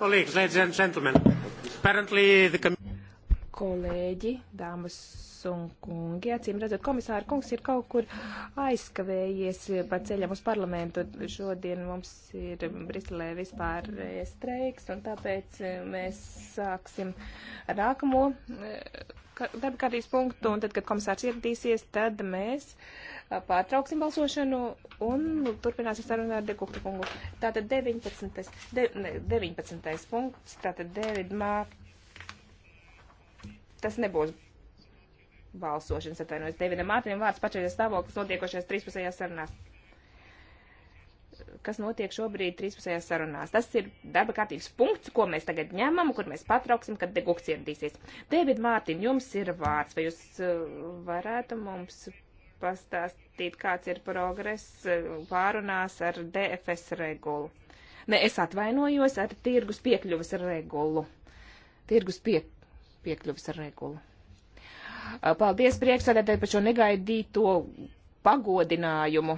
Kolēģi, dāmas un kungi, acīm redzot, komisāra kungs ir kaut kur aizskavējies pa ceļam uz parlamentu. Šodien mums ir Briselē vispār streiks, un tāpēc eh, mēs sāksim ar nākamo eh, darba kārtības punktu, un tad, kad komisārs ieradīsies, tad mēs eh, pārtrauksim balsošanu un turpināsim sarunu ar Dekukta kungu. Tātad 19. De, ne, 19. punkts, tātad David Mārk. Tas nebūs balsošanas atvainojas. Davidam Mārtiņam vārds pašreizējais stāvoklis notiekošais 13. sarunās. Kas notiek šobrīd 13. sarunās? Tas ir darba kārtības punkts, ko mēs tagad ņemam, kur mēs patrauksim, kad degukts ieradīsies. David Mārtiņ, jums ir vārds, vai jūs uh, varētu mums pastāstīt, kāds ir progress uh, pārunās ar DFS regulu? Ne, es atvainojos ar tirgus piekļuvas regulu. Tirgus pie, piekļuvas regulu. Paldies priekšsēdētāji par šo negaidīto pagodinājumu.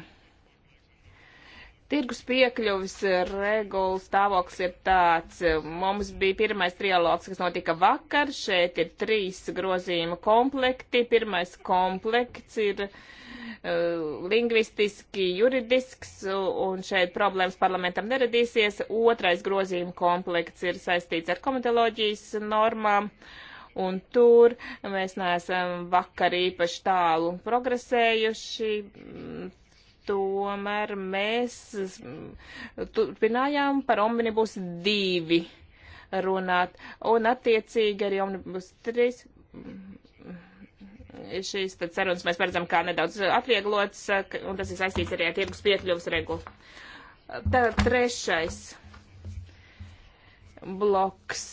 Tirgus piekļuvis regulas stāvoklis ir tāds. Mums bija pirmais trialogs, kas notika vakar. Šeit ir trīs grozījuma komplekti. Pirmais komplekts ir uh, lingvistiski juridisks, un šeit problēmas parlamentam neradīsies. Otrais grozījuma komplekts ir saistīts ar komitoloģijas normām. Uh, un tur mēs neesam vakar īpaši tālu progresējuši. Tomēr mēs turpinājām par omnibus divi runāt, un attiecīgi arī omnibus trīs šīs sarunas mēs paredzam kā nedaudz atvieglots, un tas ir saistīts arī ar tirgus piekļuvas regulu. Tagad trešais bloks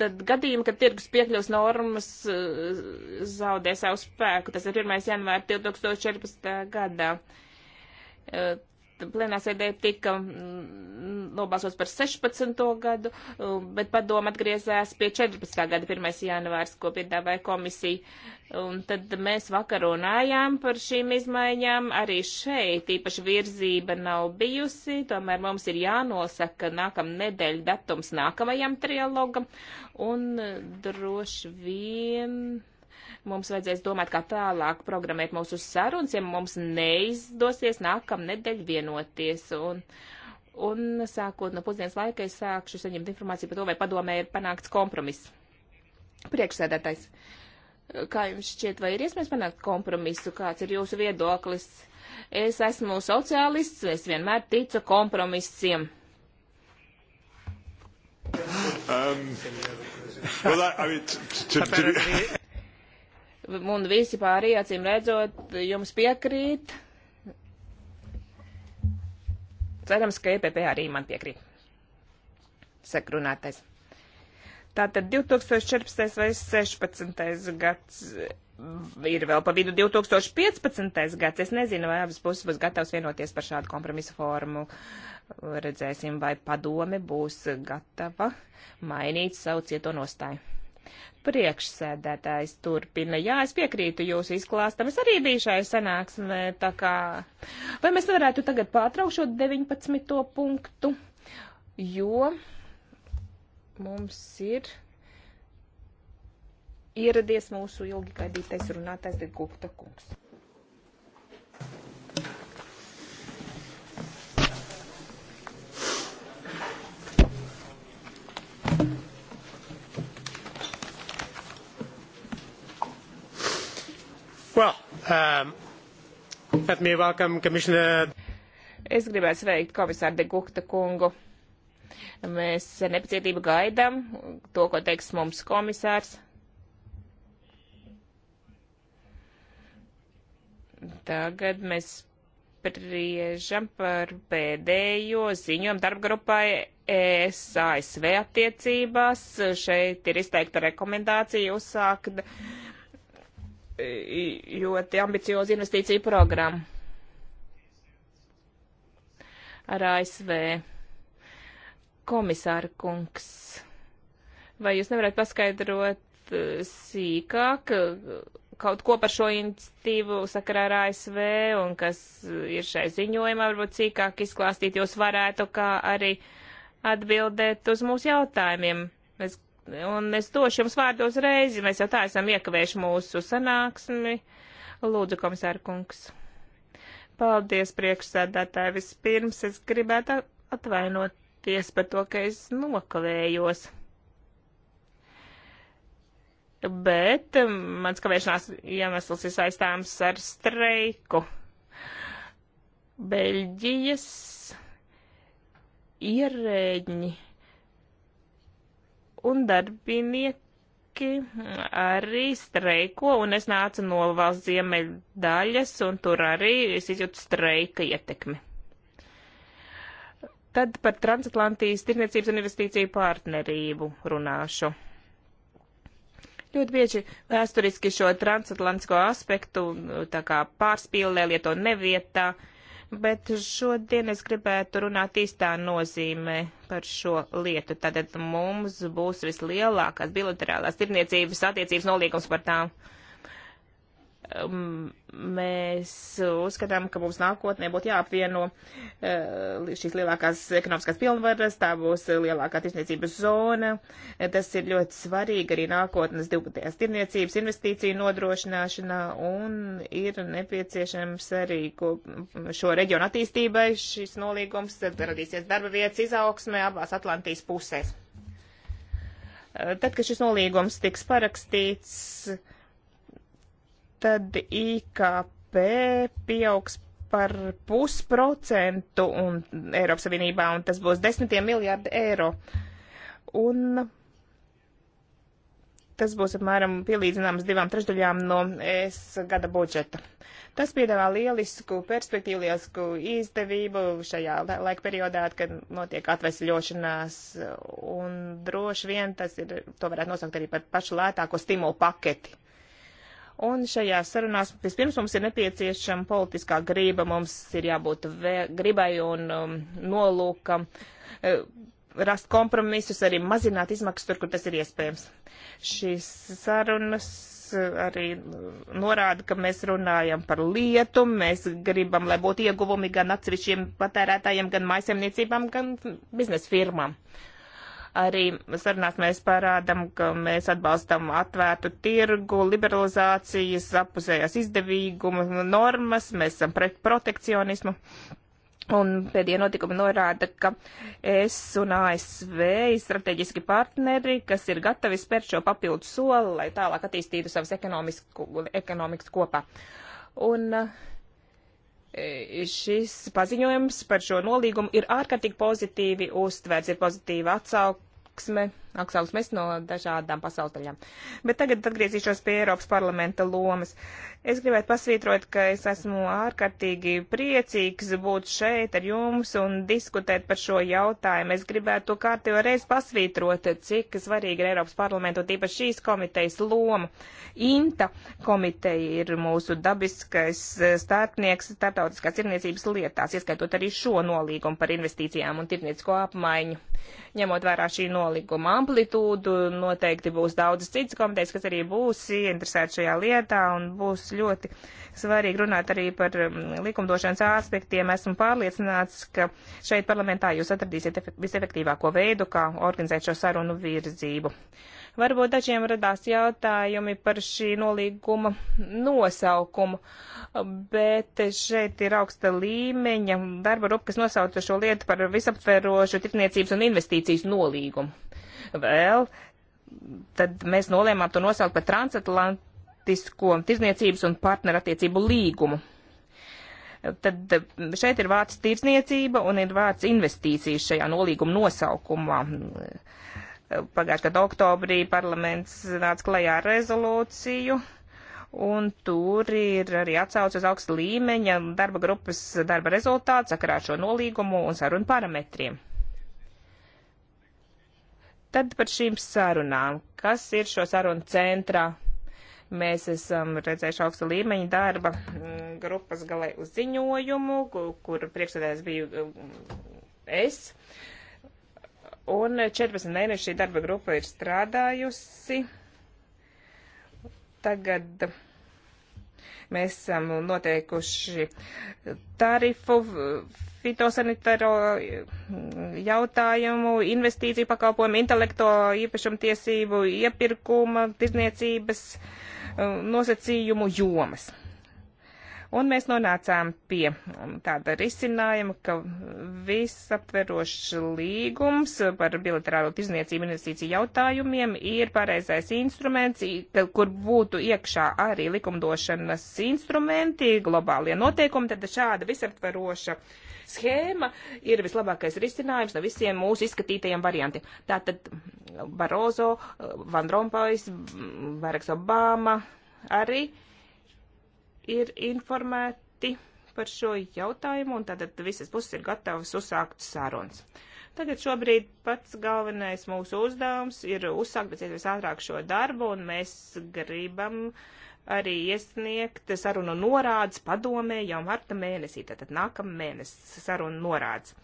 tad gadījumi, kad tirgus piekļuvs normas eh, zaudē savu spēku. Tas ir 1. janvāra 2014. gadā. Eh, plenāsēdē tika mm, nobalsots par 16. gadu, um, bet padoma atgriezās pie 14. gada 1. janvārs, ko piedāvāja komisija. Un tad mēs vakar runājām par šīm izmaiņām. Arī šeit īpaši virzība nav bijusi, tomēr mums ir jānosaka nākam nedēļ datums nākamajam trialogam. Un eh, droši vien Mums vajadzēs domāt, kā tālāk programmēt mūsu sarunas, ja mums neizdosies nākamnedēļ vienoties. Un, un sākot no pusdienas laika es sākšu saņemt informāciju par to, vai padomē ir panākts kompromiss. Priekšsēdētājs, kā jums šķiet, vai ir iespējams panākt kompromisu, kāds ir jūsu viedoklis? Es esmu sociālists, es vienmēr ticu kompromisiem. Um, well, I, I mean, to, to, to be un visi pārējie, acīm redzot, jums piekrīt. Cerams, ka EPP arī man piekrīt. Sakrunātais. Tātad 2014. vai 16. gads ir vēl pa vidu 2015. gads. Es nezinu, vai abas puses būs gatavs vienoties par šādu kompromisu formu. Redzēsim, vai padome būs gatava mainīt savu cieto nostāju. Priekšsēdētājs turpina. Jā, es piekrītu jūsu izklāstam. Es arī biju šai sanāksmē, tā kā. Vai mēs nevarētu tagad pārtraukšot 19. punktu, jo mums ir ieradies mūsu ilgi gaidītais runātais Gupta kungs. Well, um, let me welcome Commissioner. Es gribētu sveikt komisāru De Gukta kungu. Mēs ar nepacietību gaidām to, ko teiks mums komisārs. Tagad mēs spriežam par pēdējo ziņojumu darbgrupai ES-ASV attiecībās. Šeit ir izteikta rekomendācija uzsākt. Uh, E, ļoti ambiciozu investīciju programmu ar ASV. Komisāra kungs, vai jūs nevarat paskaidrot e, sīkāk kaut ko par šo iniciatīvu sakarā ar ASV un kas ir šai ziņojumā, varbūt sīkāk izklāstīt jūs varētu, kā arī atbildēt uz mūsu jautājumiem. Es Un es došu jums vārdu uzreiz, mēs jau tā esam iekavējuši mūsu sanāksmi. Lūdzu, komisāra kungs. Paldies, priekšsēdētāji. Vispirms es gribētu atvainoties par to, ka es nokavējos. Bet mans kavēšanās iemesls ir saistāms ar streiku. Beļģijas ierēģi un darbinieki arī streiko, un es nācu no valsts ziemeļu daļas, un tur arī es izjūtu streika ietekmi. Tad par transatlantijas tirniecības investīciju partnerību runāšu. Ļoti bieži vēsturiski šo transatlantisko aspektu tā kā pārspīlē lieto nevietā. Uh, bet šodien es gribētu runāt īstā nozīmē par šo lietu. Tātad mums būs vislielākās bilaterālās tirniecības attiecības nolīgums par tām. Uh, Um, mēs uzskatām, ka mums nākotnē būtu jāapvieno uh, šīs lielākās ekonomiskās pilnvaras, tā būs lielākā tirsniecības zona. Tas ir ļoti svarīgi arī nākotnes divpatējās tirniecības investīciju nodrošināšanā un ir nepieciešams arī šo reģionu attīstībai šis nolīgums, tad radīsies darba vietas izaugsme abās Atlantijas pusēs. Uh, tad, kad šis nolīgums tiks parakstīts, tad IKP pieaugs par pusprocentu un Eiropas Savienībā, un tas būs desmitiem miljārdi eiro. Un tas būs apmēram pielīdzināms divām trešdaļām no ES gada budžeta. Tas piedāvā lielisku perspektīvu, lielisku izdevību šajā laika periodā, kad notiek atvesļošanās, un droši vien tas ir, to varētu nosaukt arī par pašu lētāko stimulu paketi. Un šajās sarunās vispirms mums ir nepieciešama politiskā grība, mums ir jābūt gribai un um, nolūkam e, rast kompromisus, arī mazināt izmaksas tur, kur tas ir iespējams. Šīs sarunas e, arī norāda, ka mēs runājam par lietu, mēs gribam, lai būtu ieguvumi gan atsevišķiem patērētājiem, gan maisemniecībām, gan biznesa firmām. Uh, Arī sarunās mēs parādām, ka mēs atbalstam atvērtu tirgu, liberalizācijas, apusējās izdevīguma normas, mēs esam pret protekcionismu. Un pēdējie notikumi norāda, ka es un ASV ir strateģiski partneri, kas ir gatavi spērt šo papildu soli, lai tālāk attīstītu savas ekonomikas kopā. Un uh, E, šis paziņojums par šo nolīgumu ir ārkārtīgi pozitīvi uztvērts, ir pozitīva atsauksme augstākus mēs no dažādām pasaules daļām. Bet tagad atgriezīšos pie Eiropas parlamenta lomas. Es gribētu pasvītrot, ka es esmu ārkārtīgi priecīgs būt šeit ar jums un diskutēt par šo jautājumu. Es gribētu to kārtīgi reiz pasvītrot, cik svarīga ir Eiropas parlamenta un tīpaši šīs komitejas loma. INTA komiteja ir mūsu dabiskais starpnieks starptautiskās tirniecības lietās, ieskaitot arī šo nolīgumu par investīcijām un tirniecko apmaiņu, ņemot vērā šī nolīguma amplitūdu. Noteikti būs daudz citas komitejas, kas arī būs ieinteresēti šajā lietā un būs ļoti svarīgi runāt arī par um, likumdošanas aspektiem. Esmu pārliecināts, ka šeit parlamentā jūs atradīsiet visefektīvāko veidu, kā organizēt šo sarunu virzību. Varbūt dažiem radās jautājumi par šī nolīguma nosaukumu, bet šeit ir augsta līmeņa darba grupa, kas nosauca šo lietu par visaptverošu tirniecības un investīcijas nolīgumu vēl, tad mēs nolēmām to nosaukt par transatlantisko tirzniecības un partnerattiecību līgumu. Tad eh, šeit ir vārds tirzniecība un ir vārds investīcijas šajā nolīguma nosaukumā. Pagājušā gada oktobrī parlaments nāca klajā ar rezolūciju, un tur ir arī atsauce uz augsta līmeņa darba grupas darba rezultātu sakarā ar šo nolīgumu un sarunu parametriem. Tad par šīm sarunām. Kas ir šo sarunu centrā? Mēs esam redzējuši augsta līmeņa darba mm, grupas galai uz ziņojumu, kur priekšsēdājs biju mm, es. Un 14 mēneši šī darba grupa ir strādājusi. Tagad Mēs esam noteikuši tarifu fitosanitāro jautājumu, investīciju pakalpojumu, intelekto īpašumtiesību, iepirkuma, tirzniecības um, nosacījumu jomas. Un mēs nonācām pie um, tāda risinājuma, ka visaptverošs līgums par bilaterālo tirzniecību investīciju jautājumiem ir pareizais instruments, kur būtu iekšā arī likumdošanas instrumenti, globālie noteikumi, tad šāda visaptveroša schēma ir vislabākais risinājums no visiem mūsu izskatītajiem variantiem. Tātad Barozo, uh, Van Rompais, mm, Bareks Obama arī ir informēti par šo jautājumu, un tātad visas puses ir gatavas uzsākt sarunas. Tagad šobrīd pats galvenais mūsu uzdevums ir uzsākt pēc iespējas ātrāk šo darbu, un mēs gribam arī iesniegt sarunu norādes padomē jau marta mēnesī, tātad nākamā mēnesis sarunu norādes.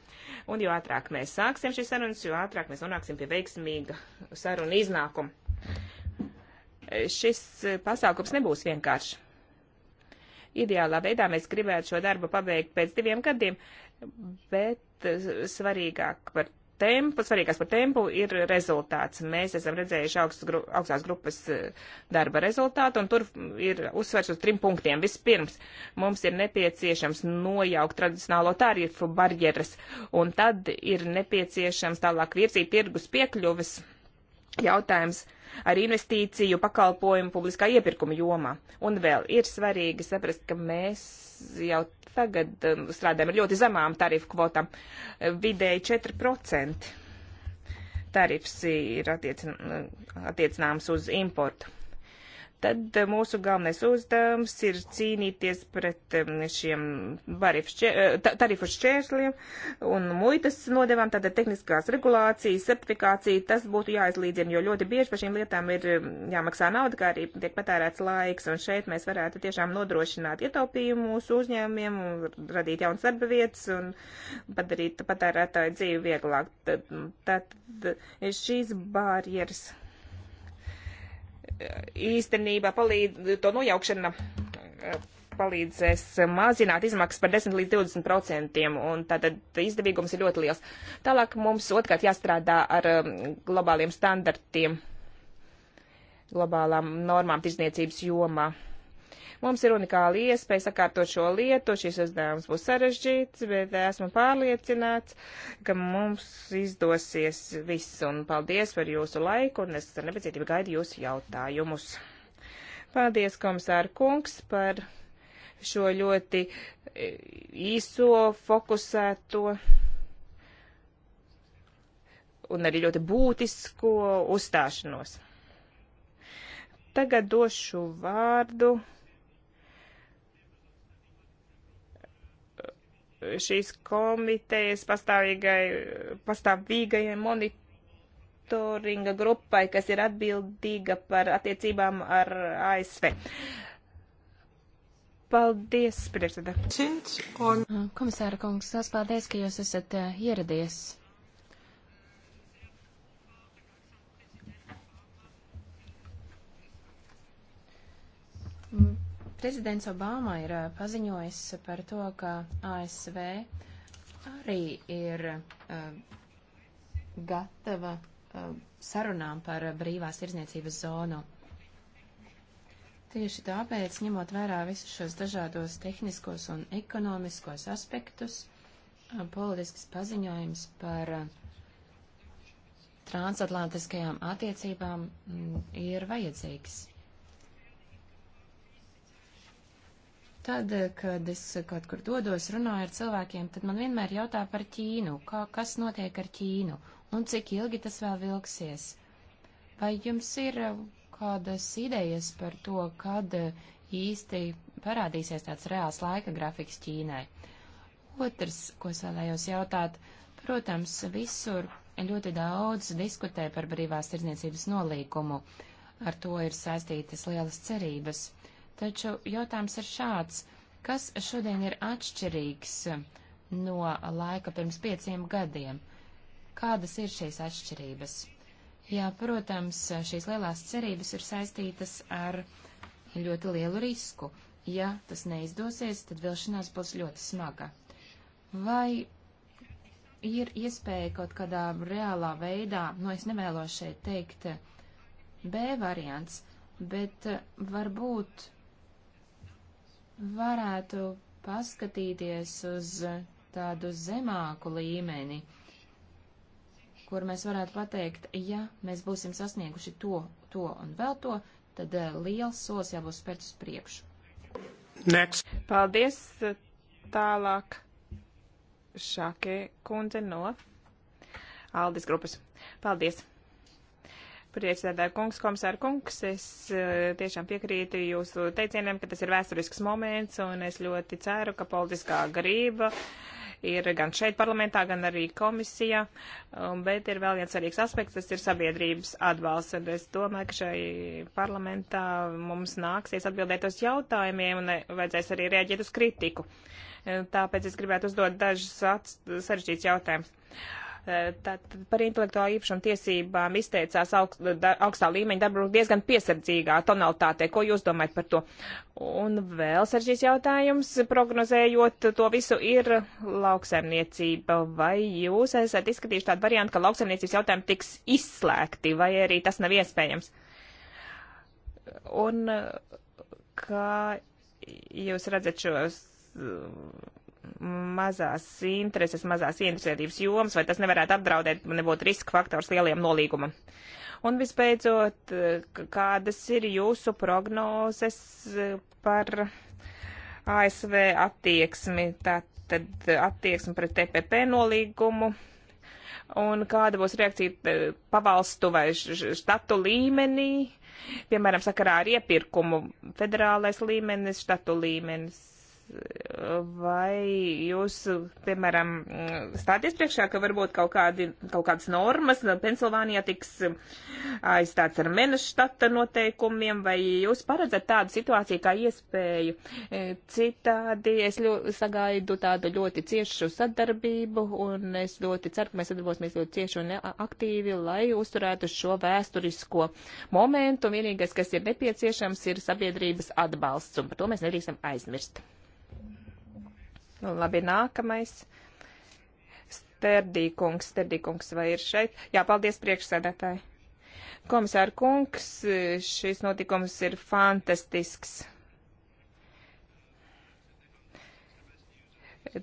Un jo ātrāk mēs sāksim šīs sarunas, jo ātrāk mēs nonāksim pie veiksmīga saruna iznākuma. Šis pasākums nebūs vienkāršs Ideālā veidā mēs gribētu šo darbu pabeigt pēc diviem gadiem, bet eh, svarīgāk par tempu, svarīgāks par tempu ir rezultāts. Mēs esam redzējuši augstu, augstās grupas eh, darba rezultātu, un tur ir uzsvers uz trim punktiem. Vispirms mums ir nepieciešams nojaukt tradicionālo tarifu barjeras, un tad ir nepieciešams tālāk virzīt tirgus piekļuves jautājums. Uh, ar investīciju pakalpojumu publiskā iepirkuma jomā. Un vēl ir svarīgi saprast, ka mēs jau tagad um, strādājam ar ļoti zemām tarifu kvotām, uh, vidēji 4% tarifs ir uh, attiecināms uz importu tad eh, mūsu galvenais uzdevums ir cīnīties pret šiem eh, tarifu šķērsliem un muitas nodevām, tātad tehniskās regulācijas, certifikācija, tas būtu jāizlīdzina, jo ļoti bieži par šīm lietām ir jāmaksā nauda, kā arī tiek patērēts laiks, un šeit mēs varētu tiešām nodrošināt ietaupījumu mūsu uzņēmumiem, radīt jaunas darba vietas un padarīt patērētāju dzīvi vieglāk. Tad, tad eh, šīs barjeras īstenībā palīdz, to nojaukšana eh, palīdzēs mazināt izmaksas par 10 līdz 20 procentiem, un tātad izdevīgums ir ļoti liels. Tālāk mums otrkārt jāstrādā ar um, globāliem standartiem, globālām normām tirzniecības jomā. Mums ir unikāla iespēja sakārtot šo lietu, šis uzdevums būs sarežģīts, bet esmu pārliecināts, ka mums izdosies viss, un paldies par jūsu laiku, un es ar nebecietību gaidu jūsu jautājumus. Paldies, komisāra kungs, par šo ļoti e, īso, fokusēto un arī ļoti būtisko uzstāšanos. Tagad došu vārdu šīs komitejas pastāvīgajai monitoringa grupai, kas ir atbildīga par attiecībām ar ASV. Paldies, priekšsēdā. Un... Komisāra kungs, tas paldies, ka jūs esat eh, ieradies Prezidents Obama ir paziņojis par to, ka ASV arī ir uh, gatava uh, sarunām par brīvās tirzniecības zonu. Tieši tāpēc, ņemot vērā visus šos dažādos tehniskos un ekonomiskos aspektus, politisks paziņojums par transatlantiskajām attiecībām mm, ir vajadzīgs. Tad, kad es kaut kur dodos, runāju ar cilvēkiem, tad man vienmēr jautā par Ķīnu, kā, kas notiek ar Ķīnu un cik ilgi tas vēl vilksies. Vai jums ir uh, kādas idejas par to, kad uh, īsti parādīsies tāds reāls laika grafiks Ķīnai? Otrs, ko es vēlējos jautāt, protams, visur ļoti daudz diskutē par brīvās tirdzniecības nolīgumu. Ar to ir saistītas lielas cerības. Taču jautājums ir šāds. Kas šodien ir atšķirīgs no laika pirms pieciem gadiem? Kādas ir šīs atšķirības? Jā, protams, šīs lielās cerības ir saistītas ar ļoti lielu risku. Ja tas neizdosies, tad vilšanās būs ļoti smaga. Vai ir iespēja kaut kādā reālā veidā, nu es nevēlos šeit teikt B variants, bet eh, varbūt varētu paskatīties uz tādu zemāku līmeni, kur mēs varētu pateikt, ja mēs būsim sasnieguši to, to un vēl to, tad eh, liels solis jau būs spērts uz priekšu. Next. Paldies. Tālāk Šakē kundze no Aldis grupas. Paldies. Priekšsēdētāja kungs, komisāra kungs, es eh, tiešām piekrītu jūsu teicieniem, ka tas ir vēsturisks moments, un es ļoti ceru, ka politiskā grība ir gan šeit parlamentā, gan arī komisijā, bet ir vēl viens svarīgs aspekts, tas ir sabiedrības atbalsts, un es domāju, ka šai parlamentā mums nāksies atbildēt uz jautājumiem, un eh, vajadzēs arī rēģēt uz kritiku. Tāpēc es gribētu uzdot dažus sarežģītus jautājumus. Tātad par intelektuālo īpašumu tiesībām izteicās augst, da, augstā līmeņa darba diezgan piesardzīgā tonalitātē. Ko jūs domājat par to? Un vēl saržīs jautājums, prognozējot to visu, ir lauksaimniecība. Vai jūs esat izskatījuši tādu variantu, ka lauksaimniecības jautājumi tiks izslēgti, vai arī tas nav iespējams? Un kā jūs redzat šos mazās intereses, mazās interesētības jomas, vai tas nevarētu apdraudēt, nebūtu riska faktors lieliem nolīgumam. Un visbeidzot, kādas ir jūsu prognozes e, par ASV attieksmi, tātad attieksmi pret TPP nolīgumu, un kāda būs reakcija e, pavalstu vai štatu līmenī, piemēram, sakarā ar iepirkumu, federālais līmenis, štatu līmenis Vai jūs, piemēram, stāties priekšā, ka varbūt kaut, kādi, kaut kādas normas Pensilvānijā tiks aizstāts ar Menešstata noteikumiem, vai jūs paredzat tādu situāciju kā iespēju? E, citādi es ļo, sagaidu tādu ļoti ciešu sadarbību, un es ļoti ceru, ka mēs sadarbosimies ļoti cieši un aktīvi, lai uzturētu šo vēsturisko momentu. Vienīgais, kas ir nepieciešams, ir sabiedrības atbalsts, un par to mēs nedrīkstam aizmirst. Nu, labi, nākamais. Sterdīkungs, Sterdīkungs vai ir šeit? Jā, paldies priekšsēdētāji. Komisāra kungs, šis notikums ir fantastisks.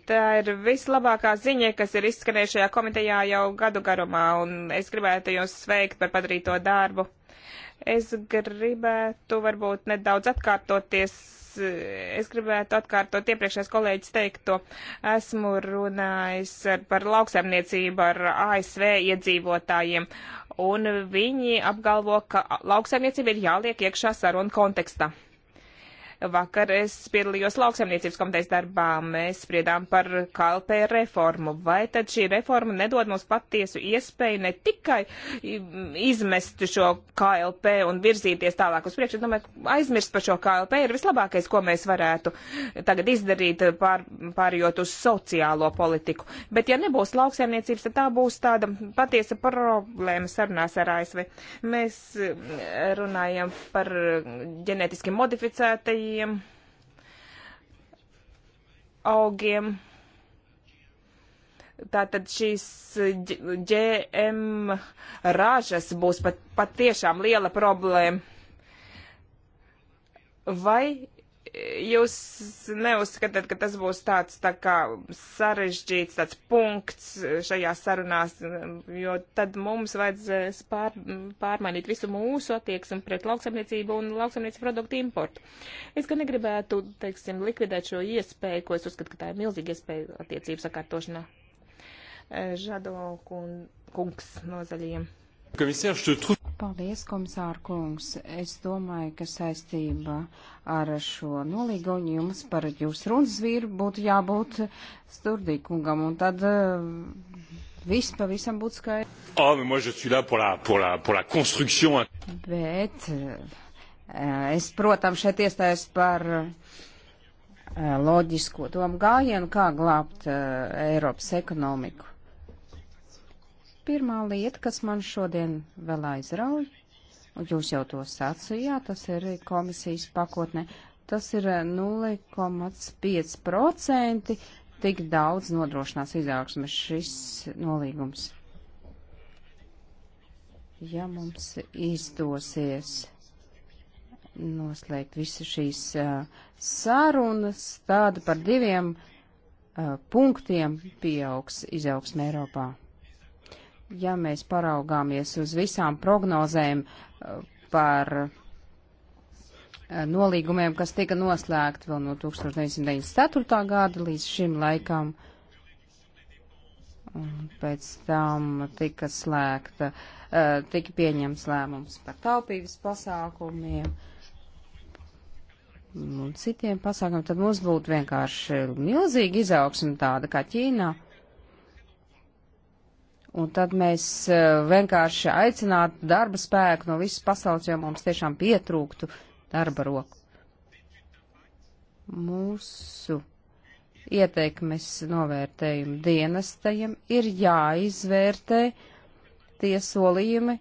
Tā ir vislabākā ziņa, kas ir izskanējušajā komitejā jau gadu garumā, un es gribētu jūs sveikt par padarīto darbu. Es gribētu varbūt nedaudz atkārtoties es gribētu atkārtot iepriekšējais kolēģis teikto. Esmu runājis par lauksaimniecību ar ASV iedzīvotājiem, un viņi apgalvo, ka lauksaimniecība ir jāliek iekšā saruna kontekstā. Vakar es piedalījos lauksaimniecības komitejas darbā, mēs spriedām par kalpē reformu. Vai tad šī reforma nedod mums patiesu iespēju ne tikai mm, izmest šo KLP un virzīties tālāk uz priekšu, domāju, aizmirst par šo KLP ir vislabākais, ko mēs varētu tagad izdarīt, pār, pārjot uz sociālo politiku. Bet ja nebūs lauksaimniecības, tad tā būs tāda patiesa problēma sarunās ar ASV. Mēs mm, runājam par ģenētiski modificētajiem zivīm, augiem. Tātad šīs GM ražas būs pat, pat tiešām liela problēma. Vai jūs neuzskatāt, ka tas būs tāds tā kā sarežģīts tāds punkts šajā sarunās, jo tad mums vajadzēs pār, pārmainīt visu mūsu attieksmi pret lauksamniecību un lauksamniecības produktu importu. Es gan negribētu, teiksim, likvidēt šo iespēju, ko es uzskatu, ka tā ir milzīga iespēja attiecību sakārtošanā. Žado kungs no zaļiem. Paldies, komisāra kungs. Es domāju, ka saistībā ar šo nolīgumu jums par jūsu runas vīru būtu jābūt sturdīkungam, un tad eh, viss pavisam būtu skaidrs. Oh, pour la, pour la, pour la Bet eh, es, protams, šeit iestājos par eh, loģisko domu gājienu, kā glābt Eiropas ekonomiku. Pirmā lieta, kas man šodien vēl aizrauj, un jūs jau to sacījāt, tas ir komisijas pakotne, tas ir 0,5% eh, tik daudz nodrošinās izaugsmes šis nolīgums. Ja mums izdosies noslēgt visu šīs uh, sarunas, tad par diviem uh, punktiem pieaugs izaugsme Eiropā ja mēs paraugāmies uz visām prognozēm eh, par eh, nolīgumiem, kas tika noslēgti vēl no 1994. gada līdz šim laikam, un pēc tam tika slēgta, eh, tika pieņems lēmums par taupības pasākumiem un citiem pasākumiem, tad mums būtu vienkārši milzīga izaugsme tāda kā Ķīnā. Un tad mēs eh, vienkārši aicinātu darba spēku no visas pasaules, jo mums tiešām pietrūktu darba roku. Mūsu ieteikmes novērtējumu dienestajiem ir jāizvērtē tie solījumi,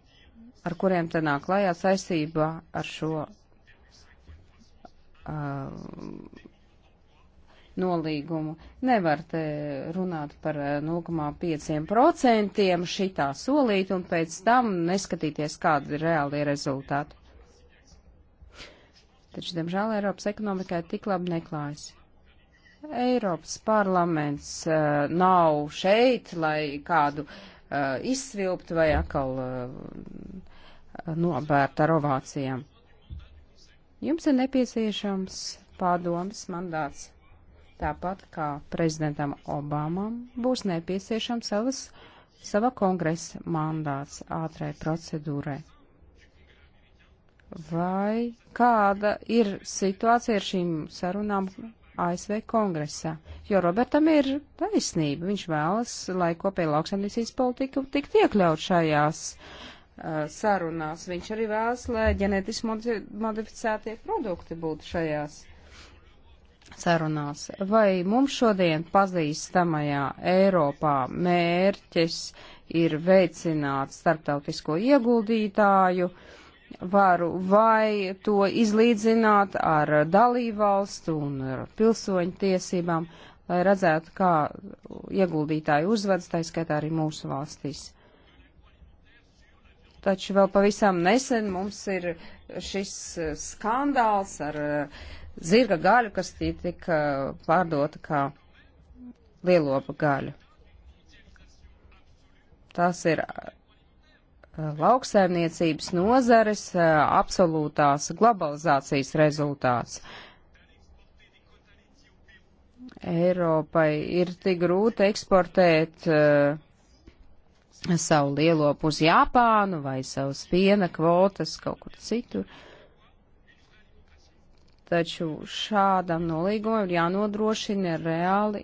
ar kuriem te nāk klajā saistībā ar šo uh, nolīgumu. Nevar te runāt par 0,5% eh, šitā solīt un pēc tam neskatīties, kādi ir reāli rezultāti. Taču, diemžēl, Eiropas ekonomikai tik labi neklājas. Eiropas parlaments uh, nav šeit, lai kādu uh, eh, izsvilpt vai atkal uh, nobērt ar ovācijām. Jums ir nepieciešams pārdomas mandāts tāpat kā prezidentam Obamam, būs nepieciešams savas, sava kongresa mandāts ātrai procedūrai. Vai kāda ir situācija ar šīm sarunām ASV kongresā? Jo Robertam ir taisnība, viņš vēlas, lai kopēja lauksaimniecības politika tiktu iekļaut šajās uh, sarunās. Viņš arī vēlas, lai ģenetiski modificētie produkti būtu šajās sarunās sarunās. Vai mums šodien pazīstamajā Eiropā mērķis ir veicināt starptautisko ieguldītāju varu vai to izlīdzināt ar dalībvalstu un ar pilsoņu tiesībām, lai redzētu, kā ieguldītāji uzvedas, tā skaitā arī mūsu valstīs. Taču vēl pavisam nesen mums ir šis skandāls ar uh, zirga gaļu, kas tika pārdota kā lielopa gaļa. Tas ir lauksaimniecības nozares absolūtās globalizācijas rezultāts. Eiropai ir tik grūti eksportēt uh, savu lielopu uz Japānu vai savus piena kvotas kaut kur citur. Uh, Taču šādam nolīgumam ir jānodrošina reāli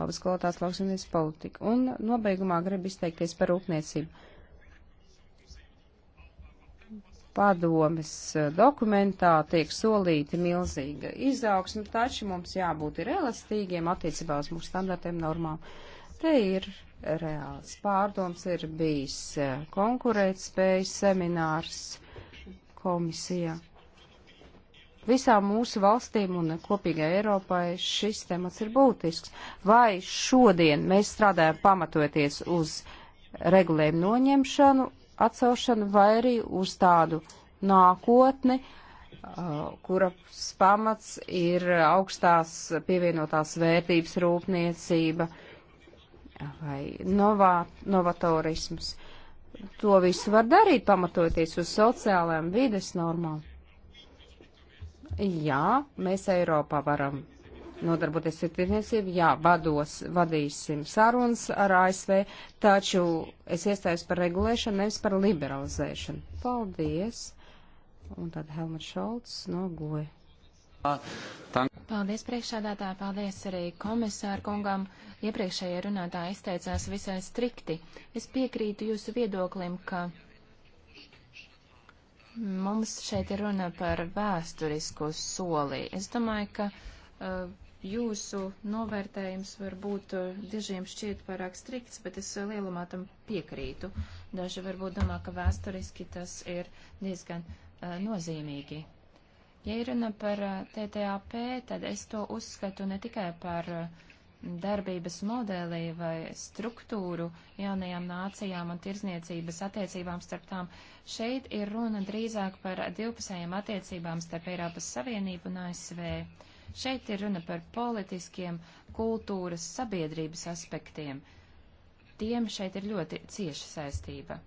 labas kvalitātes lauksimniecības politika. Un nobeigumā gribu izteikties par rūpniecību. Padomes eh, dokumentā tiek solīti milzīga izaugsme, taču mums jābūt ir elastīgiem attiecībā uz mūsu standartiem normām. Te ir reāls pārdoms, ir bijis eh, konkurētspējas seminārs komisijā. Visām mūsu valstīm un kopīgai Eiropai šis temats ir būtisks. Vai šodien mēs strādājam pamatoties uz regulējumu noņemšanu, atcelšanu vai arī uz tādu nākotni, uh, kuras pamats ir augstās pievienotās vērtības rūpniecība vai novā, novatorisms. To visu var darīt pamatoties uz sociālajām vides normām. Jā, mēs Eiropā varam nodarboties ar tirdzniecību, jā, vados, vadīsim sarunas ar ASV, taču es iestājos par regulēšanu, nevis par liberalizēšanu. Paldies! Un tad Helmut Šolts no Goja. Paldies priekšādātāji, paldies arī komisāru kungam. Iepriekšējie runātāji izteicās visai strikti. Es piekrītu jūsu viedoklim, ka Mums šeit ir runa par vēsturisku soli. Es domāju, ka uh, jūsu novērtējums varbūt e, dažiem šķiet pārāk strikts, bet es lielumā tam piekrītu. Daži varbūt domā, ka vēsturiski tas ir diezgan uh, nozīmīgi. Ja ir runa par uh, TTAP, tad es to uzskatu ne tikai par uh, darbības modeli vai struktūru jaunajām nācijām un tirzniecības attiecībām starp tām. Šeit ir runa drīzāk par divpusējām attiecībām starp Eiropas Savienību un ASV. Šeit ir runa par politiskiem, kultūras, sabiedrības aspektiem. Tiem šeit ir ļoti cieša saistība.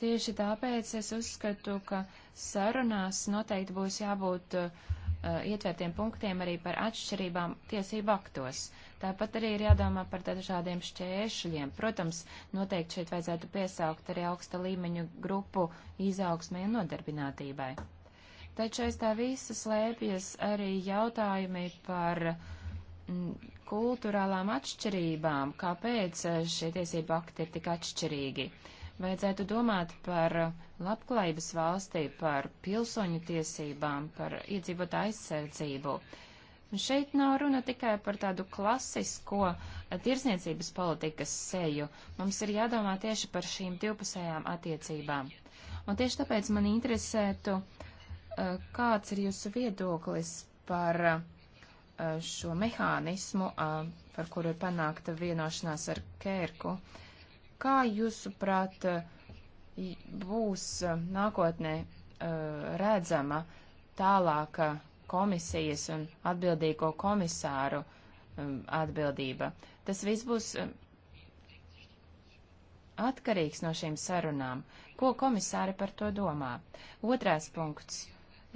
Tieši tāpēc es uzskatu, ka sarunās noteikti būs jābūt uh, uh, eh, ietvērtiem punktiem arī par atšķirībām tiesību aktos. Tāpat arī ir jādomā par dažādiem šķēršļiem. Protams, noteikti šeit vajadzētu piesaukt arī augsta līmeņu grupu izaugsmē un nodarbinātībai. Taču aiz tā visa slēpjas arī jautājumi par mm, kultūrālām atšķirībām, kāpēc eh, šie tiesību akti ir tik atšķirīgi. Uh, Vajadzētu domāt par labklājības valstī, par pilsoņu tiesībām, par iedzīvotāju aizsardzību. Un šeit nav runa tikai par tādu klasisko tirsniecības politikas seju. Mums ir jādomā tieši par šīm divpusējām attiecībām. Un tieši tāpēc man interesētu, eh, kāds ir jūsu viedoklis par eh, šo mehānismu, eh, par kuru ir panākta vienošanās ar Kērku. Uh, Kā jūsuprāt būs uh, nākotnē uh, redzama tālāka komisijas un atbildīgo komisāru um, atbildība? Tas viss būs um, atkarīgs no šīm sarunām. Ko komisāri par to domā? Otrais punkts.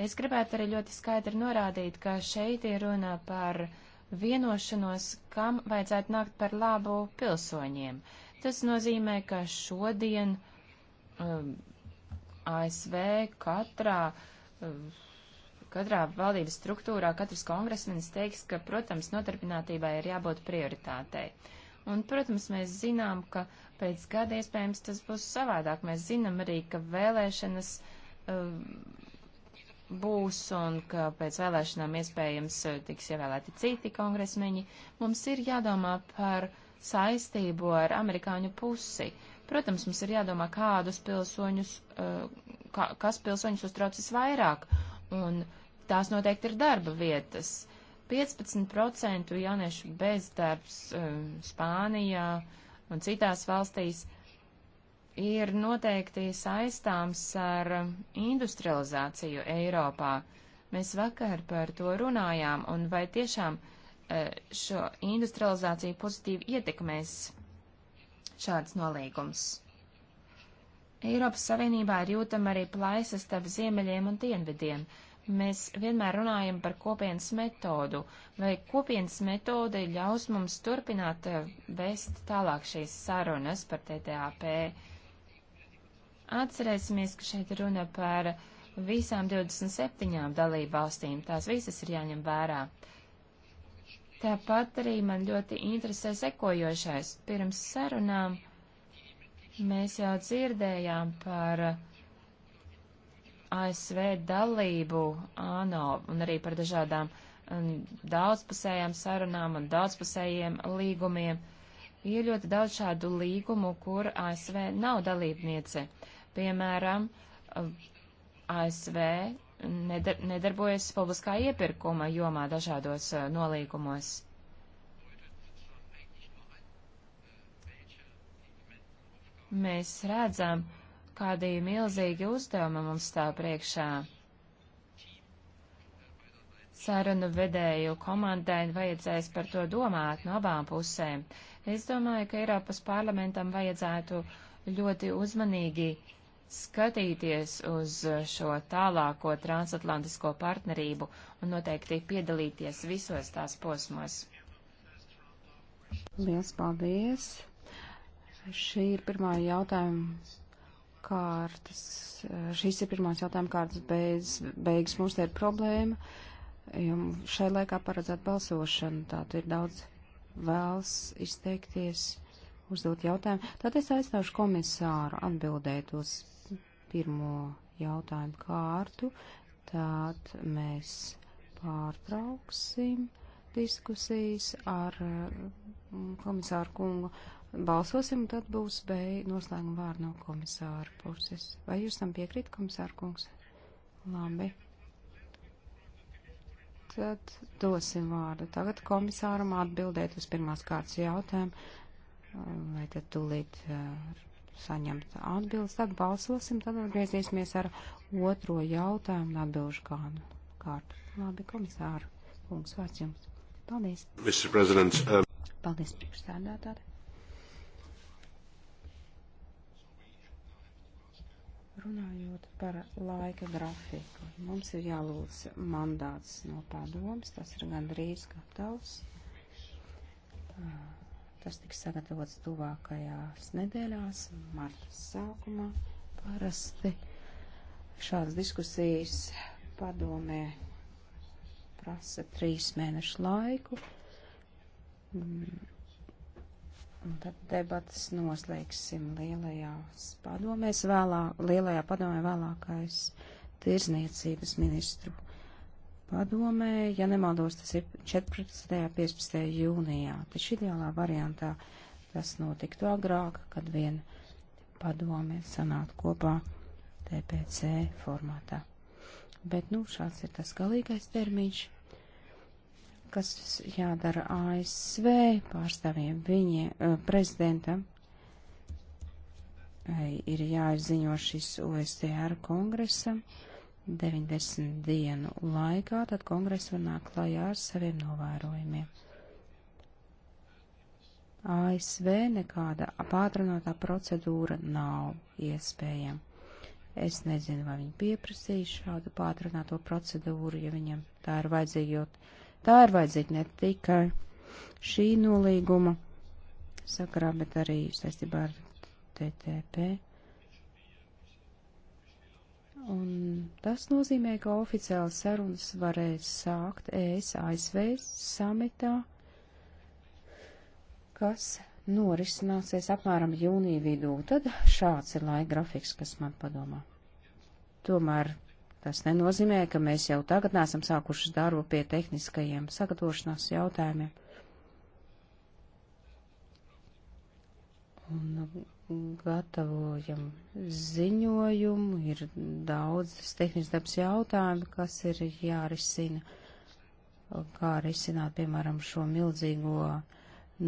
Es gribētu arī ļoti skaidri norādīt, ka šeit ir runa par vienošanos, kam vajadzētu nākt par labu pilsoņiem. Uh, Tas nozīmē, ka šodien um, ASV katrā, um, katrā valdības struktūrā katrs kongresmenis teiks, ka, protams, notarpinātībai ir jābūt prioritātei. Un, protams, mēs zinām, ka pēc gada iespējams tas būs savādāk. Mēs zinām arī, ka vēlēšanas um, būs un ka pēc vēlēšanām iespējams uh, tiks ievēlēti citi kongresmeņi, mums ir jādomā par uh, saistību ar amerikāņu pusi. Protams, mums ir jādomā, kādus pilsoņus, eh, kā, kas pilsoņus uztrauc visvairāk, un tās noteikti ir darba vietas. 15% jauniešu bezdarbs eh, Spānijā un citās valstīs ir noteikti saistāms ar industrializāciju Eiropā. Mēs vakar par to runājām, un vai tiešām uh, E, šo industrializāciju pozitīvi ietekmēs šāds nolīgums. Eiropas Savienībā ir jūtama arī plaisas starp ziemeļiem un dienvidiem. Mēs vienmēr runājam par kopienas metodu, vai kopienas metode ļaus mums turpināt e, vēst tālāk šīs sarunas par TTAP. Atcerēsimies, ka šeit runa par visām 27 dalību valstīm, tās visas ir jāņem vērā. Uh, Tāpat arī man ļoti interesē sekojošais. Pirms sarunām mēs jau dzirdējām par ASV dalību ANO un arī par dažādām daudzpusējām sarunām un daudzpusējiem līgumiem. Ir ļoti daudz šādu līgumu, kur ASV nav dalībniece. Piemēram, ASV nedar nedarbojas publiskā iepirkuma jomā dažādos uh, nolīgumos. Mēs redzam, kādi milzīgi uzdevumi mums stāv priekšā. Sarunu vedēju komandai vajadzēs par to domāt no abām pusēm. Es domāju, ka Eiropas parlamentam vajadzētu ļoti uzmanīgi uh, skatīties uz šo tālāko transatlantisko partnerību un noteikti piedalīties visos tās posmos. Lielas paldies! Šī ir pirmā jautājuma kārtas. Šīs ir pirmās jautājuma kārtas beidz, beigas. Mums te ir problēma. Šai laikā paredzēt balsošanu. Tātad ir daudz vēls izteikties, uzdot jautājumu. Tad es aicināšu komisāru atbildēt uz pirmo jautājumu kārtu, tad mēs pārtrauksim diskusijas ar mm, komisāru kungu. Balsosim, tad būs beig noslēguma vārdu no komisāra puses. Vai jūs tam piekrīt, komisāra kungs? Labi. Tad dosim vārdu tagad komisāram atbildēt uz pirmās kārtas jautājumu, vai tad tūlīt eh, saņemt atbildes, tad balsosim, tad atgriezīsimies ar otro jautājumu un atbilžu kādu kārtu. Labi, komisāru, kungs, vārds jums. Paldies. Mr. President. Um... Paldies, priekšsēdētāji. Runājot par laika grafiku, mums ir jālūdz mandāts no padomas, tas ir gandrīz gatavs. Uh, Tas tiks sagatavots tuvākajās nedēļās, marta sākumā parasti. Šādas diskusijas padomē prasa trīs mēnešu laiku. Un tad debatas noslēgsim lielajās padomēs vēlāk, lielajā padomē vēlākais tirzniecības ministru padomē, ja nemaldos, tas ir 14. un 15. jūnijā. Taču ideālā variantā tas notiktu agrāk, kad vien padome sanātu kopā TPC formātā. Bet, nu, šāds ir tas galīgais termiņš, kas jādara ASV pārstāvjiem viņi, e, prezidentam. E, ir jāizziņo šis OSDR kongresam. Uh, 90 dienu laikā, tad kongress var nākt klajā ar saviem novērojumiem. ASV nekāda pātrinātā procedūra nav iespējama. Es nezinu, vai viņi pieprasīs šādu pātrināto procedūru, ja viņam tā ir vajadzīga, jo tā ir vajadzīga ne tikai šī nolīguma sakarā, bet arī saistībā ar TTP. Un tas nozīmē, ka oficiāli sarunas varēs sākt ES ASV samitā, kas norisināsies apmēram jūnija vidū. Tad šāds ir laika grafiks, kas man padomā. Tomēr tas nenozīmē, ka mēs jau tagad nesam sākuši darbu pie tehniskajiem sagatavošanās jautājumiem. Un gatavojam ziņojumu, ir daudzas tehniskas dabas jautājumi, kas ir jārisina, kā risināt, piemēram, šo milzīgo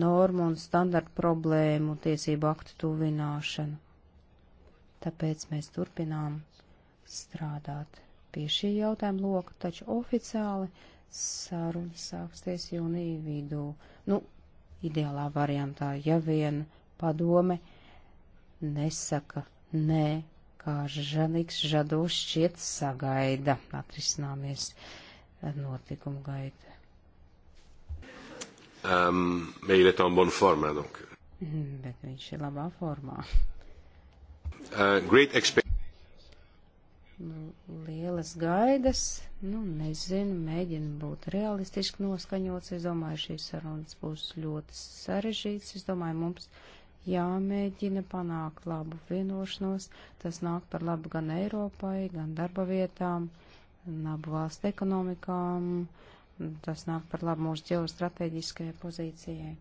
normu un standartu problēmu tiesību aktu tuvināšanu. Tāpēc mēs turpinām strādāt pie šī jautājuma loka, taču oficiāli saruna sāksies jūnija vidū. Nu, ideālā variantā, ja vien padome nesaka nē, kā žanīgs žado šķiet sagaida, atrisināmies notikumu gaita. Um, mais il est en bonne forme, hein, donc. Mm, bet viņš ir labā formā. Uh, great nu, Lielas gaidas, nu, nezinu, mēģinu būt realistiski noskaņots. Es domāju, šīs sarunas būs ļoti sarežģītas. Es domāju, mums jāmēģina panākt labu vienošanos. Tas nāk par labu gan Eiropai, gan darba vietām, labu valstu ekonomikām. Tas nāk par labu mūsu ģeostrateģiskajai pozīcijai.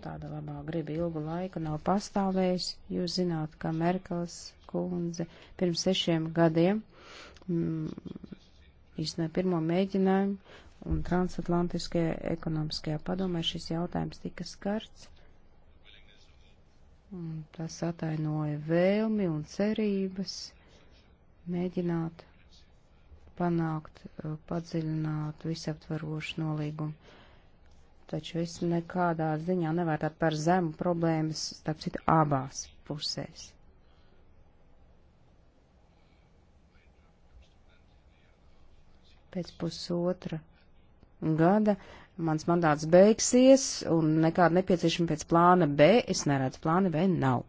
tāda labā griba ilgu laiku nav pastāvējusi. Jūs zināt, ka Merkels kundze pirms sešiem gadiem mm, īstenē pirmo mēģinājumu, un transatlantiskajā ekonomiskajā padomē šis jautājums tika skarts. Un tas atainoja vēlmi un cerības mēģināt panākt eh, padziļināt visaptvarošu nolīgumu. Taču es nekādā ziņā nevērtētu par zemu problēmas, starp citu, abās pusēs. Pēc pusotra gada mans mandāts beigsies un nekāda nepieciešama pēc plāna B es neredzu. Plāna B nav.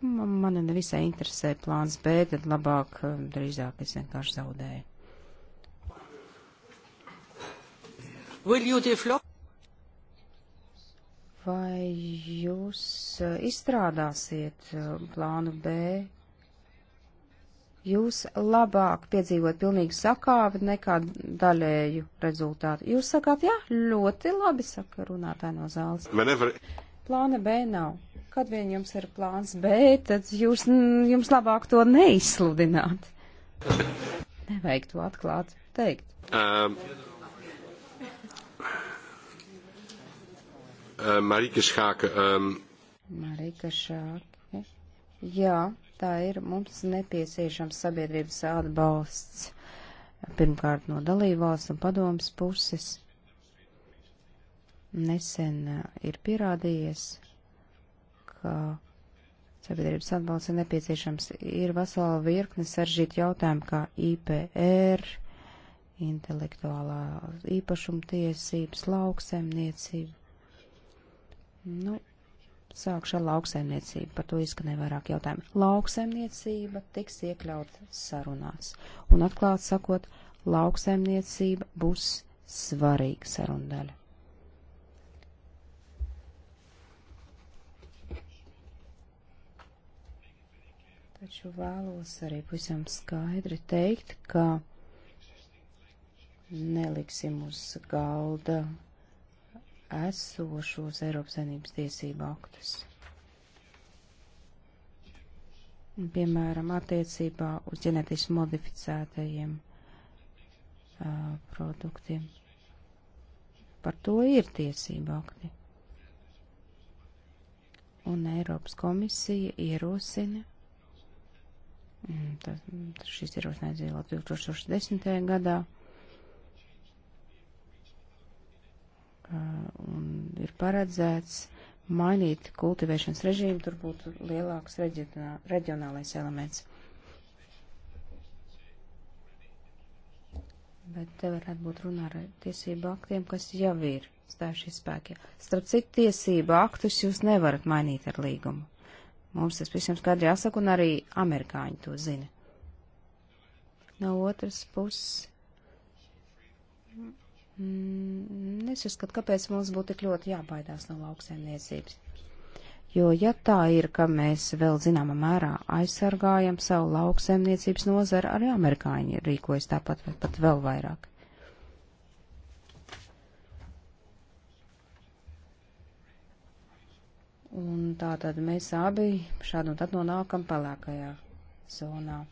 Man, mani nevisai interesē plāns B, tad labāk eh, drīzāk es vienkārši zaudēju. Vai jūs eh, izstrādāsiet eh, plānu B, jūs labāk piedzīvot pilnīgu sakāvi nekā daļēju rezultātu. Jūs sakāt, jā, ļoti labi saka runātāji no zāles. Whenever. Plāna B nav. Kad vien jums ir plāns B, tad jūs, jums labāk to neizsludināt. Nevajag to atklāt, teikt. Um, uh, Marika Šāka. Um. Marika Šāka. Jā tā ir mums nepieciešams sabiedrības atbalsts pirmkārt no dalībvalsts un padomas puses. Nesen uh, ir pierādījies, ka sabiedrības atbalsts ir nepieciešams. Ir vesela virkne saržīt jautājumu, kā IPR, intelektuālā īpašumtiesības, lauksemniecība. Nu, Sākšu ar lauksaimniecību, par to izskanēja vairāk jautājumu. Lauksaimniecība tiks iekļaut sarunās. Un atklāt sakot, lauksaimniecība būs svarīga sarundaļa. Taču vēlos arī pavisam skaidri teikt, ka neliksim uz galda esošos Eiropas Savienības tiesību aktus. Piemēram, attiecībā uz ģenetiski modificētajiem uh, produktiem. Par to ir tiesību akti. Un Eiropas komisija ierosina mm, Tas, šis ir uzsniedzis jau 2010. gadā. Uh, un ir paredzēts mainīt kultivēšanas režīmu, tur būtu lielāks reģionālais elements. Bet te varētu būt runā ar tiesību aktiem, kas jau ir stājušies spēkā. Starp citu, tiesību aktus jūs nevarat mainīt ar līgumu. Mums tas visiem skaidri jāsaka, un arī amerikāņi to zina. No otras puses Mm, es uzskatu, kāpēc mums būtu tik ļoti jābaidās no lauksaimniecības. Jo, ja tā ir, ka mēs vēl zināmā mērā aizsargājam savu lauksaimniecības nozaru, arī amerikāņi rīkojas tāpat vai pat vēl vairāk. Un tā tad mēs abi šādu un tad nonākam pelēkajā zonā.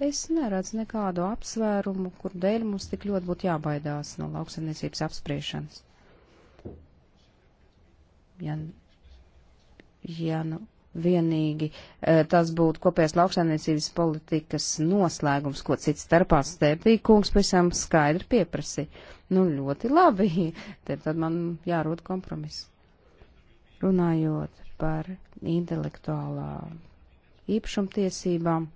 Es neredzu nekādu apsvērumu, kur dēļ mums tik ļoti būtu jābaidās no lauksaimniecības apspriešanas. Ja, ja nu vienīgi eh, tas būtu kopējās lauksaimniecības politikas noslēgums, ko cits starpā stēpī kungs pavisam skaidri pieprasi. Nu, ļoti labi, te tad man jārūt kompromis. Runājot par intelektuālā īpašumtiesībām,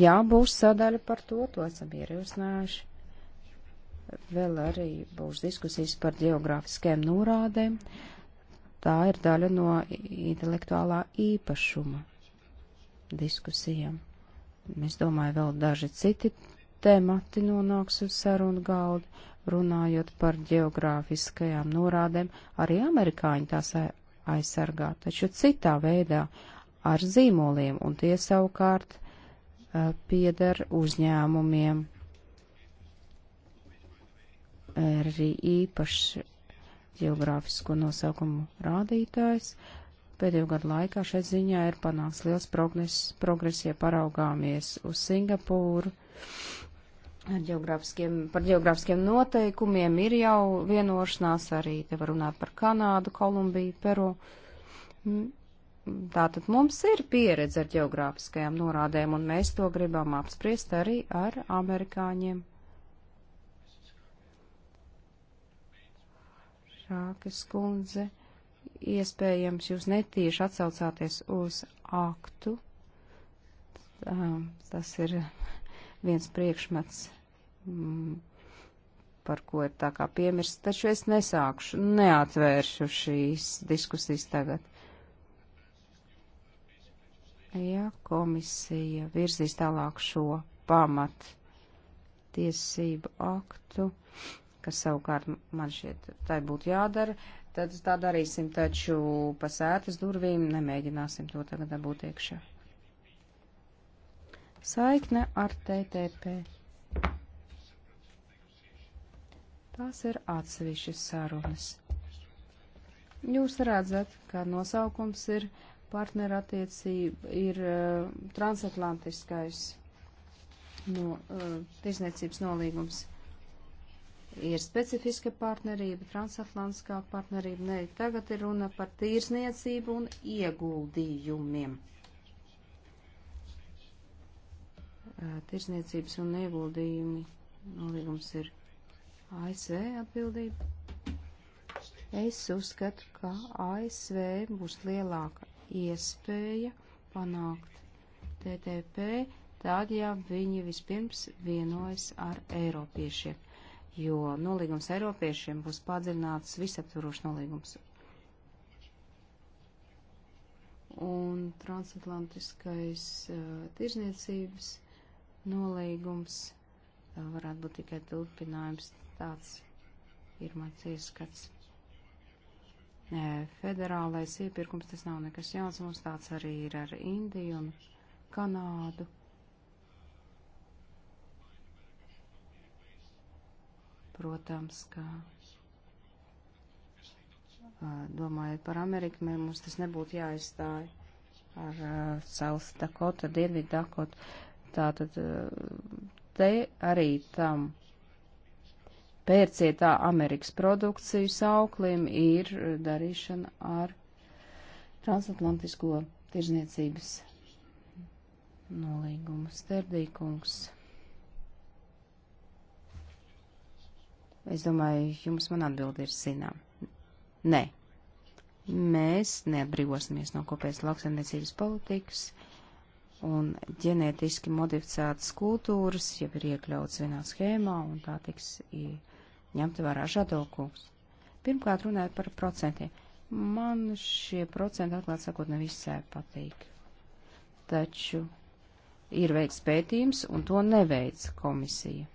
Jā, būs sadaļa par to, to esam ierosinājuši. Vēl arī būs diskusijas par geogrāfiskajām norādēm. Tā ir daļa no intelektuālā īpašuma diskusijām. Es domāju, vēl daži citi temati nonāks uz sarunu galdu, runājot par geogrāfiskajām norādēm. Arī amerikāņi tās aizsargā, taču citā veidā ar zīmoliem, un tie savukārt Uh, pieder uzņēmumiem. Ir arī īpašs geogrāfisko nosaukumu rādītājs. Pēdējo gadu laikā šai ziņā ir panāks liels progress, progress ja paraugāmies uz Singapūru. Geogrāfiskiem, par geogrāfiskiem noteikumiem ir jau vienošanās arī, te var runāt par Kanādu, Kolumbiju, Peru Tātad mums ir pieredze ar geogrāfiskajām norādēm, un mēs to gribam apspriest arī ar amerikāņiem. Šākas kundze, iespējams, jūs netīši atsaucāties uz aktu. Um, tas ir viens priekšmets, mm, par ko ir tā kā piemirst, taču es nesākšu, neatvēršu šīs diskusijas tagad ja komisija virzīs tālāk šo pamat tiesību aktu, kas savukārt man šķiet tai būtu jādara, tad tā darīsim, taču pa sētas durvīm nemēģināsim to tagad dabūt iekšā. Saikne ar TTP. Tās ir atsevišķas sarunas. Jūs redzat, ka nosaukums ir partnerattiecība ir uh, transatlantiskais no, uh, tirzniecības nolīgums. Ir specifiska partnerība, transatlantiskā partnerība, ne tagad ir runa par tirzniecību un ieguldījumiem. Uh, tirzniecības un ieguldījumi nolīgums ir ASV atbildība. Es uzskatu, ka ASV būs lielāka iespēja panākt TTP, tad, ja viņi vispirms vienojas ar Eiropiešiem, jo nolīgums Eiropiešiem būs padziļināts visaptvarošs nolīgums. Un transatlantiskais uh, tirzniecības nolīgums uh, varētu būt tikai turpinājums. Tāds ir mans ieskats federālais iepirkums, tas nav nekas jauns, mums tāds arī ir ar Indiju un Kanādu. Protams, ka domājot par Ameriku, mums tas nebūtu jāizstāja ar uh, South Dakota, Dienvidu Dakota. Tātad uh, te arī tam pērcietā Amerikas produkciju sauklim ir eh, darīšana ar transatlantisko tirzniecības nolīgumu sterdīkungs. Es domāju, jums man atbildi ir zinām. Nē, mēs neatbrīvosimies no kopējas lauksaimniecības politikas un ģenētiski modificētas kultūras jau ir iekļauts vienā schēmā un tā tiks iekļauts ņemt vērā žadokungs. Pirmkārt, runājot par procentiem. Man šie procenti, atklāt sakot, nevisai patīk. Taču ir veikts pētījums, un to neveic komisija.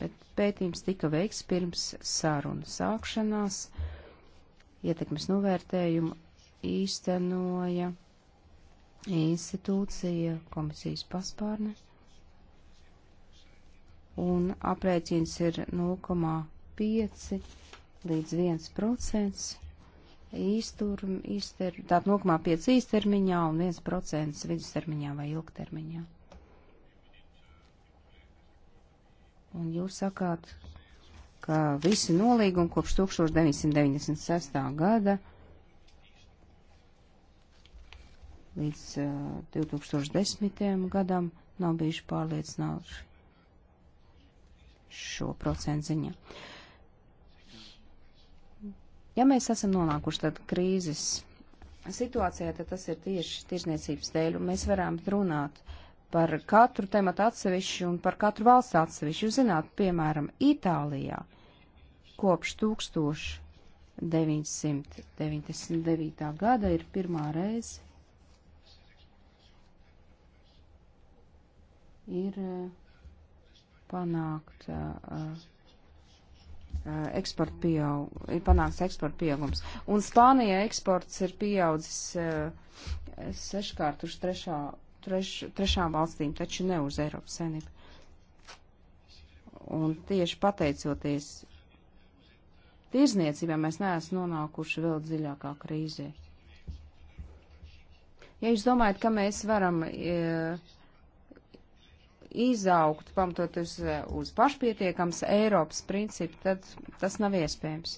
Bet pētījums tika veikts pirms sārunu sākšanās, ietekmes novērtējumu īstenoja institūcija komisijas paspārnes un aprēķins ir 0,5 līdz 1% īsturm, īster, tātad 0,5 īstermiņā un 1% vidustermiņā vai ilgtermiņā. Un jūs sakāt, ka visi nolīgumi kopš 1996. gada līdz uh, eh, 2010. gadam nav bijuši pārliecināti šo procentu ziņā. Ja mēs esam nonākuši tad krīzes situācijā, tad tas ir tieši tirzniecības dēļ, un mēs varam runāt par katru tematu atsevišķi un par katru valstu atsevišķi. Jūs zināt, piemēram, Itālijā kopš 1999. gada ir pirmā reize. Ir uh, panākt uh, uh, uh eksporta pieaug, panāks eksporta pieaugums. Un Spānijā eksports ir pieaudzis uh, seškārt uz trešā, treš, trešām valstīm, taču ne uz Eiropas senību. Un tieši pateicoties tirzniecībai, mēs neesam nonākuši vēl dziļākā krīzē. Ja jūs domājat, ka mēs varam uh, izaugt, pamatot uz, e, uz pašpietiekams Eiropas principu, tad tas nav iespējams.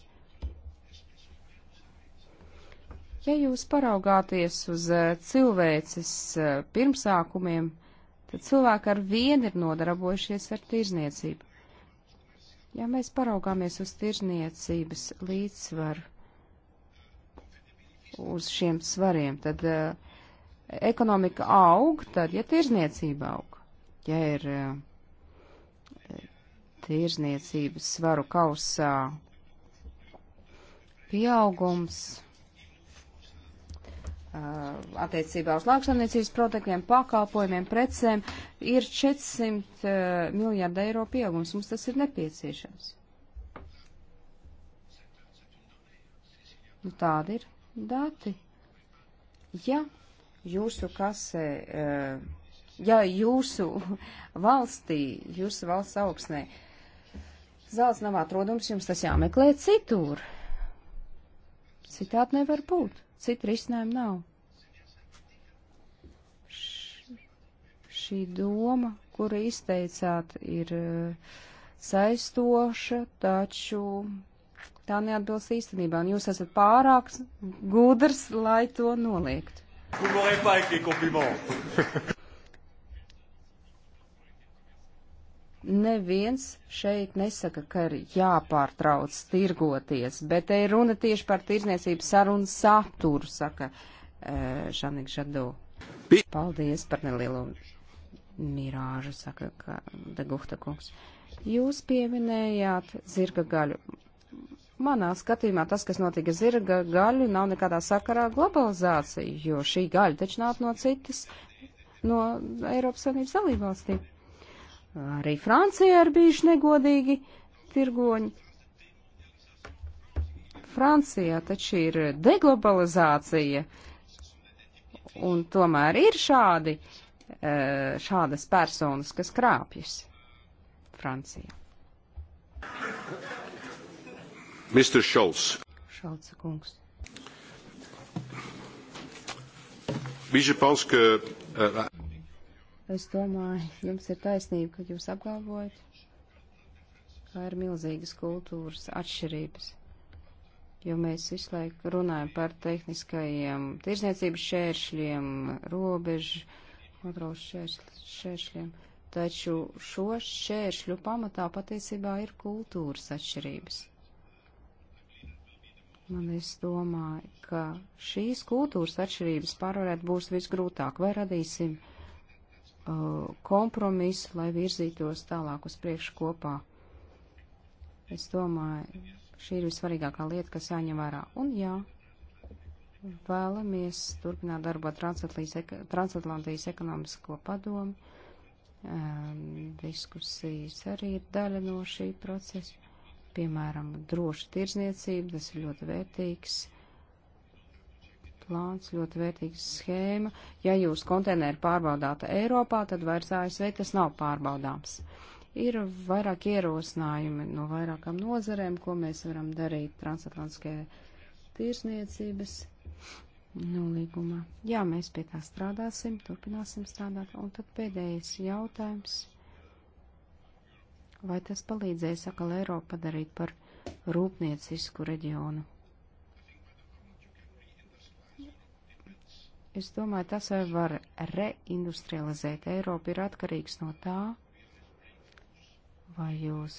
Ja jūs paraugāties uz e, cilvēces e, pirmsākumiem, tad cilvēki ar vienu ir nodarbojušies ar tirzniecību. Ja mēs paraugāmies uz tirzniecības līdzsvaru, uz šiem svariem, tad uh, ekonomika aug, tad ja tirzniecība aug ja ir eh, tirzniecības svaru kausā pieaugums eh, attiecībā uz lauksaimniecības produktiem, pakalpojumiem, precēm, ir 400 eh, miljārda eiro pieaugums. Mums tas ir nepieciešams. Nu, tādi ir dati. Ja jūsu kasē uh, ja jūsu valstī, jūsu valsts augsnē, zelts nav atrodams, jums tas jāmeklē citur. Citādi nevar būt, citu risinājumu nav. Š šī doma, kuru izteicāt, ir eh, saistoša, taču tā neatbilst īstenībā, un jūs esat pārāk gudrs, lai to noliegtu. Vous m'aurez pas avec les compliments. Neviens šeit nesaka, ka ir jāpārtrauc tirgoties, bet te ir runa tieši par tirzniecības sarunu saturu, saka e, Žanik Žado. Paldies par nelielu mirāžu, saka Degufta kungs. Jūs pieminējāt zirga gaļu. Manā skatījumā tas, kas notika zirga gaļu, nav nekādā sakarā globalizācija, jo šī gaļa taču nāk no citas, no Eiropas Savienības dalībvalstīm. Arī Francija ir bijuši negodīgi tirgoņi. Francijā taču ir deglobalizācija, un tomēr ir šādi, e, šādas personas, kas krāpjas Francijā. Mr. Šolts. Šolts kungs. Bija pals, ka e, Es domāju, jums ir taisnība, kad jūs apgalvojat, ka ir milzīgas kultūras atšķirības, jo mēs visu laiku runājam par tehniskajiem tirzniecības šēršļiem, robežu kontrolas šēršļiem, taču šo šēršļu pamatā patiesībā ir kultūras atšķirības. Man es domāju, ka šīs kultūras atšķirības pārvarēt būs visgrūtāk, vai radīsim uh, Uh, kompromisu, lai virzītos tālāk uz priekšu kopā. Es domāju, šī ir visvarīgākā lieta, kas jāņem vērā. Un jā, vēlamies turpināt darbu ar Transatlantijas ekonomisko padomu. Um, diskusijas arī ir daļa no šī procesa. Piemēram, droša tirzniecība, tas ir ļoti vērtīgs plāns, ļoti vērtīga schēma. Ja jūs konteineru pārbaudāt Eiropā, tad vairs ASV tas nav pārbaudāms. Ir vairāk ierosinājumi no vairākām nozarēm, ko mēs varam darīt transatlantiskajā tirsniecības nolīgumā. Jā, mēs pie tā strādāsim, turpināsim strādāt. Un tad pēdējais jautājums. Vai tas palīdzēs atkal Eiropu padarīt par rūpniecisku reģionu? Es domāju, tas var reindustrializēt. Eiropa ir atkarīgs no tā, vai jūs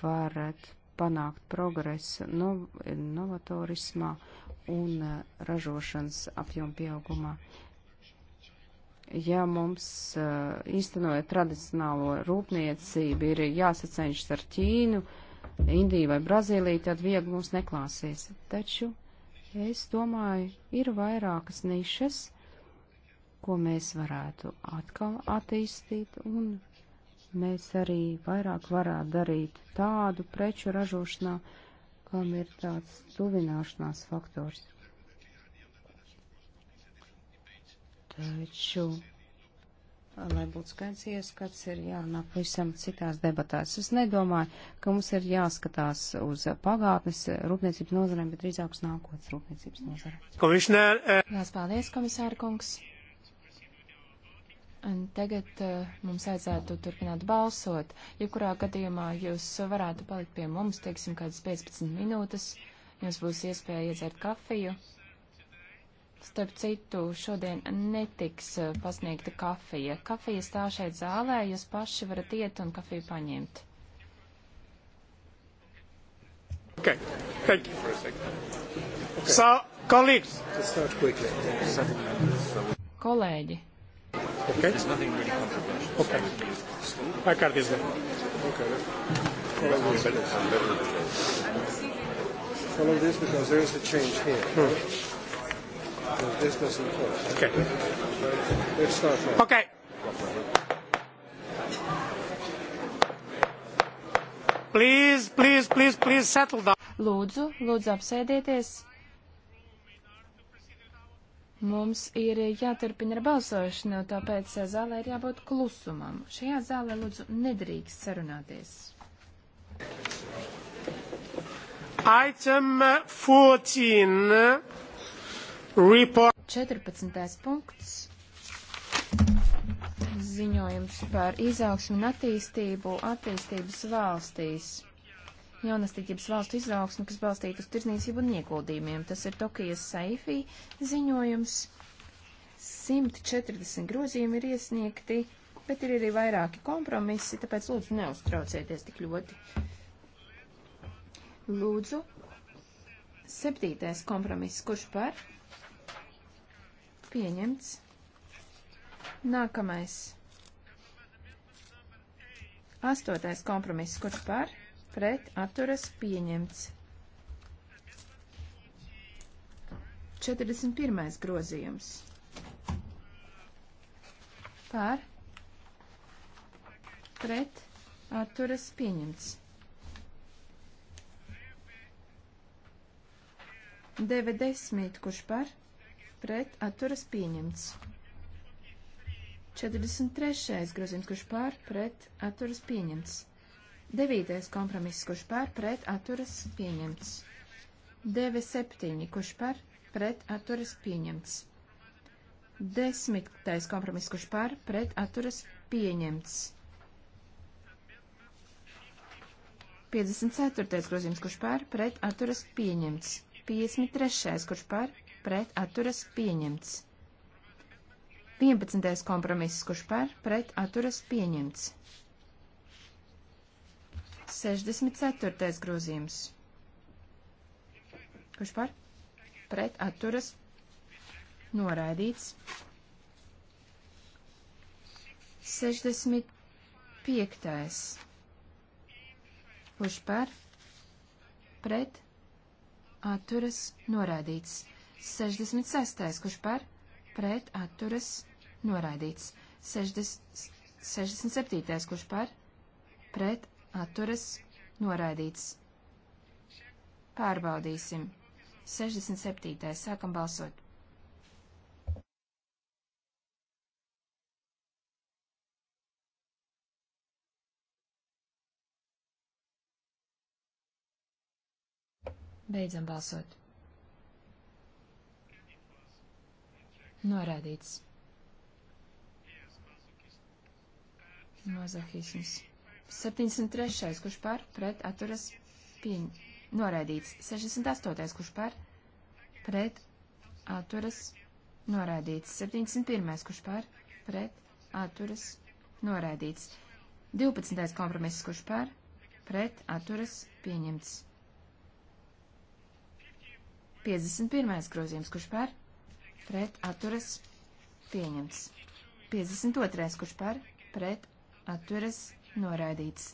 varat panākt progresu no, novatorismā un uh, ražošanas apjomu pieaugumā. Ja mums uh, īstenojot tradicionālo rūpniecību ir jāsacenšas ar Ķīnu, Indiju vai Brazīliju, tad viegli mums neklāsies. Taču es domāju, ir vairākas nišas, ko mēs varētu atkal attīstīt, un mēs arī vairāk varētu darīt tādu preču ražošanā, kam ir tāds tuvināšanās faktors. Taču, lai būtu skaidrs ieskats, ir jārunā pavisam citās debatās. Es nedomāju, ka mums ir jāskatās uz pagātnes rūpniecības nozarēm, bet drīzāk uz nākotnes rūpniecības nozarēm. Komisār, uh... Eh, Lās paldies, komisāra kungs. Un tagad uh, mums vajadzētu turpināt balsot. Jebkurā gadījumā jūs varētu palikt pie mums, teiksim, kādas 15 minūtes. Jums būs iespēja iedzert kafiju. Starp citu, šodien netiks uh, pasniegta kafija. Kafija stāv šeit zālē, jūs paši varat iet un kafiju paņemt. Okay. Thank you. Okay. So, colleagues. Let's start quickly. Kolēģi. Okay. There's nothing really controversial. Okay. My card is there. Okay. Follow this. Follow this because there is a change here. Hmm. So this doesn't work. Okay. Let's start now. Okay. Please, please, please, please settle down. Lūdzu, lūdzu apsēdieties. Mums ir jāturpina ar balsošanu, tāpēc zālē ir jābūt klusumam. Šajā zālē lūdzu nedrīkst sarunāties. Item 14. Report. 14. punkts. Ziņojums par izaugsmu un attīstību attīstības valstīs jaunastīgības valstu izaugsmi, kas balstīta uz tirdzniecību un ieguldījumiem. Tas ir Tokijas Saifī ziņojums. 140 grozījumi ir iesniegti, bet ir arī vairāki kompromisi, tāpēc lūdzu neuztraucieties tik ļoti. Lūdzu, septītais kompromiss, kurš par? Pieņemts. Nākamais. Astotais kompromiss, kurš par? pret atturas pieņemts. 41. grozījums par pret atturas pieņemts. 90. kurš par pret atturas pieņemts. 43. grozījums, kurš pār pret atturas pieņemts. Devītais kompromiss, kurš par pret atturas pieņemts. 97, kurš par pret atturas pieņemts. Desmitais kompromiss, kurš par pret atturas pieņemts. 54. grozījums, kurš par pret atturas pieņemts. 53. kurš par pret atturas pieņemts. 11. kompromiss, kurš par pret atturas pieņemts. 64. grozījums. Kurš par? Pret atturas noraidīts. 65. Kurš par? Pret atturas noraidīts. 66. Kurš par? Pret atturas noraidīts. 60, 67. Kurš par? Pret atturas, noraidīts. Pārbaudīsim. 67. sākam balsot. Beidzam balsot. Norādīts. Mazahisms. 73. kurš par pret atturas pieņ... noraidīts. 68. kurš par pret atturas noraidīts. 71. kurš par pret atturas noraidīts. 12. kompromiss kurš par pret atturas pieņemts. 51. grozījums kurš par pret atturas pieņemts. 52. kurš par pret atturas pieņemts. Noraidīts.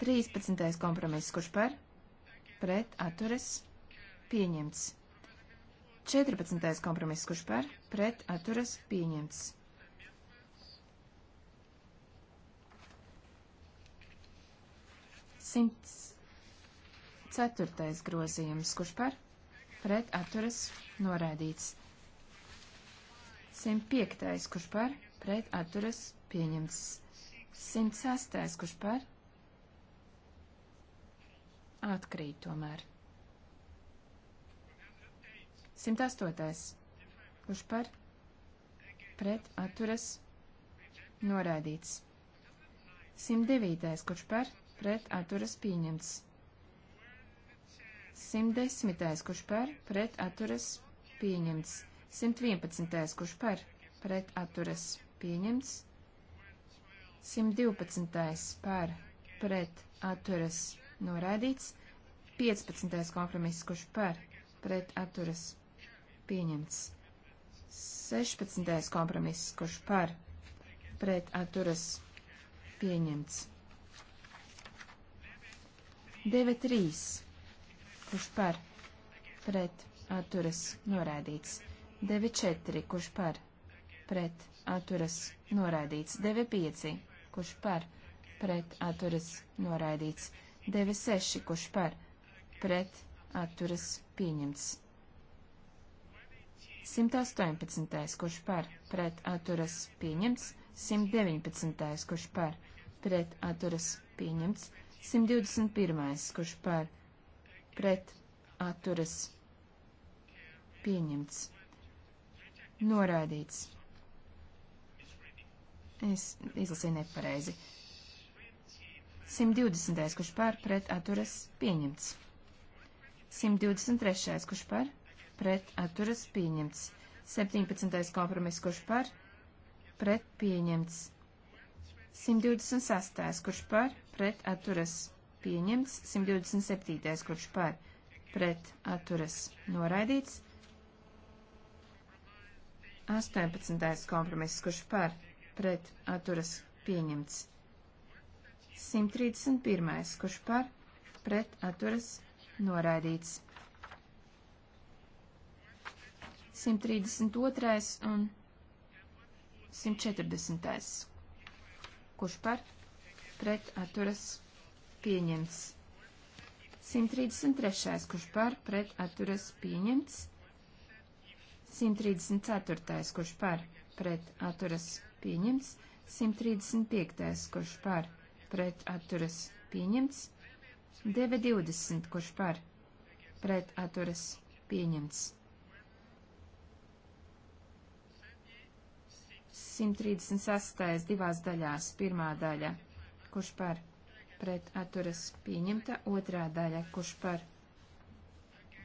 13. kompromiss, kurš par? Pret atturas. Pieņemts. 14. kompromiss, kurš par? Pret atturas. Pieņemts. 104. grozījums, kurš par pret atturas norādīts. 105. kurš par pret atturas pieņemts. 106. kurš par? Atkrīt tomēr. 108. kurš par? Pret atturas norādīts. 109. kurš par? Pret atturas pieņemts. 110. kurš par? Pret atturas pieņemts. 111. kurš par? Pret atturas pieņemts. 112. par pret atturas noraidīts. 15. kompromiss, kurš par pret atturas pieņemts. 16. kompromiss, kurš par pret atturas pieņemts. 9.3. kurš par pret atturas noraidīts. 9.4. kurš par pret atturas noraidīts. 9.5 kurš par, pret atturas noraidīts. 96, kurš par, pret atturas pieņemts. 118, kurš par, pret atturas pieņemts. 119, kurš par, pret atturas pieņemts. 121, kurš par, pret atturas pieņemts. Noraidīts. Es izlasīju nepareizi. 120. kurš par pret atturas pieņemts. 123. kurš par pret atturas pieņemts. 17. kompromiss kurš par pret pieņemts. 126. kurš par pret atturas pieņemts. 127. kurš par pret atturas noraidīts. 18. kompromiss kurš par pret pret atturas pieņemts. 131. kurš par pret atturas noraidīts. 132. un 140. kurš par pret atturas pieņemts. 133. kurš par pret atturas pieņemts. 134. kurš par pret atturas pieņemts, 135. kurš par pret atturas pieņemts, 920. kurš par pret atturas pieņemts. 136. divās daļās, pirmā daļa, kurš par pret atturas pieņemta, otrā daļa, kurš par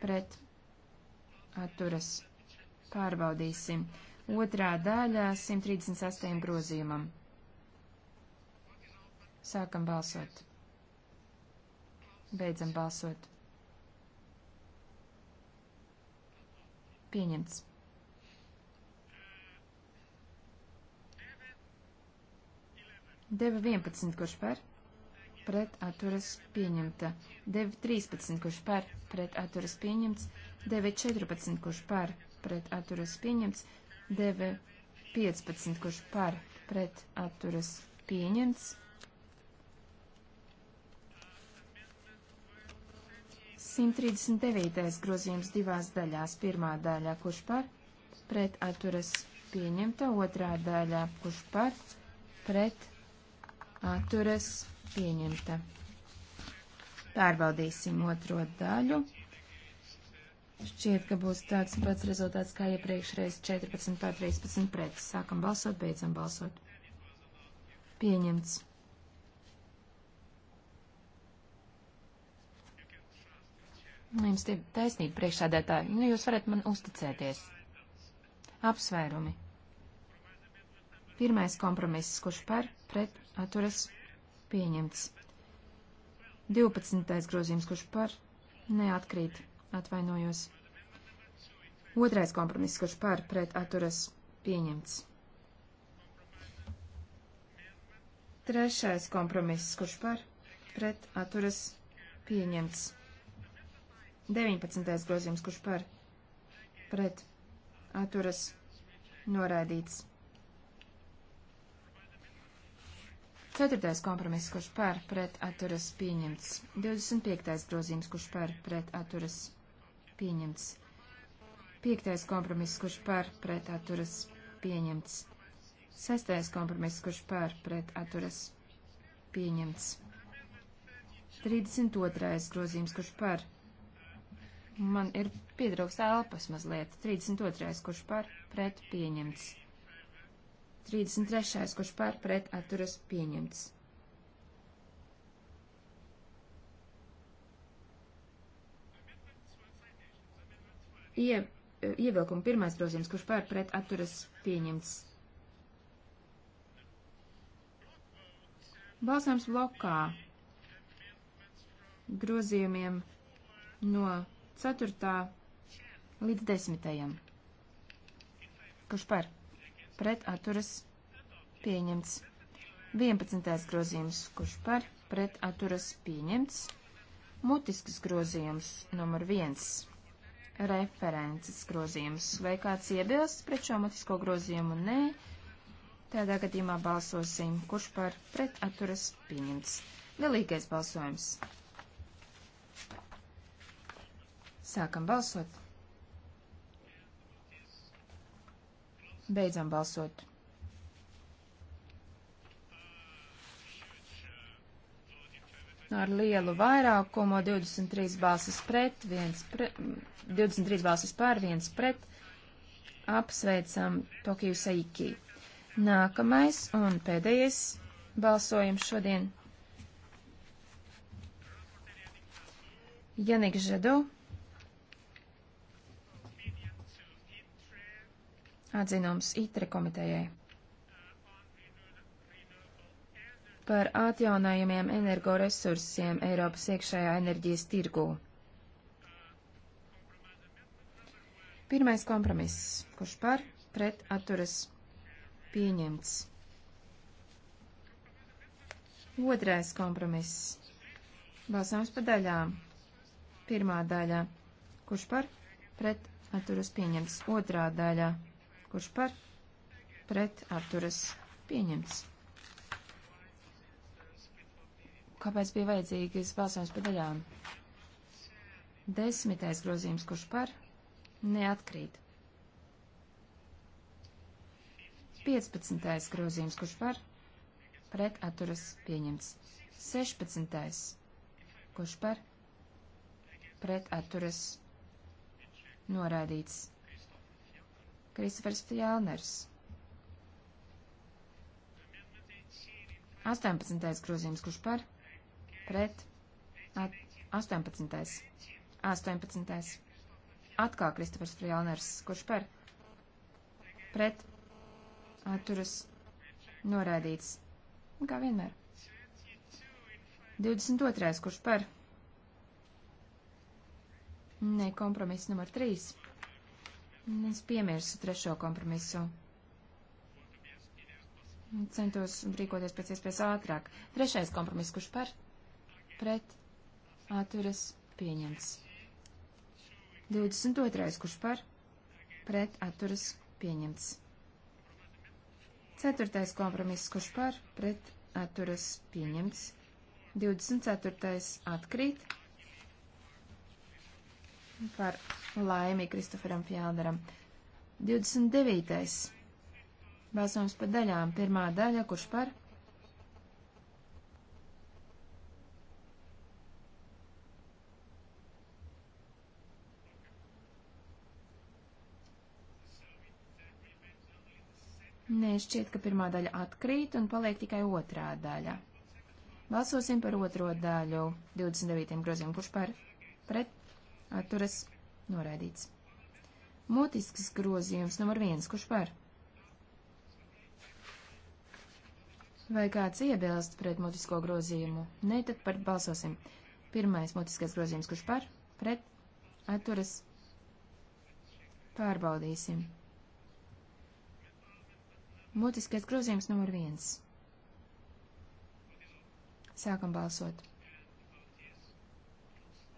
pret atturas pārbaudīsim. Otrā daļa 138 grozījumam. Sākam balsot. Beidzam balsot. Pieņemts. Deva 11, kurš par, pret atturas pieņemta. Deva 13, kurš par, pret atturas pieņemts. Deva 14, kurš par, pret atturas pieņemts. DV 15, kurš par pret atturas pieņemts. 139. grozījums divās daļās. Pirmā daļā, kurš par pret atturas pieņemta, otrā daļā, kurš par pret atturas pieņemta. Pārbaudīsim otro daļu. Šķiet, ka būs tāds pats rezultāts kā iepriekšreiz 14 pār 13 pret. Sākam balsot, beidzam balsot. Pieņemts. Nu, jums ir taisnība priekšsādētāji. Nu, jūs varat man uzticēties. Apsvērumi. Pirmais kompromiss, kurš par pret atturas pieņemts. 12. grozījums, kurš par neatkrīt Atvainojos. Otrais kompromiss, kurš par pret atturas pieņemts. Trešais kompromiss, kurš par pret atturas pieņemts. 19. grozījums, kurš par pret atturas noraidīts. Ceturtais kompromiss, kurš par pret atturas pieņemts. 25. grozījums, kurš par pret atturas pieņemts. Piektais kompromiss, kurš par pret atturas pieņemts. Sestais kompromiss, kurš par pret atturas pieņemts. 32. grozījums, kurš par. Man ir pietrūks elpas mazliet. 32. kurš par pret pieņemts. 33. kurš par pret atturas pieņemts. ie, ievilkuma pirmais grozījums, kurš pār pret atturas pieņemts. Balsojums blokā grozījumiem no 4. līdz 10. Kurš par? Pret atturas pieņemts. 11. grozījums, kurš par? Pret atturas pieņemts. Mutisks grozījums numur 1 references grozījums. Vai kāds iebilst pret šo mutisko grozījumu? Nē. Tādā gadījumā balsosim, kurš par pret atturas pieņemts. Galīgais balsojums. Sākam balsot. Beidzam balsot. ar lielu vairākumu, 23 balsis pret, 1 pre, 23 balsis pār, 1 pret, apsveicam Tokiju Saiki. Nākamais un pēdējais balsojums šodien. Janik Žedo. Atzinums ITRE komitejai. par atjaunojumiem energoresursiem Eiropas iekšējā enerģijas tirgū. Pirmais kompromiss, kurš par pret atturas pieņemts. Otrais kompromiss. Balsams pa daļām. Pirmā daļā. Kurš par pret atturas pieņemts. Otrā daļā. Kurš par pret atturas pieņemts. kāpēc bija vajadzīgas balsojums pa daļām. Desmitais grozījums, kurš par, neatkrīt. 15. grozījums, kurš par, pret atturas pieņemts. 16. kurš par, pret atturas noraidīts. Kristofers Fjālners. 18. grozījums, kurš par, pret 18. 18. Atkal Kristofers Frijālners, kurš par pret atturas noraidīts. Un kā vienmēr. 22. kurš par Nē, kompromiss numur 3. Es piemirsu trešo kompromisu. Centos rīkoties pēc iespējas ātrāk. Trešais kompromiss, kurš par? pret atturas pieņemts. 22. kurš par pret atturas pieņemts. 4. kompromiss kurš par pret atturas pieņemts. 24. atkrīt par laimi Kristoferam Fjādaram. 29. Balsojums par daļām. Pirmā daļa, kurš par Nē, šķiet, ka pirmā daļa atkrīt un paliek tikai otrā daļa. Balsosim par otro daļu 29. grozījumu, kurš par pret atturas noraidīts. Mutisks grozījums numur viens, kurš par? Vai kāds iebilst pret mutisko grozījumu? Nē, tad par balsosim. Pirmais mutiskais grozījums, kurš par? Pret atturas pārbaudīsim. Mutiskais grozījums numur viens. Sākam balsot.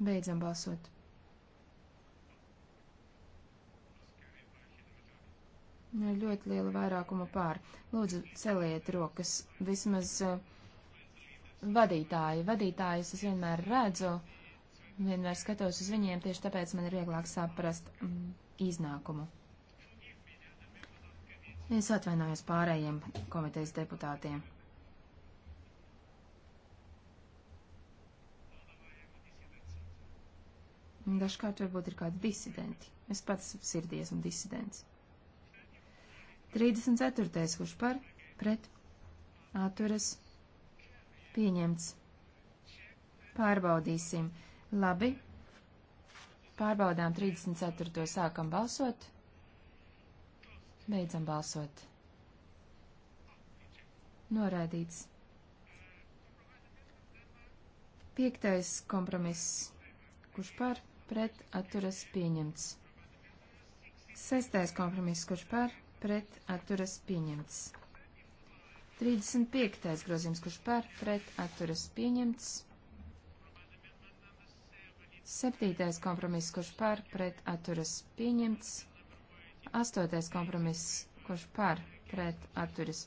Beidzam balsot. Ar nu, ļoti lielu vairākumu pār. Lūdzu, celiet rokas. Vismaz uh, vadītāji. Vadītājus es vienmēr redzu, vienmēr skatos uz viņiem, tieši tāpēc man ir vieglāk saprast mm, iznākumu. Es atvainojos pārējiem komitejas deputātiem. Dažkārt varbūt ir kādi disidenti. Es pats sirdī esmu disidents. 34. kurš par, pret, atturas, pieņemts. Pārbaudīsim. Labi. Pārbaudām 34. sākam balsot. Beidzam balsot. Noraidīts. Piektais kompromiss. Kurš par? Pret atturas pieņemts. Sestais kompromiss. Kurš par? Pret atturas pieņemts. 35. grozījums. Kurš par? Pret atturas pieņemts. Septītais kompromiss. Kurš par? Pret atturas pieņemts. Astotais kompromiss, kurš par pret atturis.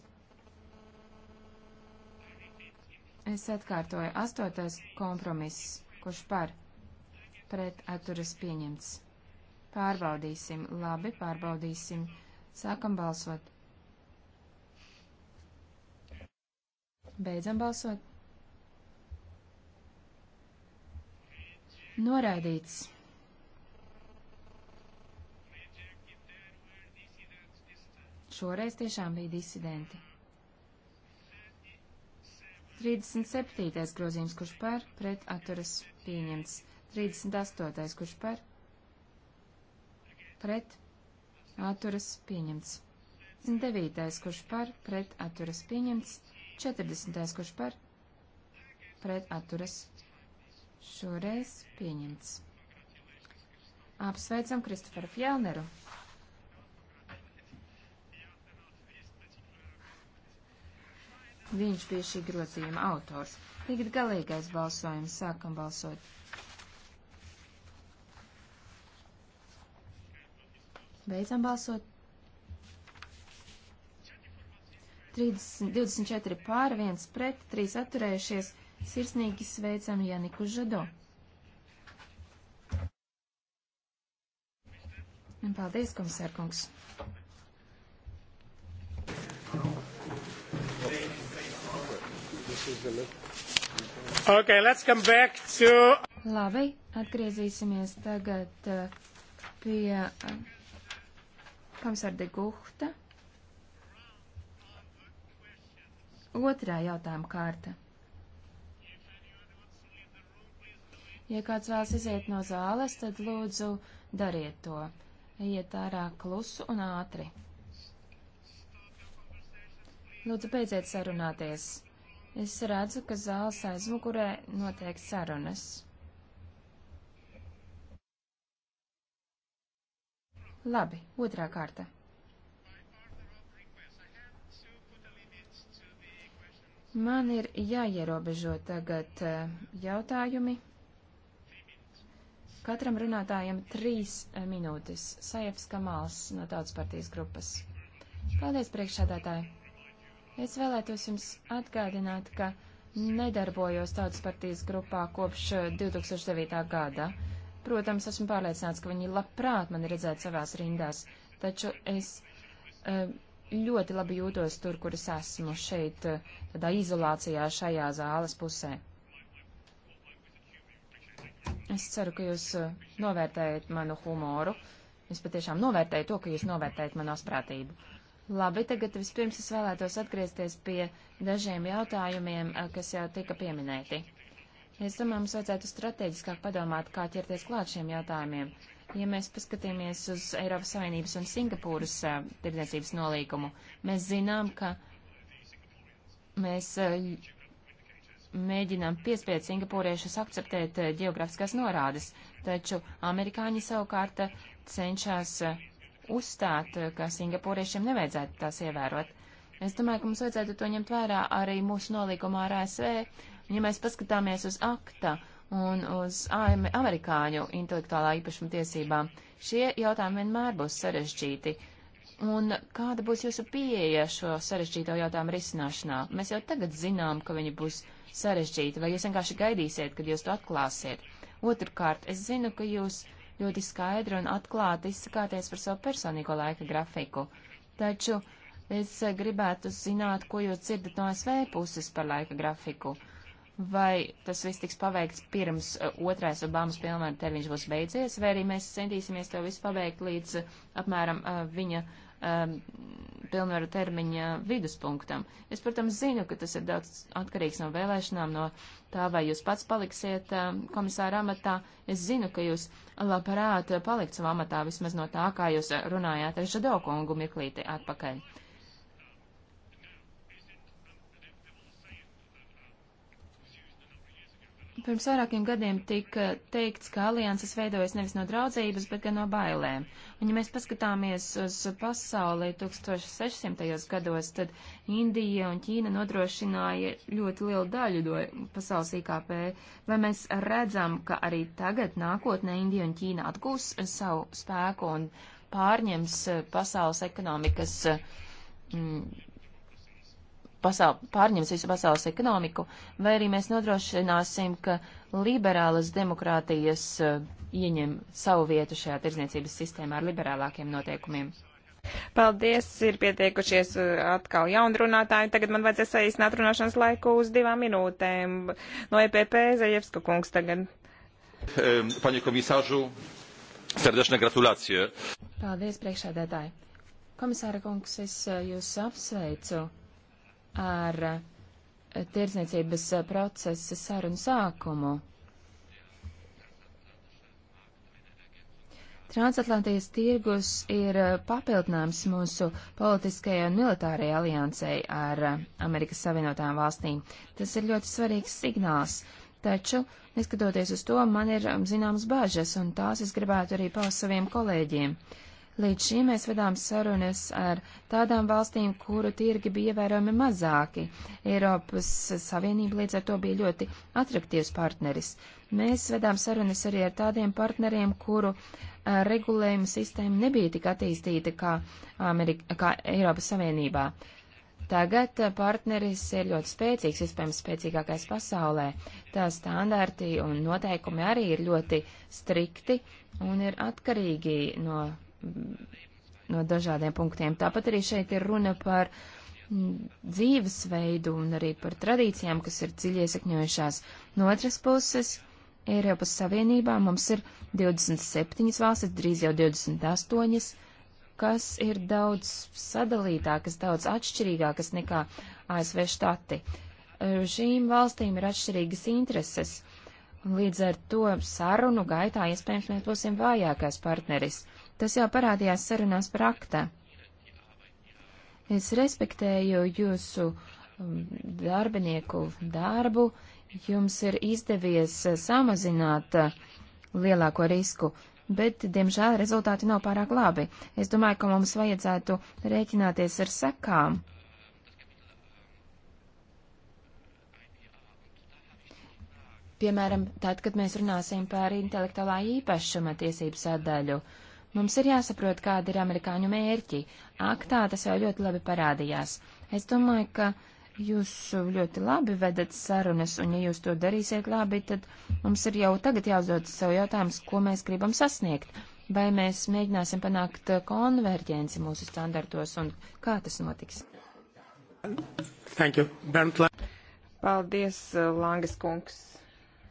Es atkārtoju, astotais kompromiss, kurš par pret atturis pieņemts. Pārbaudīsim, labi, pārbaudīsim. Sākam balsot. Beidzam balsot. Noraidīts. Šoreiz tiešām bija disidenti. 37. grozījums, kurš par, pret atturas pieņemts. 38. kurš par, pret atturas pieņemts. 9. kurš par, pret atturas pieņemts. 40. kurš par, pret atturas šoreiz pieņemts. Apsveicam Kristoferu Fjellneru! Viņš bija šī grozījuma autors. Tagad galīgais balsojums. Sākam balsot. Beidzam balsot. 30, 24 pār, 1 pret, 3 atturējušies. Sirsnīgi sveicam Janiku Žado. Un paldies, komisārkungs. Okay, let's come back to... Labi, atgriezīsimies tagad eh, pie eh, komisāra de Guhta. Otrā jautājuma kārta. Ja kāds vēlas iziet no zāles, tad lūdzu dariet to. Ejiet ārā klusu un ātri. Lūdzu, beidziet sarunāties. Es redzu, ka zāles aizmugurē notiek sarunas. Labi, otrā kārta. Man ir jāierobežo tagad eh, jautājumi. Katram runātājam trīs eh, minūtes. Sajevs Kamals no Tautas partijas grupas. Paldies, priekšsādātāji! Es vēlētos jums atgādināt, ka nedarbojos tautas partijas grupā kopš 2009. Eh, gada. Protams, esmu pārliecināts, ka viņi labprāt mani redzētu savās rindās, taču es eh, ļoti labi jūtos tur, kur es esmu, šeit, eh, tādā izolācijā šajā zāles pusē. Es ceru, ka jūs novērtējat manu humoru. Es patiešām novērtēju to, ka jūs novērtējat manu asprātību. Labi, tagad vispirms es vēlētos atgriezties pie dažiem jautājumiem, eh, kas jau tika pieminēti. Es domāju, mums vajadzētu strateģiskāk padomāt, kā ķerties klāt šiem jautājumiem. Ja mēs paskatāmies uz Eiropas Savienības un Singapūras uh, tirdzniecības nolīgumu, mēs zinām, ka mēs uh, mēģinām piespiest singapūriešus akceptēt uh, geogrāfiskās norādes, taču amerikāņi savukārt cenšas uh, uzstāt, eh, ka singapūriešiem nevajadzētu tās ievērot. Es domāju, ka mums vajadzētu to ņemt vērā arī mūsu nolīgumā ar ASV. Ja mēs paskatāmies uz akta un uz amerikāņu intelektuālā īpašuma tiesībām, šie jautājumi vienmēr būs sarežģīti. Un kāda būs jūsu pieeja šo sarežģīto jautājumu risināšanā? Mēs jau tagad zinām, ka viņi būs sarežģīti, vai jūs vienkārši gaidīsiet, kad jūs to atklāsiet. Otrkārt, es zinu, ka jūs ļoti skaidri un atklāti izsakāties par savu personīgo laika grafiku. Taču es gribētu zināt, ko jūs dzirdat no ASV puses par laika grafiku. Vai tas viss tiks paveikts pirms eh, otrais Obamas pilnvaru termiņš būs beidzies, vai arī mēs centīsimies to visu paveikt līdz eh, apmēram eh, viņa pilnvaru termiņa viduspunktam. Es, protams, zinu, ka tas ir daudz atkarīgs no vēlēšanām, no tā, vai jūs pats paliksiet eh, komisāra amatā. Es zinu, ka jūs labprāt palikt savā amatā vismaz no tā, kā jūs runājāt ar Žadokungu mirklīti atpakaļ. Pirms vairākiem gadiem tika teikts, ka alianses veidojas nevis no draudzības, bet gan no bailēm. Un, ja mēs paskatāmies uz pasauli 1600. gados, tad Indija un Ķīna nodrošināja ļoti lielu daļu no pasaules IKP. Vai mēs redzam, ka arī tagad nākotnē Indija un Ķīna atgūs savu spēku un pārņems pasaules ekonomikas mm, pasaul, pārņems visu pasaules ekonomiku, vai arī mēs nodrošināsim, ka liberālas demokrātijas uh, ieņem savu vietu šajā tirzniecības sistēmā ar liberālākiem noteikumiem. Paldies, ir pieteikušies eh, atkal jaunrunātāji. Tagad man vajadzēs saīsināt runāšanas laiku uz divām minūtēm. No EPP Zajevska kungs tagad. Paņi komisāžu, serdešne gratulācija. Paldies, priekšādētāji. Komisāra kungs, es eh, jūs apsveicu ar eh, tirsniecības eh, procesa sarunu sākumu. Transatlantijas tirgus ir eh, papildinājums mūsu politiskajai un militārajai aliansei ar Amerikas Savienotām valstīm. Tas ir ļoti svarīgs signāls, taču, neskatoties uz to, man ir hm, zināmas bažas, un tās es gribētu arī paust saviem kolēģiem. Uh, Līdz šim mēs vedām sarunas ar tādām valstīm, kuru tirgi bija ievērojami mazāki. Eiropas Savienība līdz ar to bija ļoti atraktīvs partneris. Mēs vedām sarunas arī ar tādiem partneriem, kuru a, regulējuma sistēma nebija tik attīstīta kā, Amerika, kā Eiropas Savienībā. Tagad partneris ir ļoti spēcīgs, iespējams, spēcīgākais pasaulē. Tā standarti un noteikumi arī ir ļoti strikti un ir atkarīgi no no dažādiem punktiem. Tāpat arī šeit ir runa par mm, dzīvesveidu un arī par tradīcijām, kas ir dziļi iesakņojušās. No otras puses, Eiropas Savienībā mums ir 27 valstis, drīz jau 28, kas ir daudz sadalītākas, daudz atšķirīgākas nekā ASV štati. Šīm valstīm ir atšķirīgas intereses, un līdz ar to sarunu gaitā iespējams mēs būsim vājākais partneris. Tas jau parādījās sarunās par aktā. Es respektēju jūsu um, darbinieku darbu, jums ir izdevies uh, samazināt uh, lielāko risku, bet, diemžēl, rezultāti nav pārāk labi. Es domāju, ka mums vajadzētu rēķināties ar sekām. Piemēram, tad, kad mēs runāsim par intelektuālā īpašuma tiesību sadaļu, uh, Mums ir jāsaprot, kāda ir amerikāņu mērķi. Aktā tas jau ļoti labi parādījās. Es domāju, ka jūs ļoti labi vedat sarunas, un ja jūs to darīsiet labi, tad mums ir jau tagad jāuzdod sev jautājums, ko mēs gribam sasniegt. Vai mēs mēģināsim panākt konverģenci mūsu standartos, un kā tas notiks? Thank you. Bernd Lang. Paldies, Langas kungs.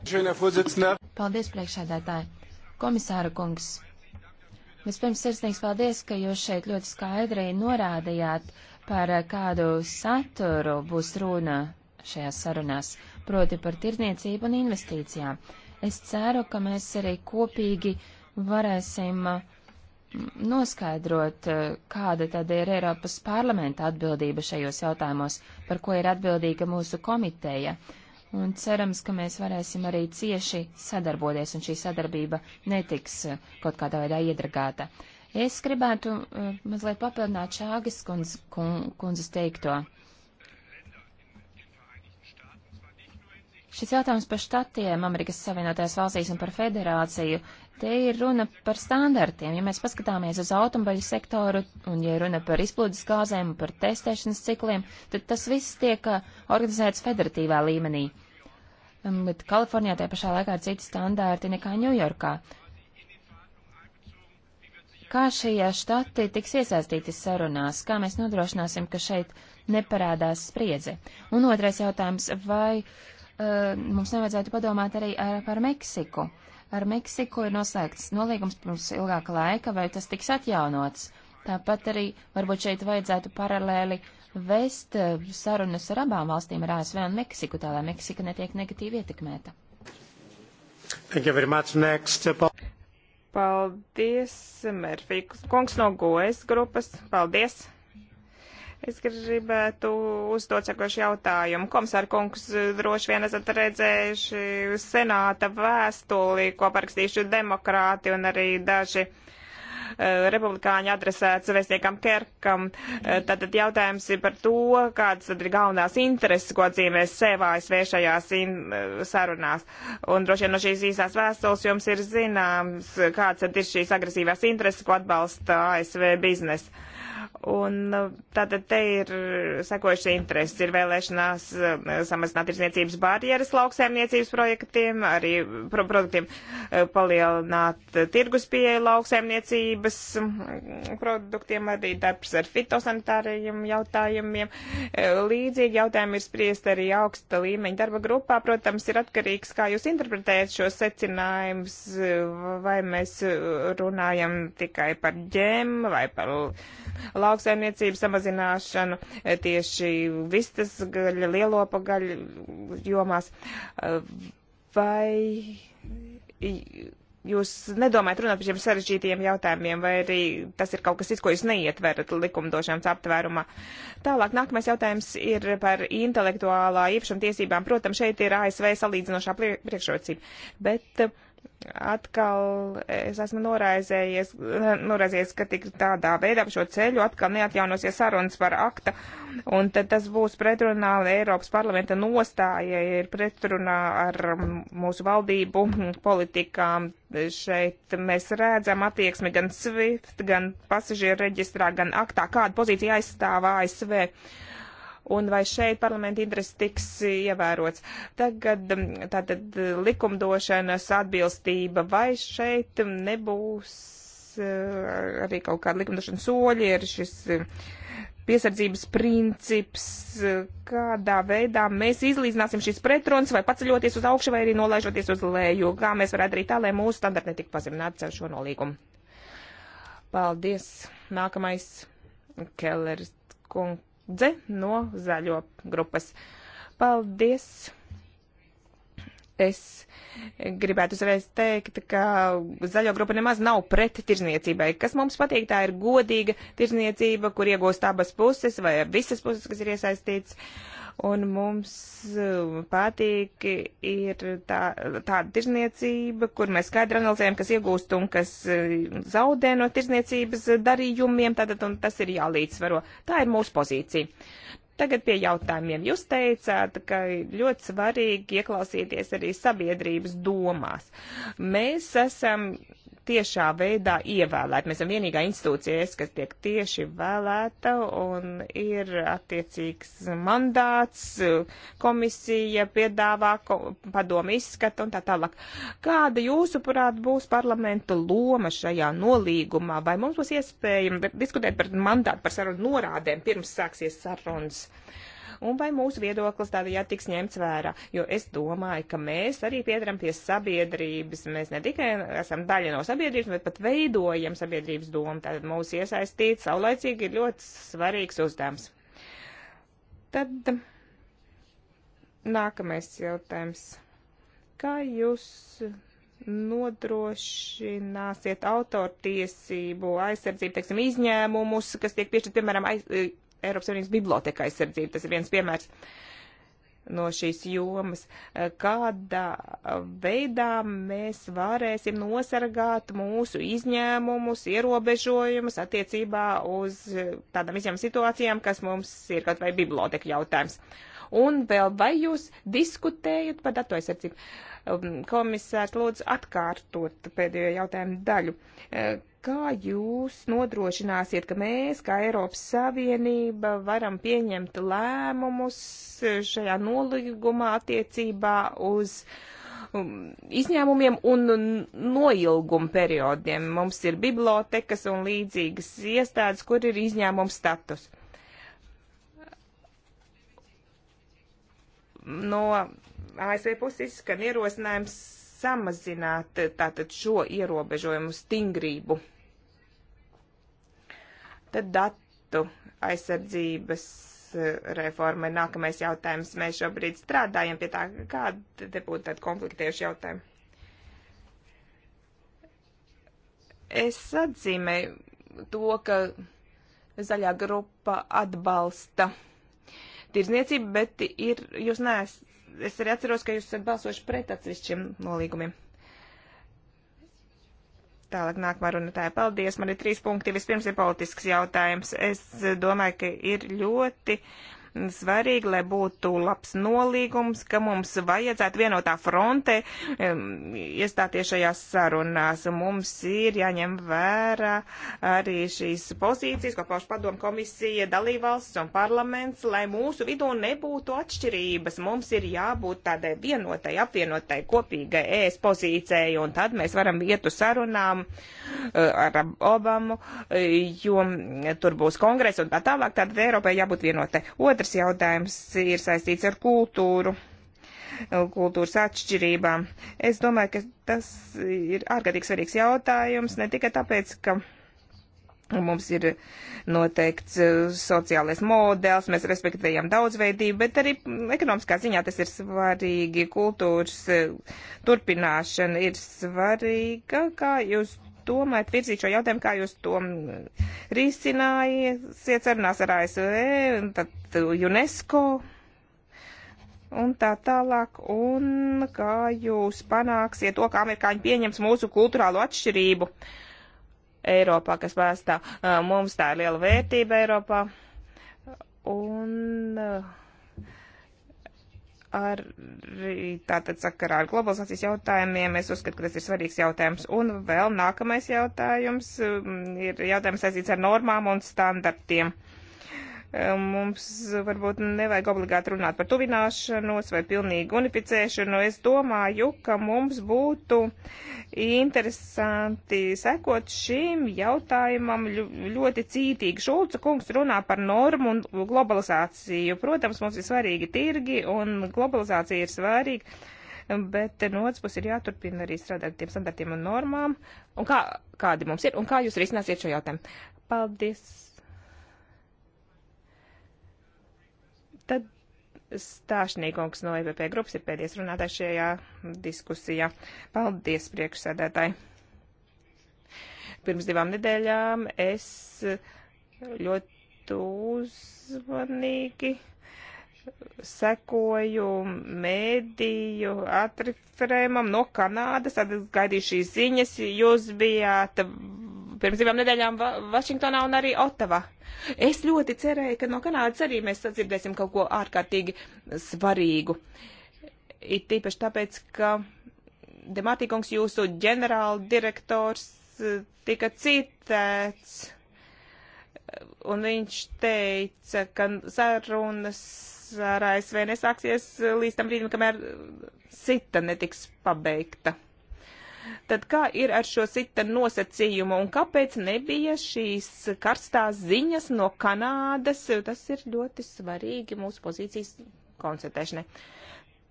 Paldies, priekšādātāji. Komisāra kungs. Vispirms sirsnīgs paldies, ka jūs šeit ļoti skaidri norādījāt, par eh, kādu saturu būs runa šajās sarunās, proti par tirdzniecību un investīcijām. Es ceru, ka mēs arī kopīgi varēsim mm, noskaidrot, eh, kāda tad ir Eiropas parlamenta atbildība šajos jautājumos, par ko ir atbildīga mūsu komiteja. Uh, un cerams, ka mēs varēsim arī cieši sadarboties, un šī sadarbība netiks eh, kaut kādā veidā iedragāta. Es gribētu uh, mazliet papildināt Šāgas kundz, kundzes teikto. Šis jautājums par štatiem Amerikas Savienotajās valstīs un par federāciju, te ir runa par standartiem. Ja mēs paskatāmies uz automobiļu sektoru un ja runa par izplūdes gāzēm un par testēšanas cikliem, tad tas viss tiek eh, organizēts federatīvā līmenī. Um, bet Kalifornijā tajā pašā laikā ir citi standārti nekā Ņujorkā. Kā šie štati tiks iesaistīti sarunās? Kā mēs nodrošināsim, ka šeit neparādās spriedze? Un otrais jautājums, vai uh, mums nevajadzētu padomāt arī ar, par Meksiku? Ar Meksiku ir noslēgts nolīgums pirms ilgāka laika, vai tas tiks atjaunots? Tāpat arī varbūt šeit vajadzētu paralēli uh, vest eh, sarunas ar abām valstīm, ar ASV un Meksiku, tā lai Meksika netiek negatīvi ietekmēta. Next... Eh, Paldies, Merfīkus kungs no GOES grupas. Paldies! Es gribētu uzdot sekošu jautājumu. Komisāra kungs, eh, droši vien esat redzējuši senāta vēstuli, ko parakstījuši demokrāti un arī daži uh, Eh, republikāņu adresēts vēstniekam Kerkam. Eh, tātad jautājums ir par to, kādas tad ir galvenās intereses, ko dzīvēs sev ASV šajās eh, sarunās. Un droši vien no šīs īsās vēstules jums ir zināms, kādas tad ir šīs agresīvās intereses, ko atbalsta ASV biznesa Un e, tātad te ir sekojuši interesi, ir vēlēšanās e, samazināt tirsniecības barjeras lauksēmniecības projektiem, arī pro produktiem e, palielināt tirgus pieeja lauksēmniecības mm, produktiem, arī darbs ar fitosanitārajiem jautājumiem. Līdzīgi jautājumi ir spriest arī augsta līmeņa darba grupā, protams, ir atkarīgs, kā jūs interpretējat šos secinājumus, vai mēs runājam tikai par ģēmu vai par lauksaimniecību samazināšanu eh, tieši vistas gaļa, lielopa gaļa jomās. Eh, vai jūs nedomājat runāt par šiem sarežģītajiem jautājumiem, vai arī tas ir kaut kas cits, ko jūs neietverat likumdošanas aptvērumā? Tālāk, nākamais jautājums ir par intelektuālā īpašuma tiesībām. Protams, šeit ir ASV salīdzinošā priekšrocība, bet uh, atkal es esmu noraizējies, noraizējies, ka tik tādā veidā pa šo ceļu atkal neatjaunosies sarunas par akta, un tad tas būs pretrunā Eiropas parlamenta nostāja, ir pretrunā ar mūsu valdību politikām. Šeit mēs redzam attieksmi gan SWIFT, gan pasažieru reģistrā, gan aktā, kāda pozīcija aizstāv ASV. Uh, un vai šeit parlamenta interesi tiks ievērots. Tagad mm, tātad likumdošanas atbilstība, vai šeit nebūs eh, arī kaut kādi likumdošanas soļi, ir šis eh, piesardzības princips, eh, kādā veidā mēs izlīdzināsim šīs pretrunas, vai paceļoties uz augšu, vai arī nolaižoties uz leju, kā mēs varētu darīt tā, lai mūsu standarti netiktu pazemināti ar šo nolīgumu. Paldies! Nākamais Kellers kungs Dze no zaļo grupas. Paldies! Es gribētu uzreiz teikt, ka zaļo grupa nemaz nav pret tirzniecībai. Kas mums patīk, tā ir godīga tirzniecība, kur iegūst abas puses vai visas puses, kas ir iesaistīts. Uh, un mums uh, patīk ir tā, tāda tirzniecība, kur mēs skaidri analizējam, kas iegūst un kas uh, zaudē no tirzniecības darījumiem, tātad un tas ir jālīdzsvaro. Tā ir mūsu pozīcija. Tagad pie jautājumiem. Jūs teicāt, ka ļoti svarīgi ieklausīties arī sabiedrības domās. Mēs esam tiešā veidā ievēlēti. Mēs esam vienīgā institūcija, kas tiek tieši vēlēta un ir attiecīgs mandāts, komisija piedāvā, padomu izskata un tā tālāk. Kāda jūsuprāt būs parlamenta loma šajā nolīgumā? Vai mums būs iespējama diskutēt par mandātu, par sarunu norādēm pirms sāksies sarunas? un vai mūsu viedoklis tādējādi tiks ņemts vērā. Jo es domāju, ka mēs arī piedaram pie sabiedrības. Mēs ne tikai esam daļa no sabiedrības, bet pat veidojam sabiedrības domu. Tātad mūs iesaistīt saulaicīgi ir ļoti svarīgs uzdevums. Tad nākamais jautājums. Kā jūs nodrošināsiet autortiesību aizsardzību, teiksim, izņēmumus, kas tiek piešķirt, piemēram, aiz, Eiropas Savienības biblioteka aizsardzība. Tas ir viens piemērs no šīs jomas. Kādā veidā mēs varēsim nosargāt mūsu izņēmumus, ierobežojumus attiecībā uz tādām izņēmuma situācijām, kas mums ir kaut vai biblioteka jautājums. Un vēl vai jūs diskutējat par datu aizsardzību? Um, komisārs lūdzu atkārtot pēdējo jautājumu daļu. Uh, Kā jūs nodrošināsiet, ka mēs, kā Eiropas Savienība, varam pieņemt lēmumus šajā nolīgumā attiecībā uz um, izņēmumiem un noilguma periodiem? Mums ir bibliotekas un līdzīgas iestādes, kur ir izņēmuma status. No ASV puses izskan ierosinājums samazināt eh, tātad šo ierobežojumu stingrību. Tad datu aizsardzības eh, reforma ir nākamais jautājums. Mēs šobrīd strādājam pie tā, kāda te būtu tāda konfliktieša jautājuma. Es atzīmēju to, ka zaļā grupa atbalsta tirzniecību, bet ir, jūs neesat es arī atceros, ka jūs esat balsojuši pret atsevišķiem nolīgumiem. Tālāk nākamā runātāja. Paldies, man ir trīs punkti. Vispirms ir politisks jautājums. Es eh, domāju, ka ir ļoti. Uh, svarīgi, lai būtu labs nolīgums, ka mums vajadzētu vienotā fronte iestāties šajās sarunās. Mums ir jāņem vērā arī šīs pozīcijas, ko pauž padomu komisija, dalībvalsts un parlaments, lai mūsu vidū nebūtu atšķirības. Mums ir jābūt tādai vienotai, apvienotai, kopīgai ēs pozīcijai, un tad mēs varam iet uz sarunām eh, ar Obamu, eh, jo tur būs kongress un tā tālāk, tad Eiropai jābūt vienotai. Otra Otrs jautājums ir saistīts ar kultūru kultūras atšķirībām. Es domāju, ka tas ir ārkārtīgi svarīgs jautājums, ne tikai tāpēc, ka mums ir noteikts uh, sociālais modelis, mēs respektējam daudzveidību, bet arī ekonomiskā ziņā tas ir svarīgi. Kultūras uh, turpināšana ir svarīga, kā jūs domājat virzīt šo jautājumu, kā jūs to risinājiet sarunās ar ASV, un tad UNESCO un tā tālāk, un kā jūs panāksiet to, kā amerikāņi pieņems mūsu kulturālo atšķirību Eiropā, kas vēstā mums tā ir liela vērtība Eiropā. Un uh, arī tātad sakarā ar globalizācijas jautājumiem. Es uzskatu, ka tas ir svarīgs jautājums. Un vēl nākamais jautājums mm, ir jautājums saistīts ar normām un standartiem. Uh, Mums varbūt nevajag obligāti runāt par tuvināšanos vai pilnīgu unificēšanu. Es domāju, ka mums būtu interesanti sekot šim jautājumam ļoti cītīgi. Šulca kungs runā par normu un globalizāciju. Protams, mums ir svarīgi tirgi un globalizācija ir svarīga bet no otras puses ir jāturpina arī strādāt ar tiem standartiem un normām, un kā, kādi mums ir, un kā jūs risināsiet šo jautājumu. Paldies! Tad Stāšnīgungs no EVP grupas ir pēdējais runātājs šajā diskusijā. Paldies, priekšsēdētāji! Pirms divām nedēļām es ļoti uzmanīgi sekoju mēdīju atrifrēmam no Kanādas, tad gaidīju šīs ziņas, jūs bijāt pirms divām nedēļām Va Vašingtonā un arī Otavā. Es ļoti cerēju, ka no Kanādas arī mēs sadzirdēsim kaut ko ārkārtīgi svarīgu. It īpaši tāpēc, ka Demārtīkungs jūsu ģenerāla direktors tika citēts, un viņš teica, ka sarunas ar ASV nesāksies līdz tam brīdim, kamēr cita netiks pabeigta. Tad kā ir ar šo sita nosacījumu un kāpēc nebija šīs karstās ziņas no Kanādas? Tas ir ļoti svarīgi mūsu pozīcijas koncentrēšanai.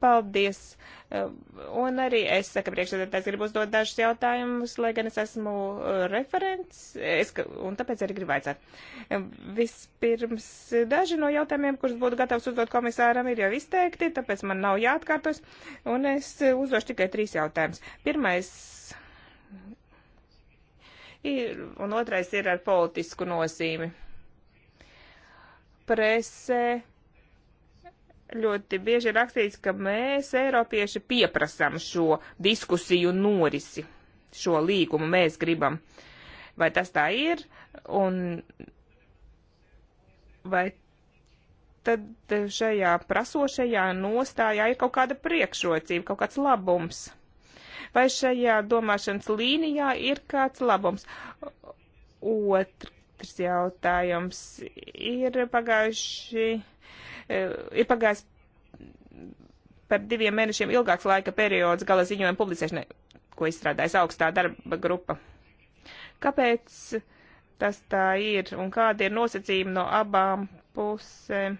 Paldies! Eh, un arī es, saka priekšsēdētājs, gribu uzdot dažus jautājumus, lai gan es esmu eh, referents, eh, es, un tāpēc arī gribu aicāt. Vispirms daži no jautājumiem, kurus būtu gatavs uzdot komisāram, ir jau izteikti, tāpēc man nav jāatkārtos, un es uzdošu tikai trīs jautājumus. Pirmais ir, un otrais ir ar politisku nozīmi. Presē ļoti bieži ir rakstīts, ka mēs, Eiropieši, pieprasām šo diskusiju norisi, šo līgumu mēs gribam. Vai tas tā ir? Un vai tad šajā prasošajā nostājā ir kaut kāda priekšrocība, kaut kāds labums? Vai šajā domāšanas līnijā ir kāds labums? Otrs jautājums ir pagājuši E, ir pagājis par diviem mēnešiem ilgāks laika periods gala ziņojuma publicēšanai, ko izstrādājas augstā darba grupa. Kāpēc tas tā ir un kādi ir nosacījumi no abām pusēm?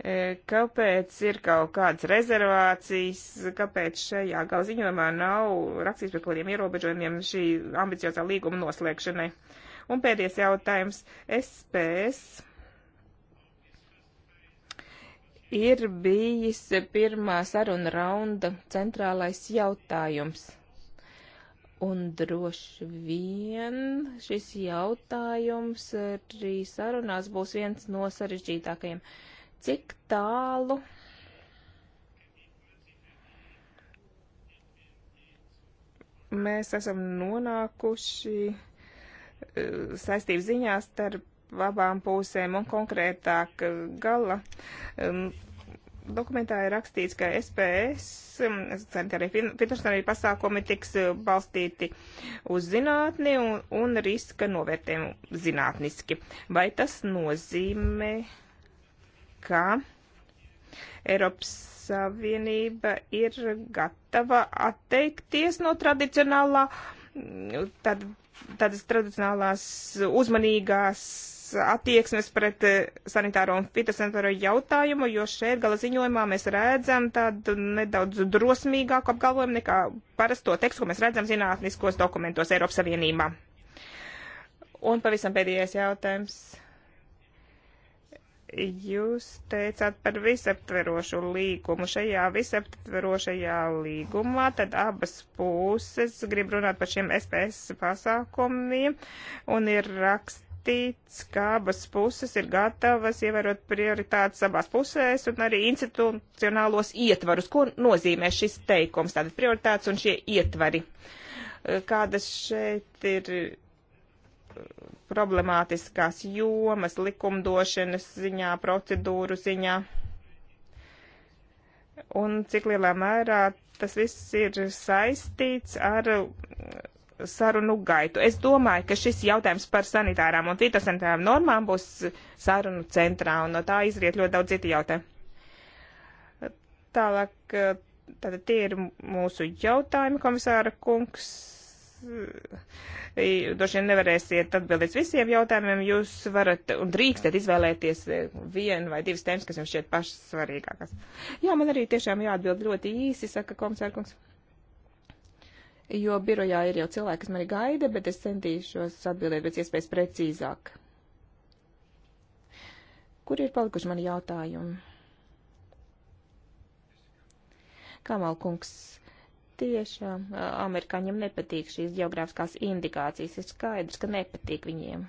E, kāpēc ir kaut kādas rezervācijas, kāpēc šajā gala ziņojumā nav rakstīts par kaut kādiem ierobežojumiem šī ambiciozā līguma noslēgšanai? Uh, Un pēdējais jautājums. SPS ir bijis pirmā saruna raunda centrālais jautājums. Un droši vien šis jautājums arī sarunās būs viens no sarežģītākajiem. Cik tālu mēs esam nonākuši? saistību ziņā starp abām pusēm un konkrētāk eh, gala. Um, dokumentā ir rakstīts, ka SPS, um, arī finansiālajie pasākumi tiks eh, balstīti uz zinātni un, un riska novērtējumu zinātniski. Vai tas nozīmē, ka Eiropas Savienība ir gatava atteikties no tradicionālā mm, tad tādas tradicionālās uzmanīgās attieksmes pret eh, sanitāro un fitosanitāro jautājumu, jo šeit gala ziņojumā mēs redzam tādu nedaudz drosmīgāku apgalvojumu nekā parasto tekstu, ko mēs redzam zinātniskos dokumentos Eiropas Savienībā. Un pavisam pēdējais jautājums Jūs teicāt par visaptverošu līgumu. Šajā visaptverošajā līgumā tad abas puses grib runāt par šiem SPS pasākumiem un ir rakstīts, ka abas puses ir gatavas ievērot prioritātes abās pusēs un arī institucionālos ietvarus. Ko nozīmē šis teikums? Tātad prioritātes un šie ietvari. Kādas šeit ir problemātiskās jomas likumdošanas ziņā, procedūru ziņā. Un cik lielā mērā tas viss ir saistīts ar sarunu gaitu. Es domāju, ka šis jautājums par sanitārām un fitosanitārām normām būs sarunu centrā, un no tā izriet ļoti daudz citu jautājumu. Tālāk, tātad tie ir mūsu jautājumi, komisāra kungs. Droši vien nevarēsiet atbildēt visiem jautājumiem. Jūs varat un drīkstat izvēlēties vienu vai divas tēmas, kas jums šķiet pašas svarīgākas. Jā, man arī tiešām jāatbild ļoti īsi, saka komisārkungs. Jo birojā ir jau cilvēki, kas mani gaida, bet es centīšos atbildēt pēc iespējas precīzāk. Kur ir palikuši mani jautājumi? Kamalkungs tiešām amerikāņiem nepatīk šīs geogrāfiskās indikācijas. Ir skaidrs, ka nepatīk viņiem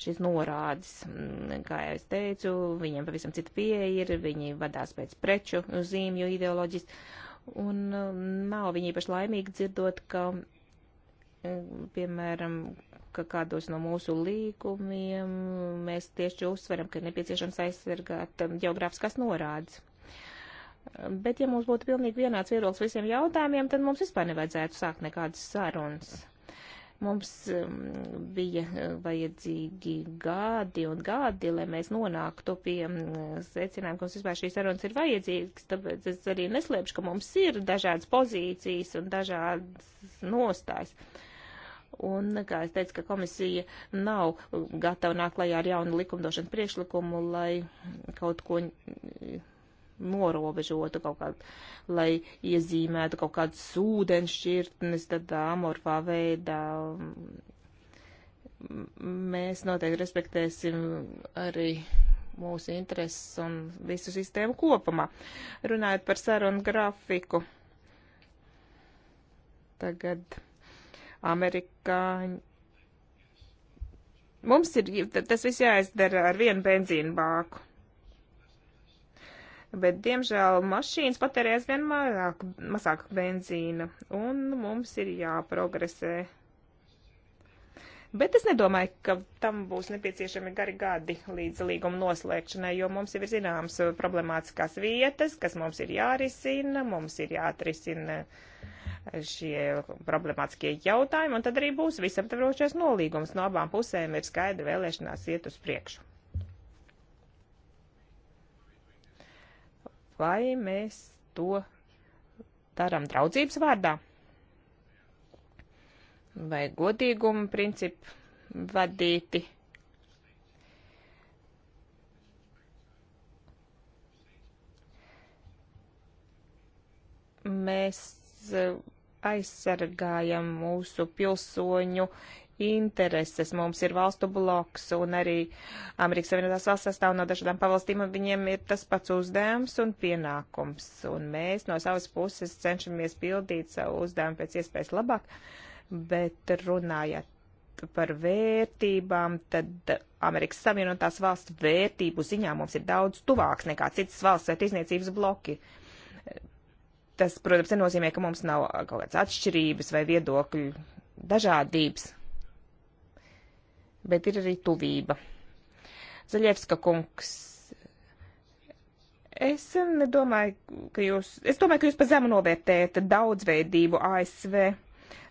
šīs norādes. Mm, kā jau es teicu, viņiem pavisam cita pieeja ir, viņi vadās pēc preču zīmju ideoloģijas. Un nav viņi īpaši laimīgi dzirdot, ka, piemēram, ka kādos no mūsu līgumiem mēs tieši uzsveram, ka ir nepieciešams aizsargāt geogrāfiskās norādes. Bet, ja mums būtu pilnīgi vienāds viedoklis visiem jautājumiem, tad mums vispār nevajadzētu sākt nekādas sarunas. Mums um, bija uh, vajadzīgi gadi un gadi, lai mēs nonāktu pie um, secinājuma, ka mums vispār šīs sarunas ir vajadzīgas, tāpēc es arī neslēpšu, ka mums ir dažādas pozīcijas un dažādas nostājas. Un, kā es teicu, ka komisija nav gatava nākt klajā ar jaunu likumdošanas priekšlikumu, lai kaut ko norobežotu kaut kādu, lai iezīmētu kaut kādas ūdenšķirtnes tādā amorfā veidā. Mēs noteikti respektēsim arī mūsu intereses un visu sistēmu kopumā. Runājot par sarunu grafiku, tagad amerikāņi. Mums ir tas viss jāizdara ar vienu benzīnu bāku bet, diemžēl, mašīnas patērēs vien mazāk, mazāk benzīna, un mums ir jāprogresē. Bet es nedomāju, ka tam būs nepieciešami gari gadi līdz līguma noslēgšanai, jo mums jau ir zināmas problemātiskās vietas, kas mums ir jārisina, mums ir jāatrisina šie problemātiskie jautājumi, un tad arī būs visaptvarošais nolīgums. No abām pusēm ir skaidra vēlēšanās iet uz priekšu. vai mēs to darām draudzības vārdā? Vai godīguma principu vadīti? Mēs eh, aizsargājam mūsu pilsoņu intereses. Mums ir valstu bloks un arī Amerikas Savienotās valsts sastāv no dažādām pavalstīm, un viņiem ir tas pats uzdevums un pienākums. Un mēs no savas puses cenšamies pildīt savu uzdevumu pēc iespējas labāk, bet runājot par vērtībām, tad Amerikas Savienotās valsts vērtību ziņā mums ir daudz tuvāks nekā citas valsts vai tirzniecības bloki. Tas, protams, nenozīmē, ka mums nav kaut kādas atšķirības vai viedokļu dažādības bet ir arī tuvība. Zaļevska kungs, es nedomāju, ka jūs, es domāju, ka jūs pa zemu novērtējat daudzveidību ASV.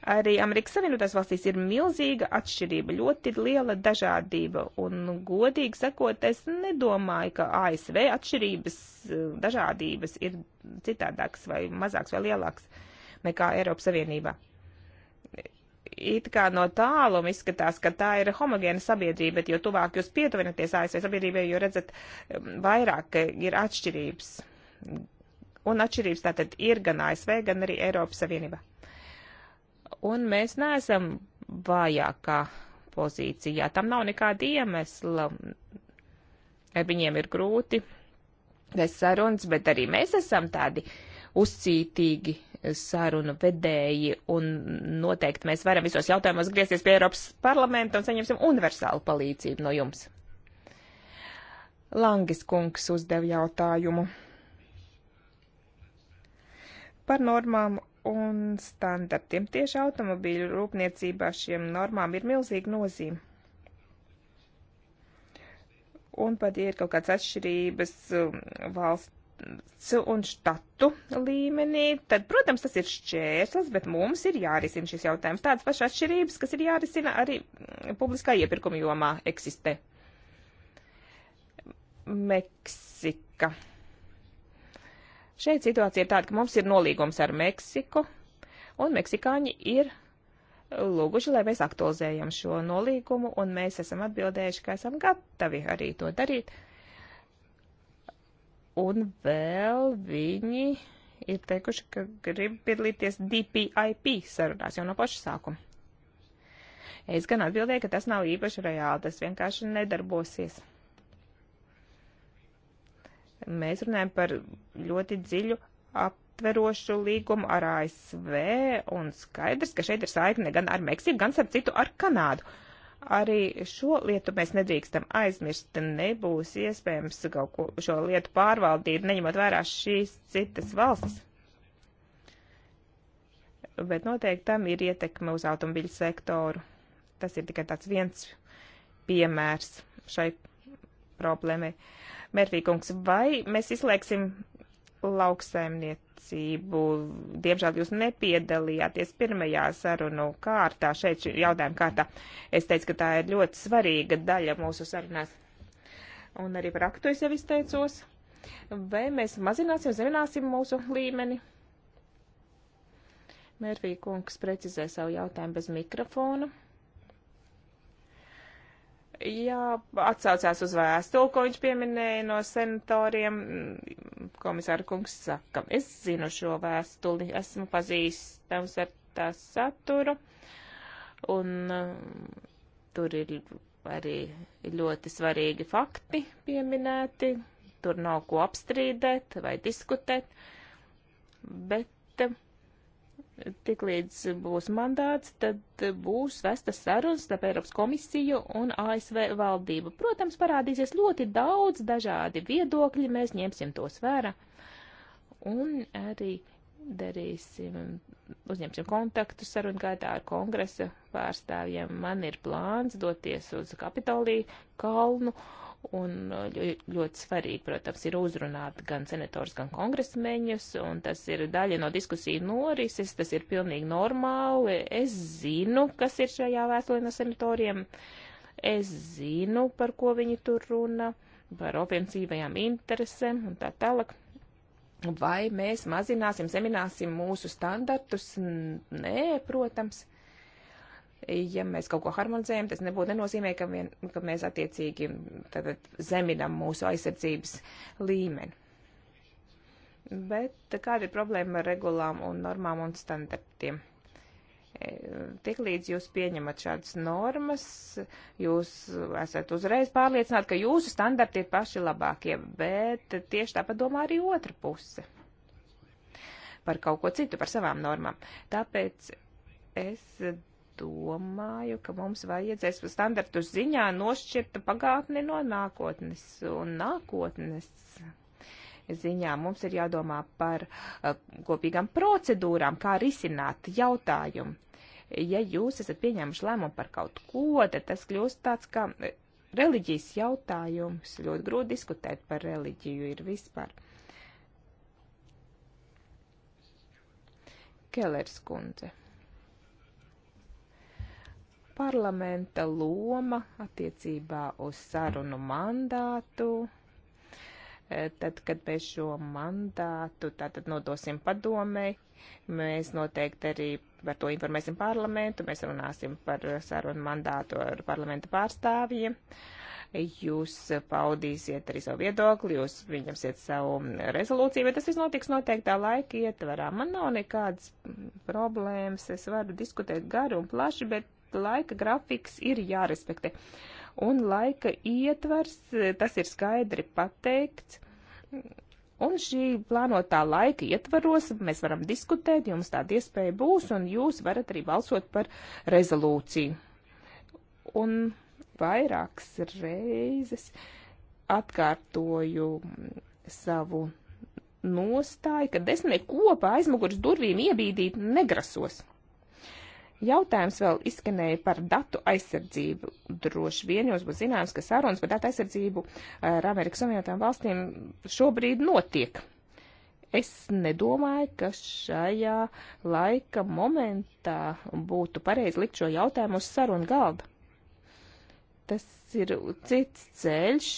Arī Amerikas Savienotās valstīs ir milzīga atšķirība, ļoti liela dažādība, un godīgi sakot, es nedomāju, ka ASV atšķirības, dažādības ir citādākas vai mazākas vai lielākas nekā Eiropas Savienībā it kā no tāluma izskatās, ka tā ir homogēna sabiedrība, bet jo tuvāk jūs pietuvināties ASV sabiedrībai, jo redzat um, vairāk, ka ir atšķirības. Un atšķirības tātad ir gan ASV, gan arī Eiropas Savienība. Un mēs neesam vājākā pozīcijā. Tam nav nekāda iemesla. Viņiem ir grūti, es sarunas, bet arī mēs esam tādi uzcītīgi sarunu vedēji, un noteikti mēs varam visos jautājumos griezties pie Eiropas parlamenta un saņemsim universālu palīdzību no jums. Langis kungs uzdev jautājumu par normām un standartiem. Tieši automobīļu rūpniecībā šiem normām ir milzīga nozīme. Un pat ja ir kaut kādas atšķirības um, valsts valsts un štatu līmenī, tad, protams, tas ir šķērslis, bet mums ir jārisina šis jautājums. Tādas pašas atšķirības, kas ir jārisina arī mm, publiskā iepirkuma jomā, eksistē. Meksika. Šeit situācija ir tāda, ka mums ir nolīgums ar Meksiku, un meksikāņi ir lūguši, lai mēs aktualizējam šo nolīgumu, un mēs esam atbildējuši, ka esam gatavi arī to darīt. Uh, Un vēl viņi ir teikuši, ka grib piedalīties DPIP sarunās jau no paša sākuma. Es gan atbildēju, ka tas nav īpaši reāli, tas vienkārši nedarbosies. Mēs runājam par ļoti dziļu aptverošu līgumu ar ASV, un skaidrs, ka šeit ir saikne gan ar Meksiku, gan, starp citu, ar Kanādu. Uh, Arī šo lietu mēs nedrīkstam aizmirst. Nebūs iespējams kaut ko šo lietu pārvaldīt, neņemot vērā šīs citas valstis. Bet noteikti tam ir ietekme uz automobiļu sektoru. Tas ir tikai tāds viens piemērs šai problēmai. Mērfīkungs, vai mēs izslēgsim lauksaimniecību. Diemžēl jūs nepiedalījāties pirmajā sarunu kārtā, šeit jautājuma kārtā. Es teicu, ka tā ir ļoti svarīga daļa mūsu sarunās. Un arī par aktu es jau izteicos. Vai mēs mazināsim, zemināsim mūsu līmeni? Mērfī kungs precizē savu jautājumu bez mikrofona jāatsaucās uz vēstuli, ko viņš pieminēja no senatoriem. Komisāra kungs saka, es zinu šo vēstuli, esmu pazīstams ar tā saturu, un uh, tur ir arī ļoti svarīgi fakti pieminēti, tur nav ko apstrīdēt vai diskutēt, bet tik līdz būs mandāts, tad būs vestas sarunas starp Eiropas komisiju un ASV valdību. Protams, parādīsies ļoti daudz dažādi viedokļi, mēs ņemsim tos vērā un arī darīsim, uzņemsim kontaktu sarunu gaitā ar kongresa pārstāvjiem. Man ir plāns doties uz Kapitoliju kalnu Un uh, ļoti svarīgi, protams, ir uzrunāt gan senators, gan kongresmeņus, un tas ir daļa no diskusiju norises, tas ir pilnīgi normāli. Es zinu, kas ir šajā vēstulē no senatoriem, es zinu, par ko viņi tur runa, par ofensīvajām interesēm un tā tālāk. Vai mēs mazināsim, zemināsim mūsu standartus? Nē, protams ja mēs kaut ko harmonizējam, tas nebūtu nenozīmē, ka, vien, ka mēs attiecīgi tātad zeminam mūsu aizsardzības līmeni. Bet kāda ir problēma ar regulām un normām un standartiem? E, Tiklīdz jūs pieņemat šādas normas, jūs esat uzreiz pārliecināti, ka jūsu standarti ir paši labākie, bet tieši tāpat domā arī otra puse par kaut ko citu, par savām normām. Tāpēc es domāju, ka mums vajadzēs standartu ziņā nošķirt pagātni no nākotnes un nākotnes ziņā. Mums ir jādomā par uh, kopīgām procedūrām, kā risināt jautājumu. Ja jūs esat pieņēmuši lēmumu par kaut ko, tad tas kļūst tāds kā uh, reliģijas jautājums. Ļoti grūti diskutēt par reliģiju ir vispār. Kellers kundze parlamenta loma attiecībā uz sarunu mandātu. E, tad, kad mēs šo mandātu tātad nodosim padomei, mēs noteikti arī par to informēsim parlamentu, mēs runāsim par sarunu mandātu ar parlamenta pārstāvjiem jūs paudīsiet arī savu viedokli, jūs pieņemsiet savu rezolūciju, bet tas viss notiks noteiktā laika ietvarā. Man nav nekādas problēmas, es varu diskutēt garu un plaši, bet laika grafiks ir jārespektē. Un laika ietvers, tas ir skaidri pateikts. Un šī plānotā laika ietvaros mēs varam diskutēt, jums tāda iespēja būs, un jūs varat arī balsot par rezolūciju. Un vairākas reizes atkārtoju savu nostāju, ka es neko pa aizmugures durvīm iebīdīt negrasos. Jautājums vēl izskanēja par datu aizsardzību. Droši vien jums būs zināms, ka sarunas par datu aizsardzību eh, ar Amerikas Savienotām valstīm šobrīd notiek. Es nedomāju, ka šajā laika momentā būtu pareizi likt šo jautājumu uz sarunu galda. Tas ir cits ceļš,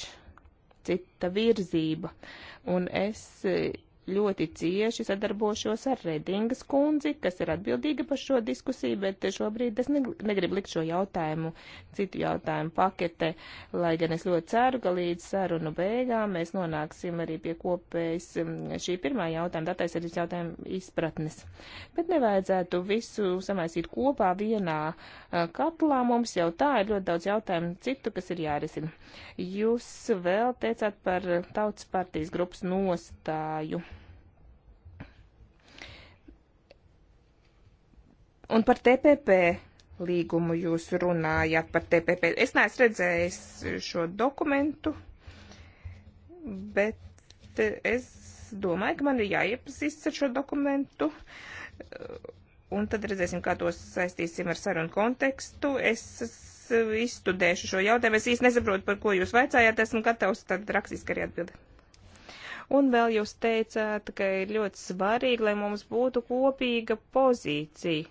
cita virzība, un es ļoti cieši sadarbošos ar Redingas kundzi, kas ir atbildīga par šo diskusiju, bet šobrīd es negribu likt šo jautājumu citu jautājumu pakete, lai gan es ļoti ceru, ka līdz sarunu beigām mēs nonāksim arī pie kopējas mm, šī pirmā jautājuma, datais arī jautājuma izpratnes. Bet nevajadzētu visu samaisīt kopā vienā katlā, mums jau tā ir ļoti daudz jautājumu citu, kas ir jārisina. Jūs vēl teicāt par tautas partijas grupas nostāju. Un par TPP līgumu jūs runājat par TPP. Es neesmu redzējis šo dokumentu, bet es domāju, ka man ir jāiepazīstas ar šo dokumentu. Un tad redzēsim, kā tos saistīsim ar sarunu kontekstu. Es izstudēšu šo jautājumu. Es īsti nesaprotu, par ko jūs vaicājāt. Esmu gatavs tad rakstiski arī atbildēt. Un vēl jūs teicāt, ka ir ļoti svarīgi, lai mums būtu kopīga pozīcija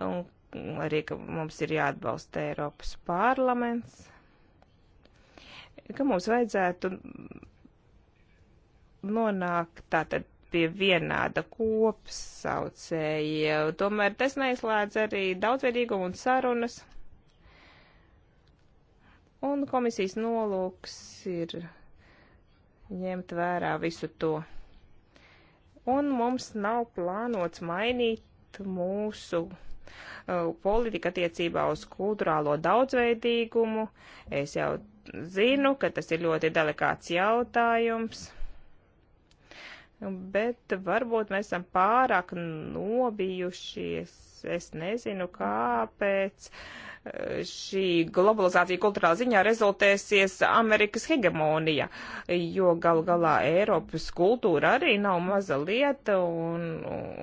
un arī, ka mums ir jāatbalsta Eiropas parlaments, ka mums vajadzētu nonākt tātad pie vienāda kopsaucēja. Tomēr tas neizslēdz arī daudzveidīgumu un sarunas. Un komisijas nolūks ir ņemt vērā visu to. Un mums nav plānots mainīt mūsu Uh, politika attiecībā uz kultūrālo daudzveidīgumu. Es jau zinu, ka tas ir ļoti delikāts jautājums, bet varbūt mēs esam pārāk nobijušies. Es nezinu, kāpēc uh, šī globalizācija kulturāla ziņā rezultēsies Amerikas hegemonija, jo gal galā Eiropas kultūra arī nav maza lieta un,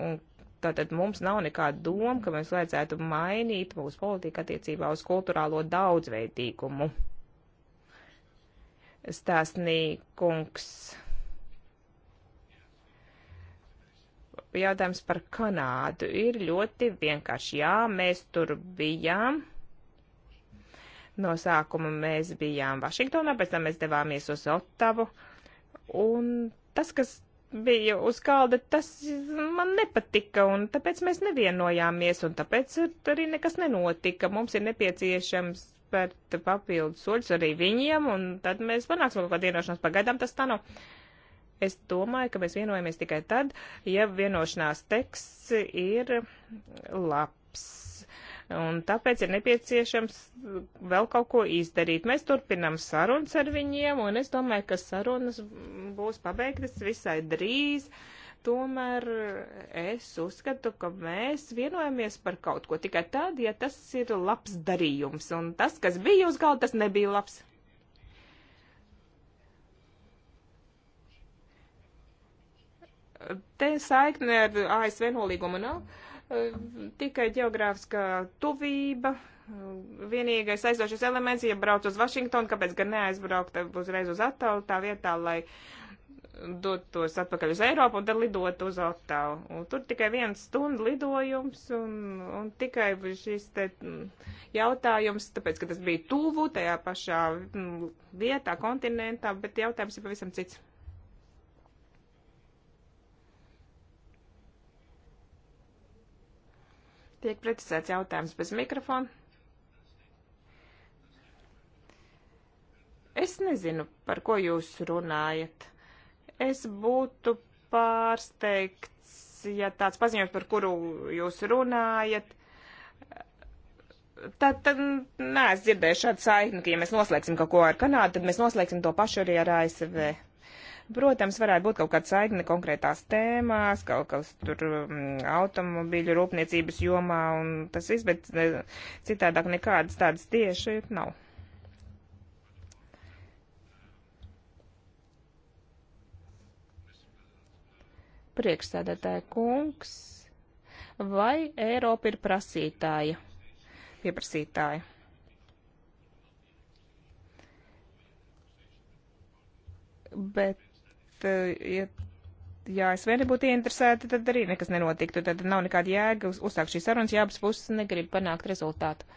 un Tātad mums nav nekāda doma, ka mums vajadzētu mainīt mūsu politiku attiecībā uz kulturālo daudzveidīgumu. Stāstnīkungs. Jautājums par Kanādu ir ļoti vienkārši. Jā, mēs tur bijām. No sākuma mēs bijām Vašingtonā, pēc tam mēs devāmies uz Otavu. Un tas, kas bija uz kalda, tas man nepatika, un tāpēc mēs nevienojāmies, un tāpēc arī nekas nenotika. Mums ir nepieciešams spērt papildu soļus arī viņiem, un tad mēs panāksim kaut kādu vienošanos. Pagaidām tas tā nav. Es domāju, ka mēs vienojamies tikai tad, ja vienošanās teksts ir labs un tāpēc ir nepieciešams vēl kaut ko izdarīt. Mēs turpinam sarunas ar viņiem, un es domāju, ka sarunas būs pabeigtas visai drīz. Tomēr es uzskatu, ka mēs vienojamies par kaut ko tikai tad, ja tas ir labs darījums, un tas, kas bija uz galda, tas nebija labs. Te saikne ar ASV nolīgumu nav. No? tikai ģeogrāfiskā tuvība, um, vienīgais aizdošais elements, ja brauc uz Vašingtonu, kāpēc gan neaizbraukt uzreiz uz Atavu tā vietā, lai dotos atpakaļ uz Eiropu un tad lidot uz Otavu. Un tur tikai viens stundu lidojums un, un tikai šis te mm, jautājums, tāpēc, ka tas bija tuvu tajā pašā mm, vietā, kontinentā, bet jautājums ir pavisam cits. Tiek precizēts jautājums bez mikrofona. Es nezinu, par ko jūs runājat. Es būtu pārsteigts, ja tāds paziņojums, par kuru jūs runājat, tad, tad nē, es dzirdēju šādu saikni, ka ja mēs noslēgsim kaut ko ar Kanādu, tad mēs noslēgsim to pašu arī ar ASV. Mm. Protams, varētu būt kaut kāda saikne konkrētās tēmās, kaut kas tur mm, automobiļu rūpniecības jomā un tas viss, bet e, citādāk nekādas tādas tieši nav. Priekšsēdētāja kungs, vai Eiropa ir prasītāja, pieprasītāja? bet Eh, ja, ja ASV nebūtu ieinteresēti, tad arī nekas nenotiktu. Tad nav nekāda jēga uz, uzsākt šīs sarunas, ja abas puses negrib panākt rezultātu.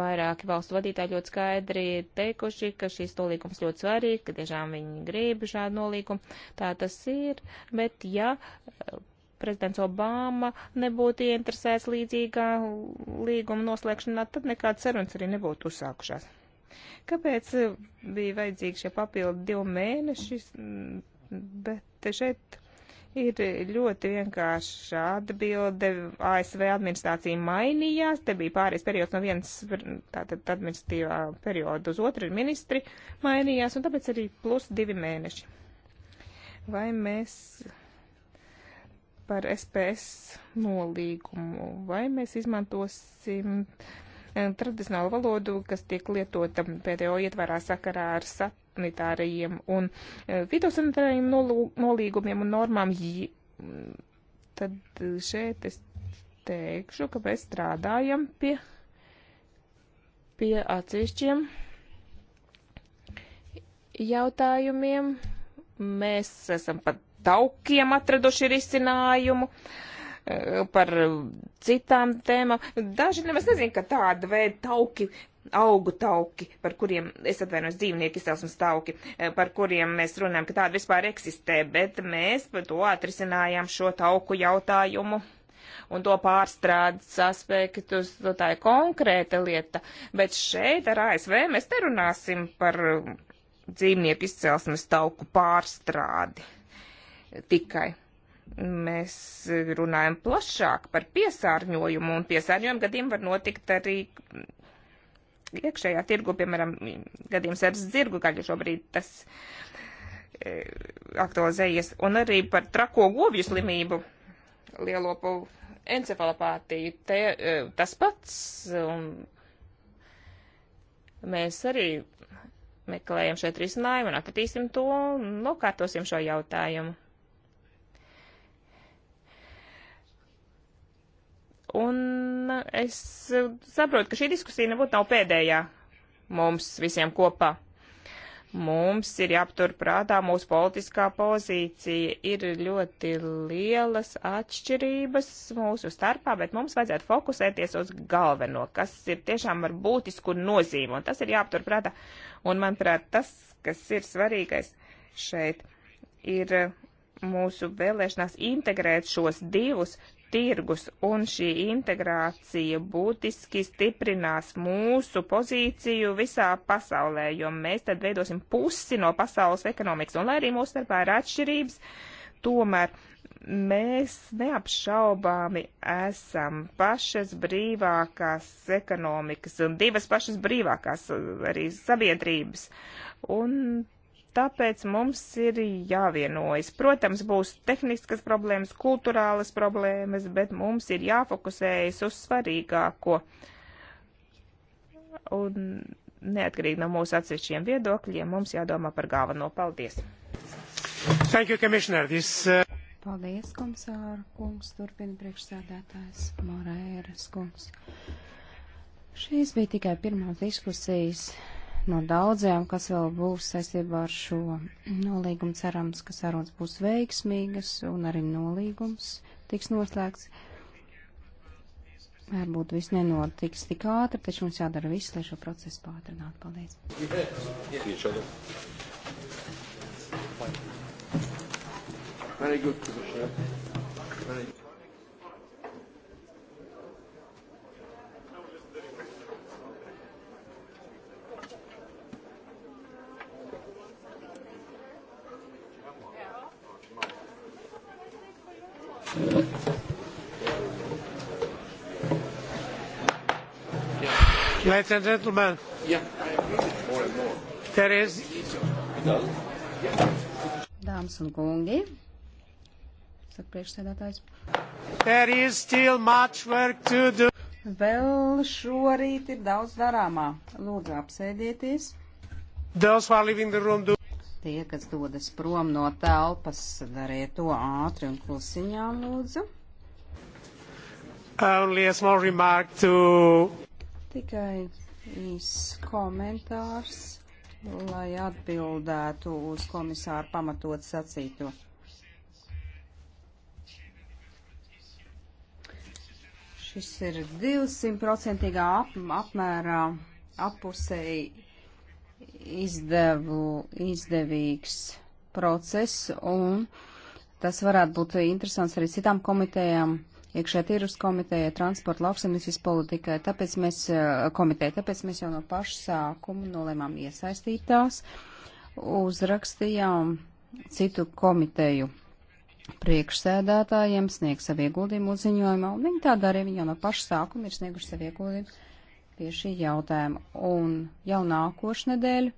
Vairāki valstu vadītāji ļoti skaidri teikuši, ka šīs nolīgums ļoti svarīgi, ka tiešām viņi grib šādu nolīgumu. Tā tas ir, bet ja eh, prezidents Obama nebūtu ieinteresēts līdzīgā mm, līguma noslēgšanā, tad nekādas sarunas arī nebūtu uzsākušās. Kāpēc eh, bija vajadzīgi šie papildu divi mēneši? Bet šeit ir ļoti vienkārša atbilde. ASV administrācija mainījās, te bija pāris periods no vienas tātad administratīvā perioda uz otru, ministri mainījās, un tāpēc arī plus divi mēneši. Vai mēs par SPS nolīgumu, vai mēs izmantosim uh, Eh, tradicionālu valodu, kas tiek lietota pēdējo ietvarā sakarā ar sanitārajiem un eh, fitosanitārajiem nolīgumiem un normām. Mm, tad eh, šeit es teikšu, ka mēs strādājam pie, pie atsevišķiem jautājumiem. Mēs esam pat taukiem atraduši risinājumu. Uh, par citām tēmām. Daži nemaz nezin, ka tāda veida tauki, augu tauki, par kuriem, es atvainojos, dzīvnieku izcelsmes tauki, par kuriem mēs runājam, ka tāda vispār eksistē, bet mēs par to atrisinājām šo tauku jautājumu. Un to pārstrādes aspektus, to tā ir konkrēta lieta. Bet šeit ar ASV mēs te runāsim par dzīvnieku izcelsmes tauku pārstrādi tikai mēs runājam plašāk par piesārņojumu, un piesārņojumu gadiem var notikt arī iekšējā tirgu, piemēram, gadījums ar zirgu gaļu šobrīd tas e, aktualizējies, un arī par trako govju slimību lielopu encefalopātiju. Te, e, tas pats, un mēs arī meklējam šeit risinājumu un atratīsim to un nokārtosim šo jautājumu. Un es saprotu, ka šī diskusija nebūtu nav pēdējā mums visiem kopā. Mums ir jāaptur prātā mūsu politiskā pozīcija. Ir ļoti lielas atšķirības mūsu starpā, bet mums vajadzētu fokusēties uz galveno, kas ir tiešām ar būtisku nozīmu. Un tas ir jāaptur prātā. Un, manuprāt, tas, kas ir svarīgais šeit, ir mūsu vēlēšanās integrēt šos divus tirgus, un šī integrācija būtiski stiprinās mūsu pozīciju visā pasaulē, jo mēs tad veidosim pusi no pasaules ekonomikas. Un lai arī mūsu starpā ir atšķirības, tomēr mēs neapšaubāmi esam pašas brīvākās ekonomikas un divas pašas brīvākās eh, arī sabiedrības. Un Tāpēc mums ir jāvienojas. Protams, būs tehniskas problēmas, kulturālas problēmas, bet mums ir jāfokusējas uz svarīgāko. Un neatkarīgi no mūsu atsevišķiem viedokļiem, mums jādomā par galveno. Paldies! Thank you, Commissioner. This, uh... Paldies, komisāra kungs, turpina priekšsēdētājs Morēras kungs. Šīs bija tikai pirmās diskusijas no daudzajām, kas vēl būs saistībā ar šo nolīgumu. Cerams, ka sarunas būs veiksmīgas un arī nolīgums tiks noslēgts. Varbūt viss nenotiks tik ātri, taču mums jādara viss, lai šo procesu pātrinātu. Paldies! Very good, Commissioner. Very good. Ladies and gentlemen, yeah, more and more. there is. Dāmas un kungi, saka priekšsēdētājs. There is still much work to do. Vēl šorīt ir daudz darāmā. Lūdzu, apsēdieties. Those who are leaving the room do. Tie, kas dodas prom no telpas, dariet to ātri un klusiņām, lūdzu. Only a small remark to Tikai īs komentārs, lai atbildētu uz komisāru pamatot sacīto. Šis ir 200% ap, apmērā apusēji izdevu, izdevīgs process, un tas varētu būt interesants arī citām komitejām iekšē tirus komiteja, transporta lauksamniecības politikai, tāpēc mēs, eh, komiteja, tāpēc mēs jau no paša sākuma nolēmām iesaistītās, uzrakstījām citu komiteju priekšsēdētājiem, sniegt savu ieguldījumu uzziņojumā, un viņi tā darīja, viņi jau no paša sākuma ir snieguši savu ieguldījumu pie šī jautājuma. Un jau nākošu nedēļu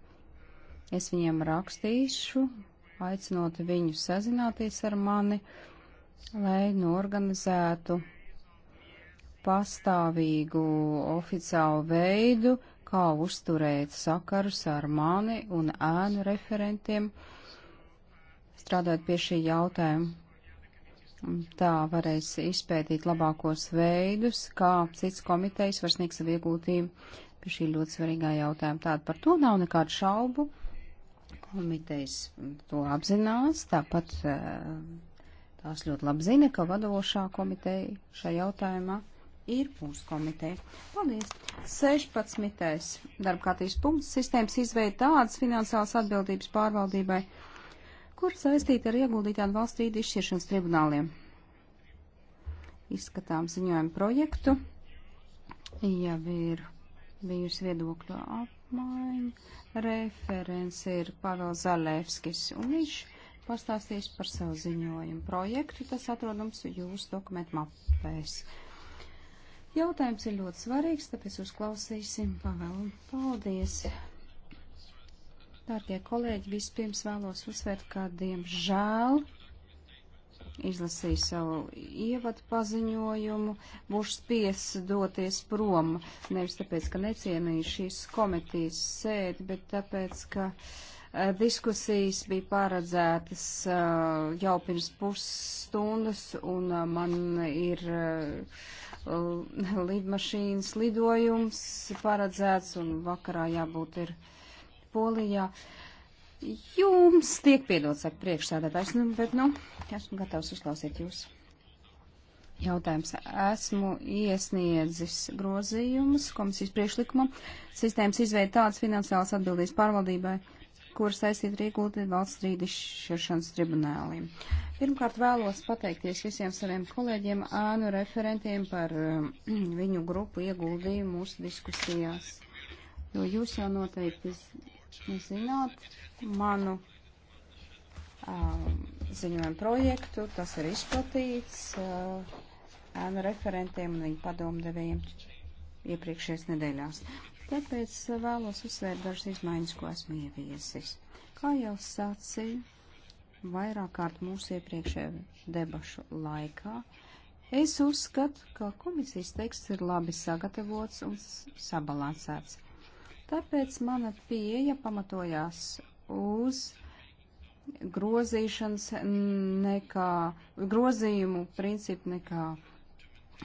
es viņiem rakstīšu, aicinot viņu sazināties ar mani. Uh, lai norganizētu pastāvīgu oficiālu veidu, kā uzturēt sakarus ar mani un ēnu referentiem, strādājot pie šī jautājuma. Tā varēs izpētīt labākos veidus, kā cits komitejas var sniegt savu iegūtību pie šī ļoti svarīgā jautājuma. Tāda par to nav nekādu šaubu. Komitejas to apzinās, tāpat uh, Tās ļoti labi zina, ka vadošā komiteja šajā jautājumā ir mūsu komiteja. Paldies! 16. darbkārtības punkts sistēmas izveida tādas finansiālas atbildības pārvaldībai, kur saistīta ar ieguldītām valstī izšķiršanas tribunāliem. Izskatām ziņojumu projektu. Jau ir bijusi viedokļu apmaiņa. Referents ir Pavel Zalēvskis un viņš pastāstīs par savu ziņojumu projektu, tas atrodams jūsu dokumentu mapēs. Jautājums ir ļoti svarīgs, tāpēc uzklausīsim Pavelu. Paldies! Dārgie kolēģi, vispirms vēlos uzsvērt, ka diemžēl izlasīju savu ievadu paziņojumu, būšu spiests doties prom, nevis tāpēc, ka necienīju šīs komitīs sēdi, bet tāpēc, ka uh, Eh, diskusijas bija paredzētas eh, jau pirms pusstundas, un eh, man ir lidmašīnas lidojums paredzēts, un vakarā jābūt ir Polijā. Jums tiek piedots, saka priekšsēdētājs, nu, bet, nu, esmu gatavs uzklausīt jūs. Jautājums. Esmu iesniedzis grozījumus komisijas priekšlikumam. Sistēmas izveida tādas finansiālas atbildības pārvaldībai kur saistīta ar ieguldījumu valsts rīdišķiršanas tribunāliem. Pirmkārt vēlos pateikties visiem saviem kolēģiem, ānu referentiem par um, viņu grupu ieguldījumu mūsu diskusijās. Jo jūs jau noteikti zināt manu um, ziņojumu projektu, tas ir izplatīts uh, ēnu uh, referentiem un viņu padomdevējiem iepriekšējās nedēļās. Tāpēc uh, vēlos uzsvērt dažas izmaiņas, ko esmu ieviesis. Kā jau sacīju, vairāk kārt mūsu iepriekšējo debašu laikā, es uzskatu, ka komisijas teksts ir labi sagatavots un sabalansēts. Tāpēc mana pieeja pamatojās uz grozīšanas nekā, grozījumu principu nekā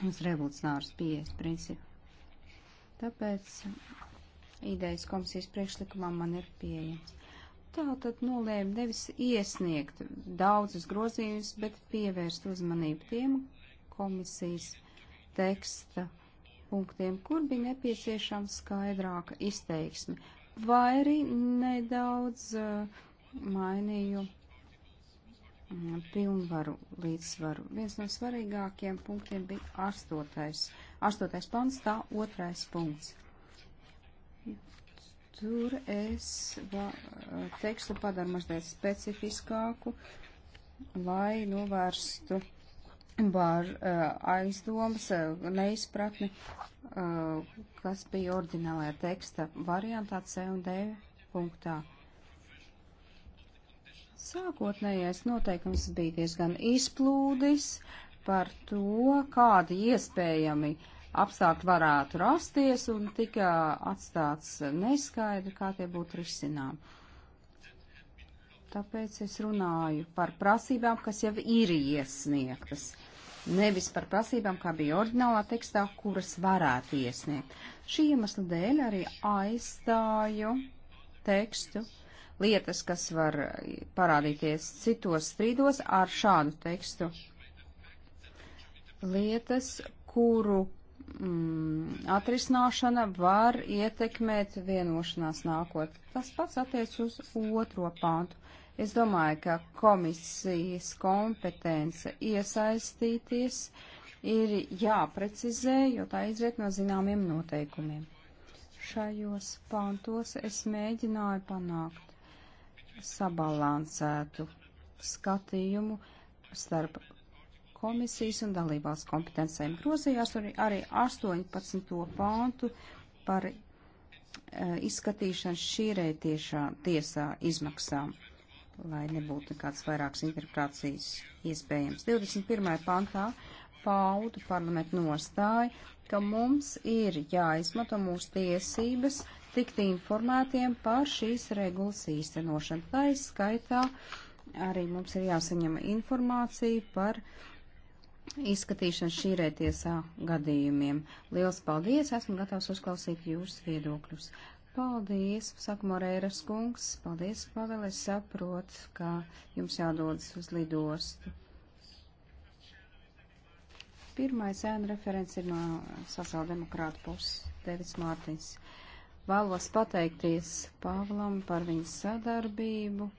uz revolucionāras pieejas principu. Tāpēc idejas komisijas priekšlikumā man ir pieejams. Tātad nolēma nevis iesniegt daudzus grozījumus, bet pievērst uzmanību tiem komisijas teksta punktiem, kur bija nepieciešama skaidrāka izteiksme. Vai arī nedaudz uh, mainīju mm, pilnvaru līdzsvaru. Viens no svarīgākiem punktiem bija astotais Astotais pants, tā otrais punkts. Tur es va, tekstu padaru mazliet specifiskāku, lai novērstu var uh, eh, aizdomas, uh, neizpratni, uh, kas bija ordinālajā teksta variantā C un D punktā. Sākotnējais noteikums bija diezgan izplūdis, uh, par to, kādi iespējami apstākļi varētu rasties un tika atstāts neskaidri, kā tie būtu risinām. Tāpēc es runāju par prasībām, kas jau ir iesniegtas nevis par prasībām, kā bija oriģinālā tekstā, kuras varētu iesniegt. Šī iemesla dēļ arī aizstāju tekstu lietas, kas var parādīties citos strīdos ar šādu tekstu lietas, kuru mm, atrisināšana var ietekmēt vienošanās nākotnē. Tas pats attiec uz otro pāntu. Es domāju, ka komisijas kompetence iesaistīties ir jāprecizē, jo tā izriet no zināmiem noteikumiem. Šajos pāntos es mēģināju panākt sabalansētu skatījumu starp komisijas un dalībās kompetencēm. Grozījās arī, arī 18. pāntu par e, izskatīšanu šīrē tiešā tiesā izmaksām, lai nebūtu nekāds vairākas interpretācijas iespējams. 21. pantā paudu parlamentu nostāju, ka mums ir jāizmanto mūsu tiesības tikt informētiem par šīs regulas īstenošanu. Tā izskaitā arī mums ir jāsaņem informācija par uh, izskatīšana šī rētiesā gadījumiem. Liels paldies, esmu gatavs uzklausīt jūsu viedokļus. Paldies, saka Morēras kungs, paldies, Pavel, es saprotu, ka jums jādodas uz lidostu. Pirmais ēna referents ir no sociāldemokrāta puses, Devis Mārtiņs. Vēlos pateikties Pāvlam par viņas sadarbību,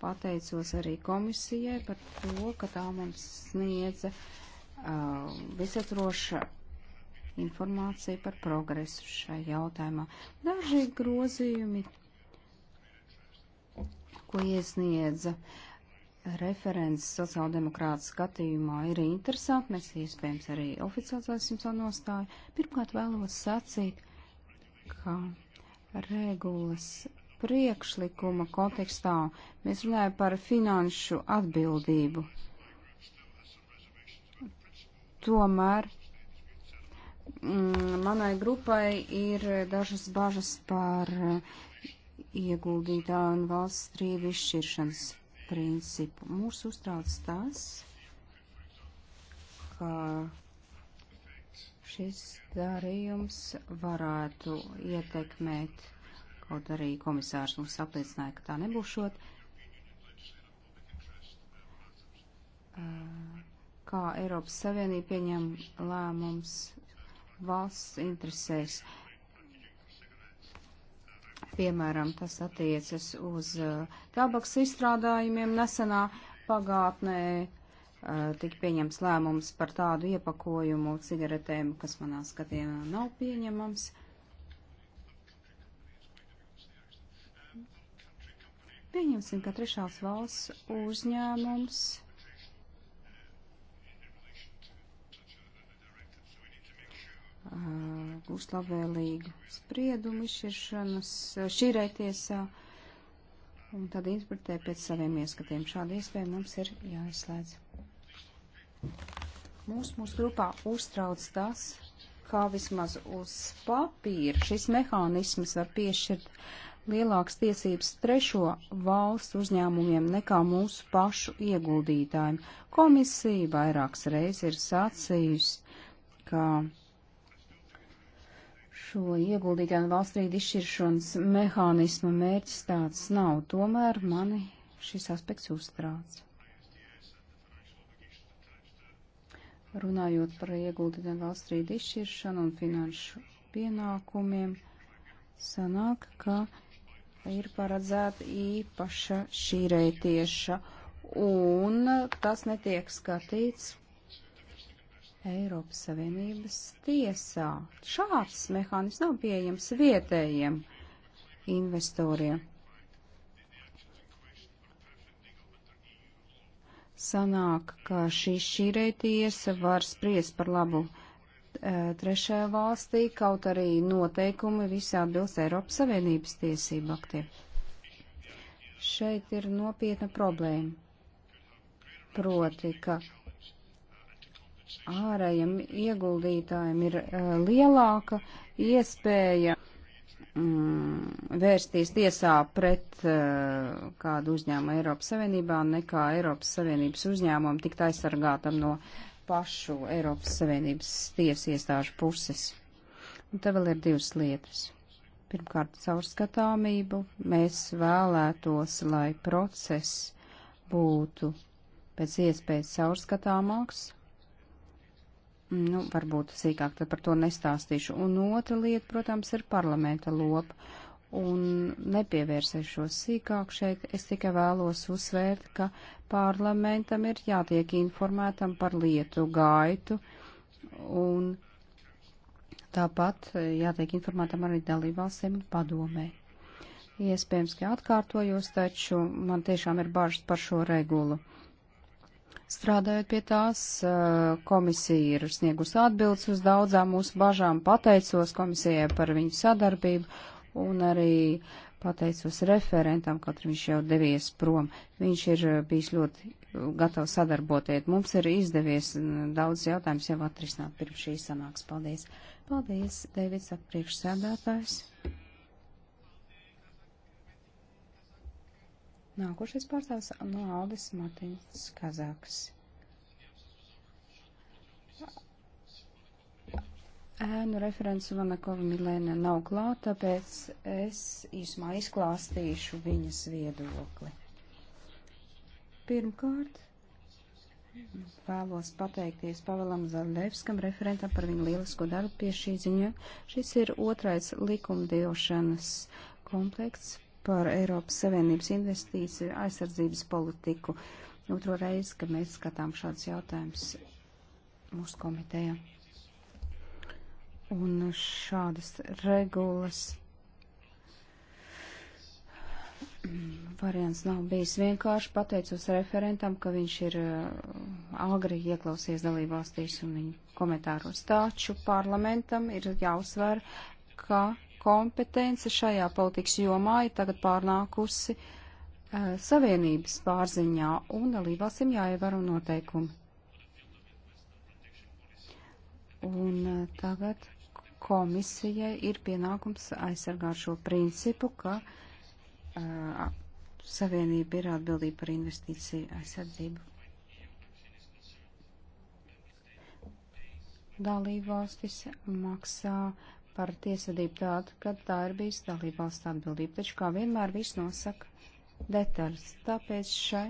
Pateicos arī komisijai par to, ka tā mums sniedza uh, visatroša informācija par progresu šai jautājumā. Daži grozījumi, ko iesniedza referents sociāldemokrāta skatījumā, ir interesanti. Mēs iespējams arī oficializēsim savu nostāju. Pirmkārt vēlos sacīt, ka regulas priekšlikuma kontekstā mēs runājam par finanšu atbildību. Tomēr mm, manai grupai ir dažas bažas par ieguldītā un valsts strīdu izšķiršanas principu. Mūs uztrauc tas, ka šis darījums varētu ietekmēt Kaut arī komisārs mums apliecināja, ka tā nebūšot. Kā Eiropas Savienība pieņem lēmums valsts interesēs. Piemēram, tas attiecas uz tabaks izstrādājumiem nesenā pagātnē tika pieņemts lēmums par tādu iepakojumu cigaretēm, kas manā skatījumā nav pieņemams. Uh, Pieņemsim, ka trešās valsts uzņēmums gūst labvēlīgu spriedumu izšķiršanas šī rētiesā un tad interpretē pēc saviem ieskatiem. Šāda iespēja mums ir jāizslēdz. Mūs, mūsu grupā uztrauc tas, kā vismaz uz papīra šis mehānisms var piešķirt lielākas tiesības trešo valstu uzņēmumiem nekā mūsu pašu ieguldītājiem. Komisija vairākas reizes ir sacījusi, ka šo ieguldītāju valstrīdu izšķiršanas mehānismu mērķis tāds nav. Tomēr mani šis aspekts uztrauc. Runājot par ieguldītāju valstrīdu izšķiršanu un finanšu pienākumiem, sanāk, ka ir paredzēta īpaša šīreitieša, un tas netiek skatīts Eiropas Savienības tiesā. Šāds mehānisms nav pieejams vietējiem investoriem. Sanāk, ka šī šīreitiesa var spriest par labu E, trešajā valstī, kaut arī noteikumi visā atbilst Eiropas Savienības tiesību aktiem. Šeit ir nopietna problēma. Proti, ka ārējiem ieguldītājiem ir uh, lielāka iespēja mm, vērsties tiesā pret uh, kādu uzņēmumu Eiropas Savienībā nekā Eiropas Savienības uzņēmumu tikt aizsargātam no uh, pašu Eiropas Savienības tiesu iestāžu puses. Un te vēl ir divas lietas. Pirmkārt, caurskatāmību. Mēs vēlētos, lai process būtu pēc iespējas caurskatāmāks. Nu, varbūt sīkāk tad par to nestāstīšu. Un otra lieta, protams, ir parlamenta lopa un nepievērsēšos sīkāk šeit. Es tikai vēlos uzsvērt, ka parlamentam ir jātiek informētam par lietu gaitu un tāpat jātiek informētam arī dalībvalstīm padomē. Iespējams, ka atkārtojos, taču man tiešām ir bažas par šo regulu. Strādājot pie tās, eh, komisija ir sniegusi atbildes uz daudzām mūsu bažām, pateicos komisijai par viņu sadarbību un arī pateicos referentam, kaut arī viņš jau devies prom. Viņš ir eh, bijis ļoti eh, gatavs sadarboties. Mums ir izdevies daudz jautājumus jau atrisināt pirms šīs sanāks. Paldies! Paldies, Deivids, ap priekšsēdētājs! Nākošais pārstāvs no Aldis Matiņas Kazaks. Ēnu referents Vanakova Milēna nav klāt, tāpēc es īsumā izklāstīšu viņas viedokli. Pirmkārt, vēlos pateikties Pavelam Zaldevskam, referentam par viņu lielisko darbu pie šī ziņa. Šis ir otrais likumdošanas komplekts par Eiropas Savienības investīciju aizsardzības politiku. Otro reizi, kad mēs skatām šādus jautājumus mūsu komitejā un šādas regulas variants nav bijis vienkārši. Pateicos referentam, ka viņš ir uh, agri ieklausies dalībvalstīs un viņu komentāros. Taču parlamentam ir jāuzsver, ka kompetence šajā politikas jomā ir tagad pārnākusi uh, savienības pārziņā un dalībvalstīm jāievaro noteikumi. Un uh, tagad komisijai ir pienākums aizsargāt šo principu, ka uh, savienība ir atbildība par investīciju aizsardzību. Dalībvalstis maksā par tiesvedību tādu, kad tā ir bijis dalībvalsts atbildība, taču kā vienmēr viss nosaka detaļas. Tāpēc šai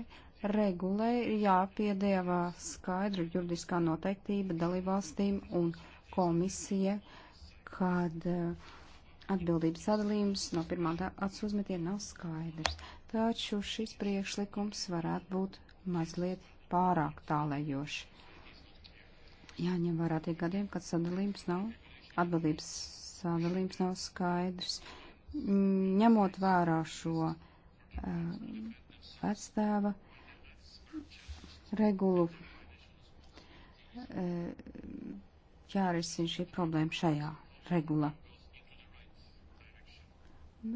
regulē ir jāpiedēvā skaidra juridiskā noteiktība dalībvalstīm un komisija. Uh, kad eh, atbildības sadalījums no pirmā acu uzmetiena nav skaidrs. Taču šis priekšlikums varētu būt mazliet pārāk tālējoši. Jāņem vērā tie gadiem, kad sadalījums nav, atbildības sadalījums nav skaidrs. Ņemot vērā šo uh, eh, vectēva regulu, uh, jārisina šī problēma šajā regula.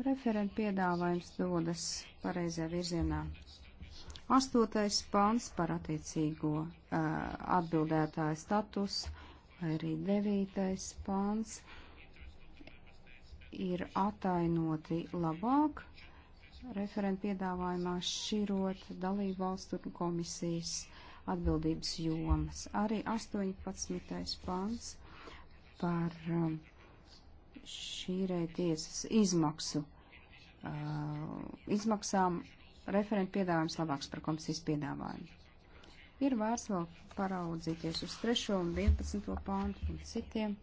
Referenta piedāvājums dodas pareizajā virzienā. Astotais pāns par attiecīgo uh, atbildētāju status, vai arī devītais pāns ir atainoti labāk referenta piedāvājumā šķirot dalību valstu un komisijas atbildības jomas. Arī 18. pāns par um, šīrei tiesas izmaksu, uh, izmaksām referenta piedāvājums labāks par komisijas piedāvājumu. Ir vērts vēl paraudzīties uz 3. un 11. pāntu un citiem.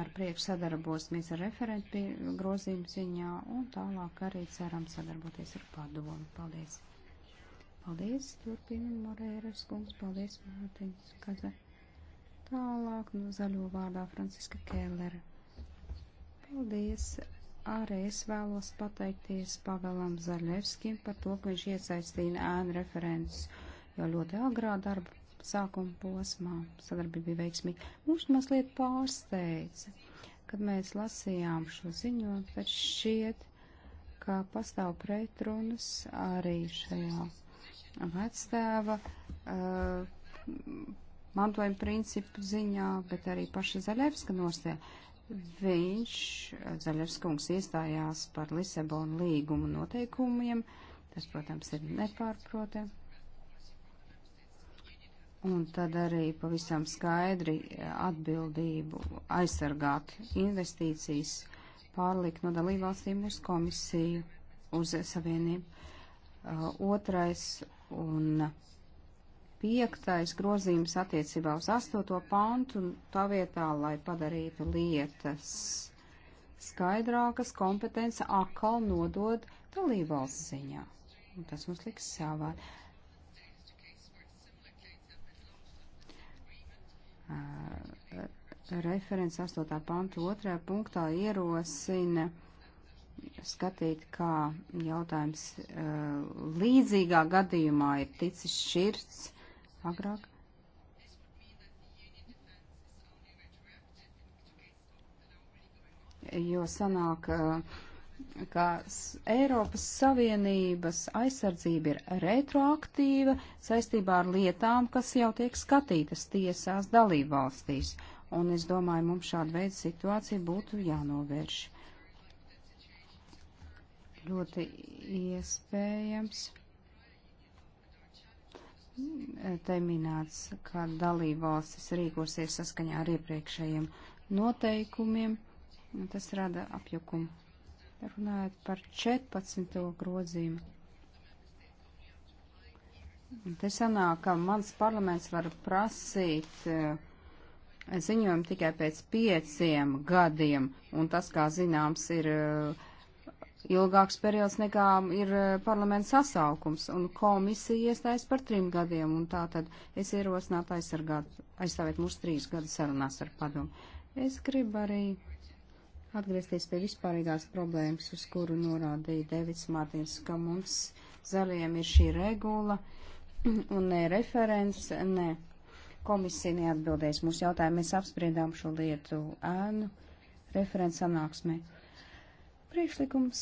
Ar prieku sadarbosimies ar referentu grozījumu ziņā un tālāk arī ceram sadarboties ar padomu. Paldies! Paldies, turpina Morēras kungs, paldies, Mārtiņas Kazai. Tālāk no zaļo vārdā Franciska Kēlere. Paldies! Arī es vēlos pateikties Pavelam Zaļevskim par to, ka viņš iesaistīja ēnu referents jau ļoti agrā darba sākuma posmā. Sadarbība bija veiksmīga. Mums mazliet pārsteidza, kad mēs lasījām šo ziņojumu, bet šķiet, ka pastāv pretrunas arī šajā vectēva. Uh, mantojuma principu ziņā, bet arī paša Zaļevska nostē. Viņš, Zaļevskungs, iestājās par Lisabonu līgumu noteikumiem. Tas, protams, ir nepārprotam. Un tad arī pavisam skaidri atbildību aizsargāt investīcijas pārlikt no dalībvalstīm uz komisiju, uz savienību. Uh, otrais un uh, piektais grozījums attiecībā uz astoto pantu, tā vietā, lai padarītu lietas skaidrākas, kompetence atkal nodod dalībvalsts ziņā. Un tas mums liks savā. Uh, referents 8. pantu 2. punktā ierosina skatīt, kā jautājums uh, līdzīgā gadījumā ir ticis šķirts agrāk. Jo sanāk, eh, ka Eiropas Savienības aizsardzība ir retroaktīva saistībā ar lietām, kas jau tiek skatītas tiesās dalībvalstīs. Un es domāju, mums šāda veida situācija būtu jānovērš. Ļoti iespējams te minēts, ka dalībvalstis rīkosies saskaņā ar iepriekšējiem noteikumiem. Tas rada apjukumu. Runājot par 14. grozīmu. Te sanāk, ka mans parlaments var prasīt eh, ziņojumu tikai pēc pieciem gadiem, un tas, kā zināms, ir uh, ilgāks periods nekā ir eh, parlaments sasaukums, un komisija iestājas par trim gadiem, un tā tad es ierosinātu aizsargāt, aizstāvēt mūsu trīs gadu sarunās ar padomu. Es gribu arī atgriezties pie vispārīgās problēmas, uz kuru norādīja Devits Mārtiņš, ka mums zaļajiem ir šī regula, un ne referents, ne komisija neatbildēs mūsu jautājumu. Mēs apspriedām šo lietu ēnu referents sanāksmē. Priekšlikums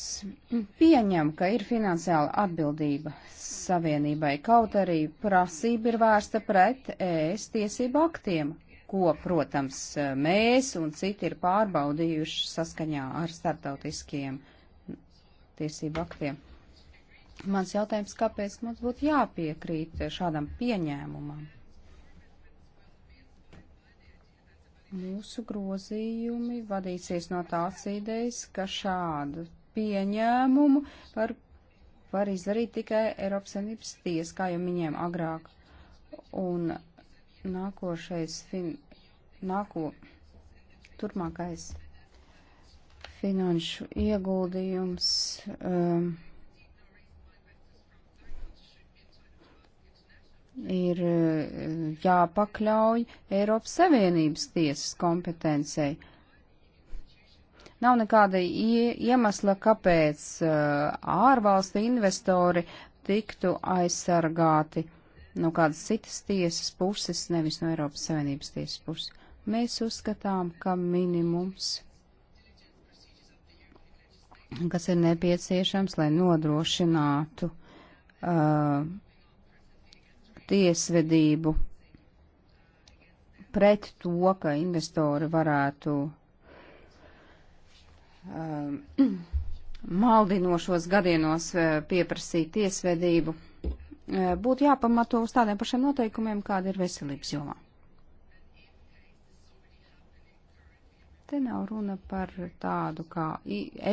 pieņem, ka ir finansiāla atbildība savienībai, kaut arī prasība ir vērsta pret ES tiesību aktiem, ko, protams, mēs un citi ir pārbaudījuši saskaņā ar startautiskiem tiesību aktiem. Mans jautājums, kāpēc mums būtu jāpiekrīt šādam pieņēmumam? Mūsu grozījumi vadīsies no tās idejas, ka šādu pieņēmumu var, var izdarīt tikai Eiropas Savienības tiesa, kā jau minējām agrāk. Un nākošais, fin, nāko, turpmākais finanšu ieguldījums. Um, ir eh, jāpakļauj Eiropas Savienības tiesas kompetencei. Nav nekāda iemesla, kāpēc eh, ārvalstu investori tiktu aizsargāti no kādas citas tiesas puses, nevis no Eiropas Savienības tiesas puses. Mēs uzskatām, ka minimums, kas ir nepieciešams, lai nodrošinātu uh, tiesvedību pret to, ka investori varētu um, maldinošos gadienos uh, pieprasīt tiesvedību, uh, būtu jāpamato uz tādiem pašiem noteikumiem, kāda ir veselības jomā. Te nav runa par tādu kā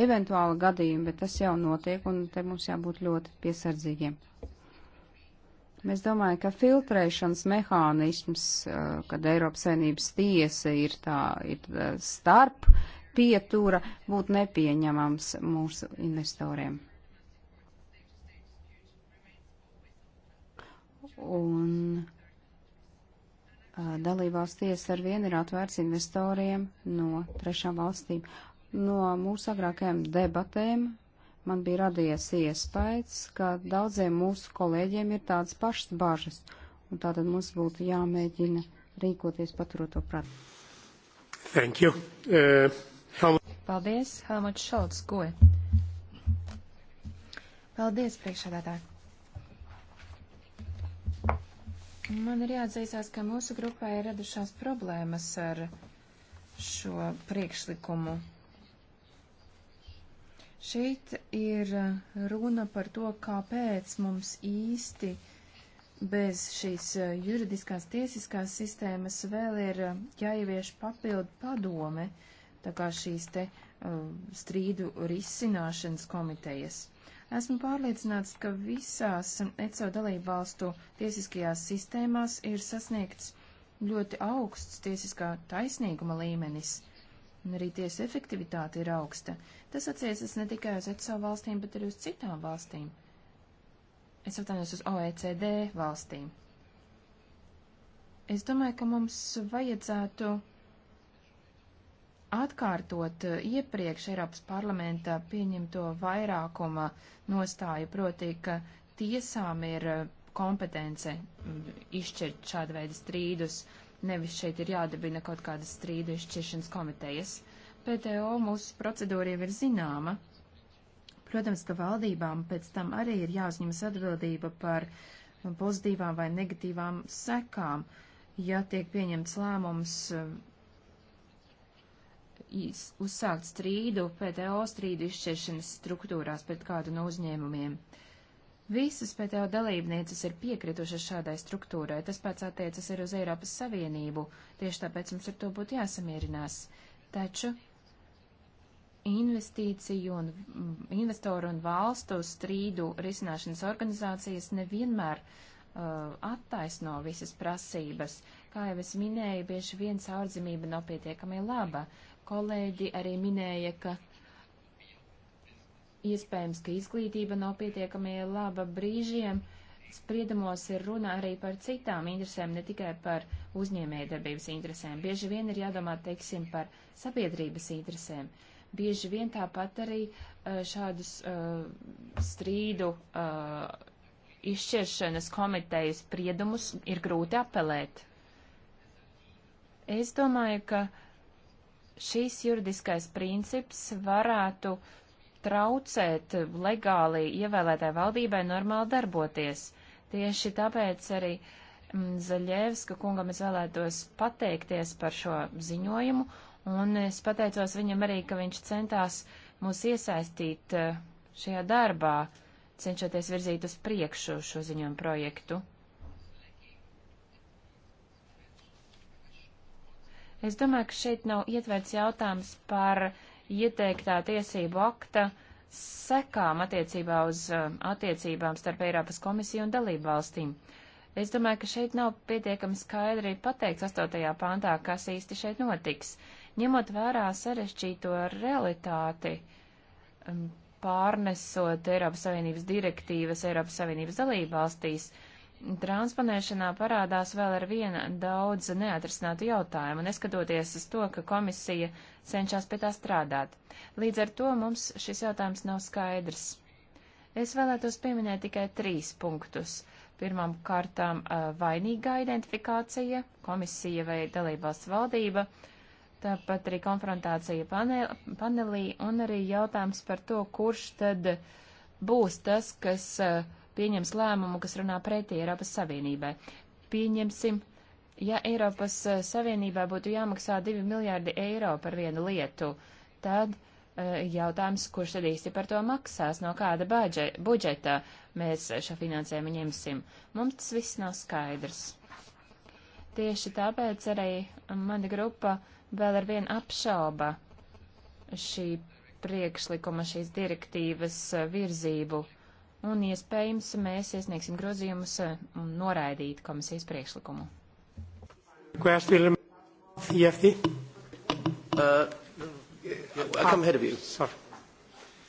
eventuālu gadījumu, bet tas jau notiek, un te mums jābūt ļoti piesardzīgiem. Mēs domājam, ka filtrēšanas mehānisms, eh, kad Eiropas saimnības tiesa ir tā, ir eh, starp pietura, būtu nepieņemams mūsu investoriem. Un eh, dalībās tiesa ar vienu ir atvērts investoriem no trešām valstīm. No mūsu agrākajām debatēm man bija radies iespējas, ka daudziem mūsu kolēģiem ir tādas pašas bažas, un tātad mums būtu jāmēģina rīkoties paturot to prāt. Thank you. Uh, Helmut. Paldies, Helmut Šolts, goe. Paldies, priekšādātāji. Man ir jāatzīstās, ka mūsu grupai ir radušās problēmas ar šo priekšlikumu Šeit ir eh, runa par to, kāpēc mums īsti bez šīs eh, juridiskās tiesiskās sistēmas vēl ir eh, jāievieš papildu padome, tā kā šīs te strīdu risināšanas komitejas. Esmu pārliecināts, ka visās ECO dalību valstu tiesiskajās sistēmās ir sasniegts ļoti augsts tiesiskā taisnīguma līmenis. Uh, un arī tiesa efektivitāte ir augsta. Tas atsiecas ne tikai uz ECO valstīm, bet arī uz citām valstīm. Es atvainojos uz OECD valstīm. Es domāju, ka mums vajadzētu atkārtot uh, iepriekš Eiropas parlamenta pieņemto vairākuma nostāju, proti, ka tiesām ir uh, kompetence mm, izšķirt šādu veidu strīdus, Nevis šeit ir jādibina kaut kādas strīdu izšķiršanas komitejas. PTO mūsu procedūra jau ir zināma. Protams, ka valdībām pēc tam arī ir jāuzņemas atbildība par pozitīvām vai negatīvām sekām, ja tiek pieņemts lēmums uh, uzsākt strīdu PTO strīdu izšķiršanas struktūrās pret kādu no uzņēmumiem. Uh, Visas PTO dalībnieces ir piekritušas šādai struktūrai, tas pats attiecas arī uz Eiropas Savienību, tieši tāpēc mums ar to būtu jāsamierinās. Taču investīciju un mm, investoru un valstu strīdu risināšanas organizācijas nevienmēr uh, attaisno visas prasības. Kā jau es minēju, bieži vien caurdzimība nav pietiekami laba. Kolēģi arī minēja, ka iespējams, ka izglītība nav pietiekami laba brīžiem. Spriedumos ir runa arī par citām interesēm, ne tikai par uzņēmējdarbības interesēm. Bieži vien ir jādomā, teiksim, par sabiedrības interesēm. Bieži vien tāpat arī eh, šādus uh, strīdu uh, izšķiršanas komiteju spriedumus ir grūti apelēt. Es domāju, ka šīs juridiskais princips varētu uh, traucēt legāli ievēlētai valdībai normāli darboties. Tieši tāpēc arī mm, Zaļievska kungam es vēlētos pateikties par šo ziņojumu, un es pateicos viņam arī, ka viņš centās mūs iesaistīt eh, šajā darbā, cenšoties virzīt uz priekšu šo ziņojumu projektu. Es domāju, ka šeit nav ietverts jautājums par ieteiktā tiesību akta sekām attiecībā uz um, attiecībām starp Eiropas komisiju un dalību valstīm. Es domāju, ka šeit nav pietiekami skaidri pateikts 8. pāntā, kas īsti šeit notiks. Ņemot vērā sarežģīto realitāti, um, pārnesot Eiropas Savienības direktīvas Eiropas Savienības dalību valstīs, uh, transponēšanā parādās vēl ar viena daudz neatrisinātu jautājumu, neskatoties uz to, ka komisija cenšas pie tā strādāt. Līdz ar to mums šis jautājums nav skaidrs. Es vēlētos pieminēt tikai trīs punktus. Pirmām kārtām vainīgā identifikācija, komisija vai dalībās valdība, tāpat arī konfrontācija panelī un arī jautājums par to, kurš tad būs tas, kas uh, pieņems lēmumu, kas runā pretī Eiropas Savienībai. Pieņemsim, ja Eiropas eh, Savienībai būtu jāmaksā 2 miljārdi eiro par vienu lietu, tad eh, jautājums, kurš tad īsti par to maksās, no kāda budžeta mēs šo finansējumu ņemsim. Mums tas viss nav skaidrs. Tieši tāpēc arī mana grupa vēl ar vienu apšauba šī priekšlikuma, šīs direktīvas eh, virzību un iespējams mēs iesniegsim grozījumus eh, un noraidīt komisijas priekšlikumu. E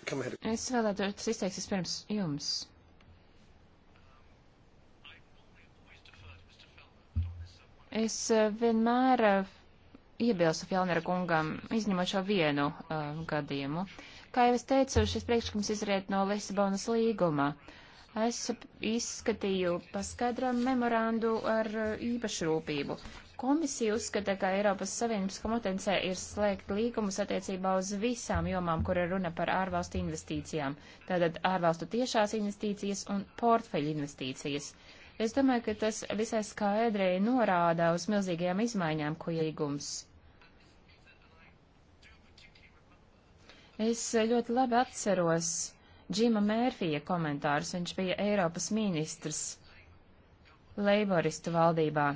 uh, es vēlētos izteikties pirms jums. Es eh, vienmēr eh, iebilstu Fjellnera kungam, izņemot šo vienu uh, gadījumu. Uh, Kā jau es teicu, šis priekšlikums izriet no Lisabonas līguma. Es izskatīju paskaidrojumu memorandu ar uh, īpašu rūpību. Komisija uzskata, ka Eiropas Savienības kompetencē ir slēgt līgumus attiecībā uz visām jomām, kur ir runa par ārvalstu investīcijām, tātad ārvalstu tiešās investīcijas un portfeļu investīcijas. Es domāju, ka tas visai skaidri norāda uz milzīgajām izmaiņām, ko iegums Es ļoti labi atceros Džima Mērfija komentārus, viņš bija Eiropas ministrs leiboristu valdībā.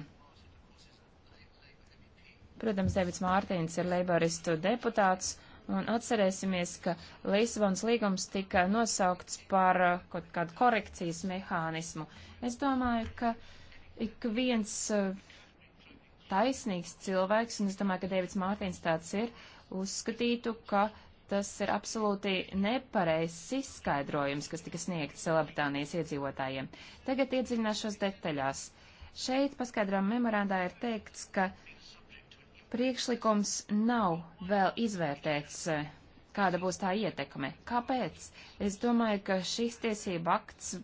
Protams, Devits Mārtiņš ir leiboristu deputāts, un atcerēsimies, ka Līsabons līgums tika nosaukts par uh, kaut kādu korekcijas mehānismu. Es domāju, ka ik viens uh, taisnīgs cilvēks, un es domāju, ka Devits Mārtiņš tāds ir, uzskatītu, ka tas ir absolūti nepareizs izskaidrojums, kas tika sniegts Lielbritānijas iedzīvotājiem. Tagad iedziļināšos detaļās. Šeit paskaidrojuma memorandā ir teikts, ka priekšlikums nav vēl izvērtēts, e, kāda būs tā ietekme. Kāpēc? Es domāju, ka šis tiesība akts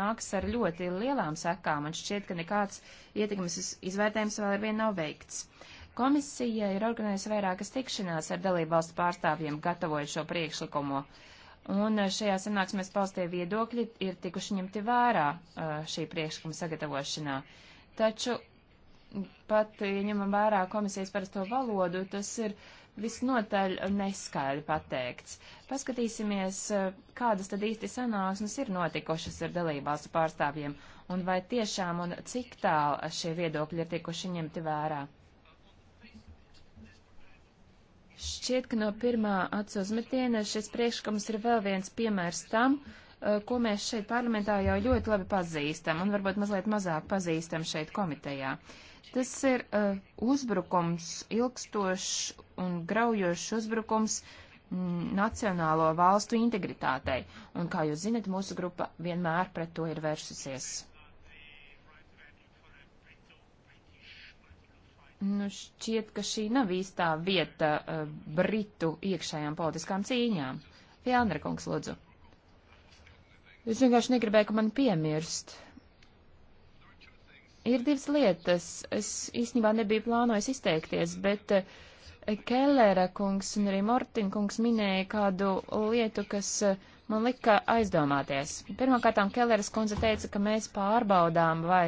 nāks ar ļoti lielām sekām, un šķiet, ka nekāds ietekmes izvērtējums vēl ar vienu nav veikts. Uh, Komisija ir organizējusi vairākas tikšanās ar dalībvalstu pārstāvjiem, gatavojot šo priekšlikumu. Un eh, šajā sanāksmēs paustie viedokļi ir tikuši ņemti vērā eh, šī priekšlikuma sagatavošanā. Taču pat, ja eh, ņemam vērā komisijas parasto valodu, tas ir visnotaļ neskaidri pateikts. Paskatīsimies, kādas tad īsti sanāksmes ir notikušas ar dalībvalstu pārstāvjiem un vai tiešām un cik tālu šie viedokļi ir tikuši ņemti vērā. Šķiet, ka no pirmā acu uzmetiena šis priekšlikums ir vēl viens piemērs tam, uh, ko mēs šeit parlamentā jau ļoti labi pazīstam un varbūt mazliet mazāk pazīstam šeit komitejā. Tas ir uh, uzbrukums, ilgstošs un graujošs uzbrukums mm, nacionālo valstu integritātei. Un, kā jūs zinat, mūsu grupa vienmēr pret to ir vērsusies. Nu, šķiet, ka šī nav īstā vieta uh, Britu iekšējām politiskām cīņām. Fjānra kungs, lūdzu. Es vienkārši negribēju, ka man piemirst. Ir divas lietas. Es īstenībā nebiju plānojis izteikties, bet uh, Kellera kungs un arī Mortin kungs minēja kādu lietu, kas uh, man lika aizdomāties. Pirmkārtām Kelleras kundze teica, ka mēs pārbaudām, vai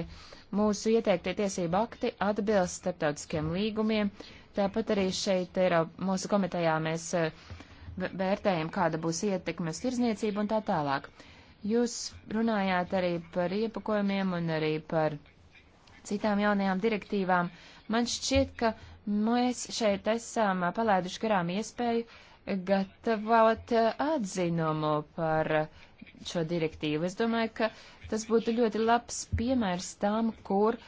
Mūsu ieteiktie tiesību akti atbilst starptautiskiem līgumiem, tāpat arī šeit Eiropa, mūsu komitejā mēs eh, vērtējam, kāda būs ietekme uz tirzniecību un tā tālāk. Jūs runājāt arī par iepakojumiem un arī par citām jaunajām direktīvām. Man šķiet, ka mēs šeit esam eh, palaiduši garām iespēju gatavot eh, atzinumu par šo direktīvu. Es domāju, ka tas būtu ļoti labs piemērs tam, kur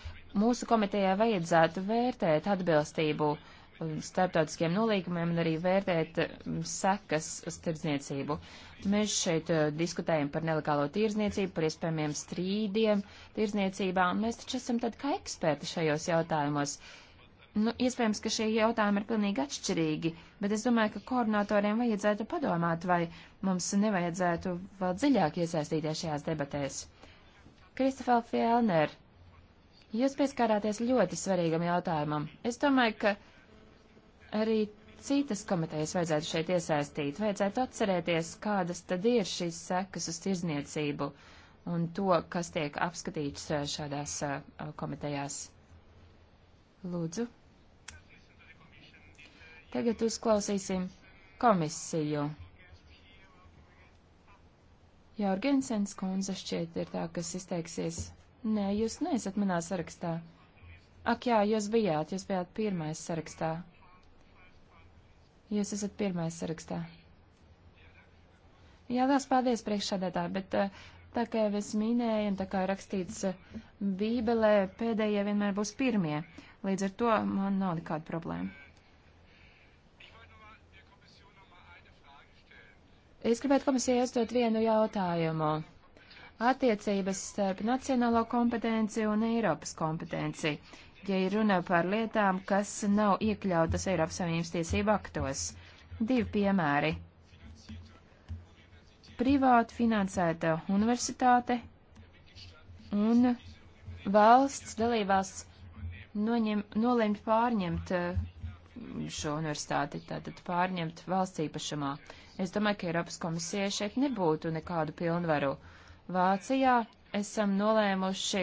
mūsu komitejā vajadzētu vērtēt atbilstību um, starptautiskiem nolīgumiem un arī vērtēt um, sekas uz tirdzniecību. Mēs šeit uh, diskutējam par nelegālo tirdzniecību, par iespējamiem strīdiem tirdzniecībā, un mēs taču esam tad kā eksperti šajos jautājumos. Uh, Nu, iespējams, ka šie jautājumi ir pilnīgi atšķirīgi, bet es domāju, ka koordinatoriem vajadzētu padomāt, vai mums nevajadzētu vēl dziļāk iesaistīties šajās debatēs. Kristofēl Fjellner, jūs pieskārāties ļoti svarīgam jautājumam. Es domāju, ka arī citas komitejas vajadzētu šeit iesaistīt. Vajadzētu atcerēties, kādas tad ir šīs sekas uz tirzniecību un to, kas tiek apskatīts šādās komitejās. Lūdzu. Tagad uzklausīsim komisiju. Jorgensens kundze šķiet ir tā, kas izteiksies. Nē, jūs neesat manā sarakstā. Ak jā, jūs bijāt, jūs bijāt pirmais sarakstā. Jūs esat pirmais sarakstā. Jā, liels paldies priekšsādētāji, bet eh, tā kā jau es minēju, un tā kā rakstīts eh, Bībelē, pēdējie vienmēr būs pirmie. Līdz ar to man nav nekāda problēma. Es gribētu komisijai uzdot vienu jautājumu. Attiecības starp nacionālo kompetenci un Eiropas kompetenci, ja ir runa par lietām, kas nav iekļautas Eiropas Savienības tiesību aktos. Divi piemēri. Privāti finansēta universitāte un valsts dalībās noņem, nolēma pārņemt eh, šo universitāti, tātad pārņemt valsts īpašumā. Uh, Es domāju, ka Eiropas komisijai šeit nebūtu nekādu pilnvaru. Vācijā esam nolēmuši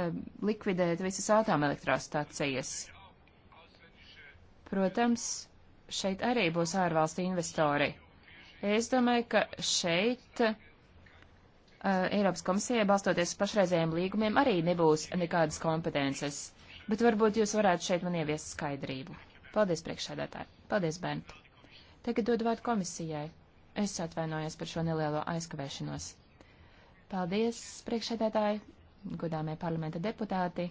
eh, likvidēt visas atomelektrostacijas. Protams, šeit arī būs ārvalstu investori. Es domāju, ka šeit eh, Eiropas komisijai, balstoties uz pašreizējiem līgumiem, arī nebūs nekādas kompetences. Bet varbūt jūs varētu šeit man ieviest skaidrību. Paldies, priekšsēdētāji. Paldies, Bērnt. Tagad dod vārdu komisijai. Es atvainojos par šo nelielo aizkavēšanos. Paldies, priekšsēdētāji, godāmie parlamenta deputāti.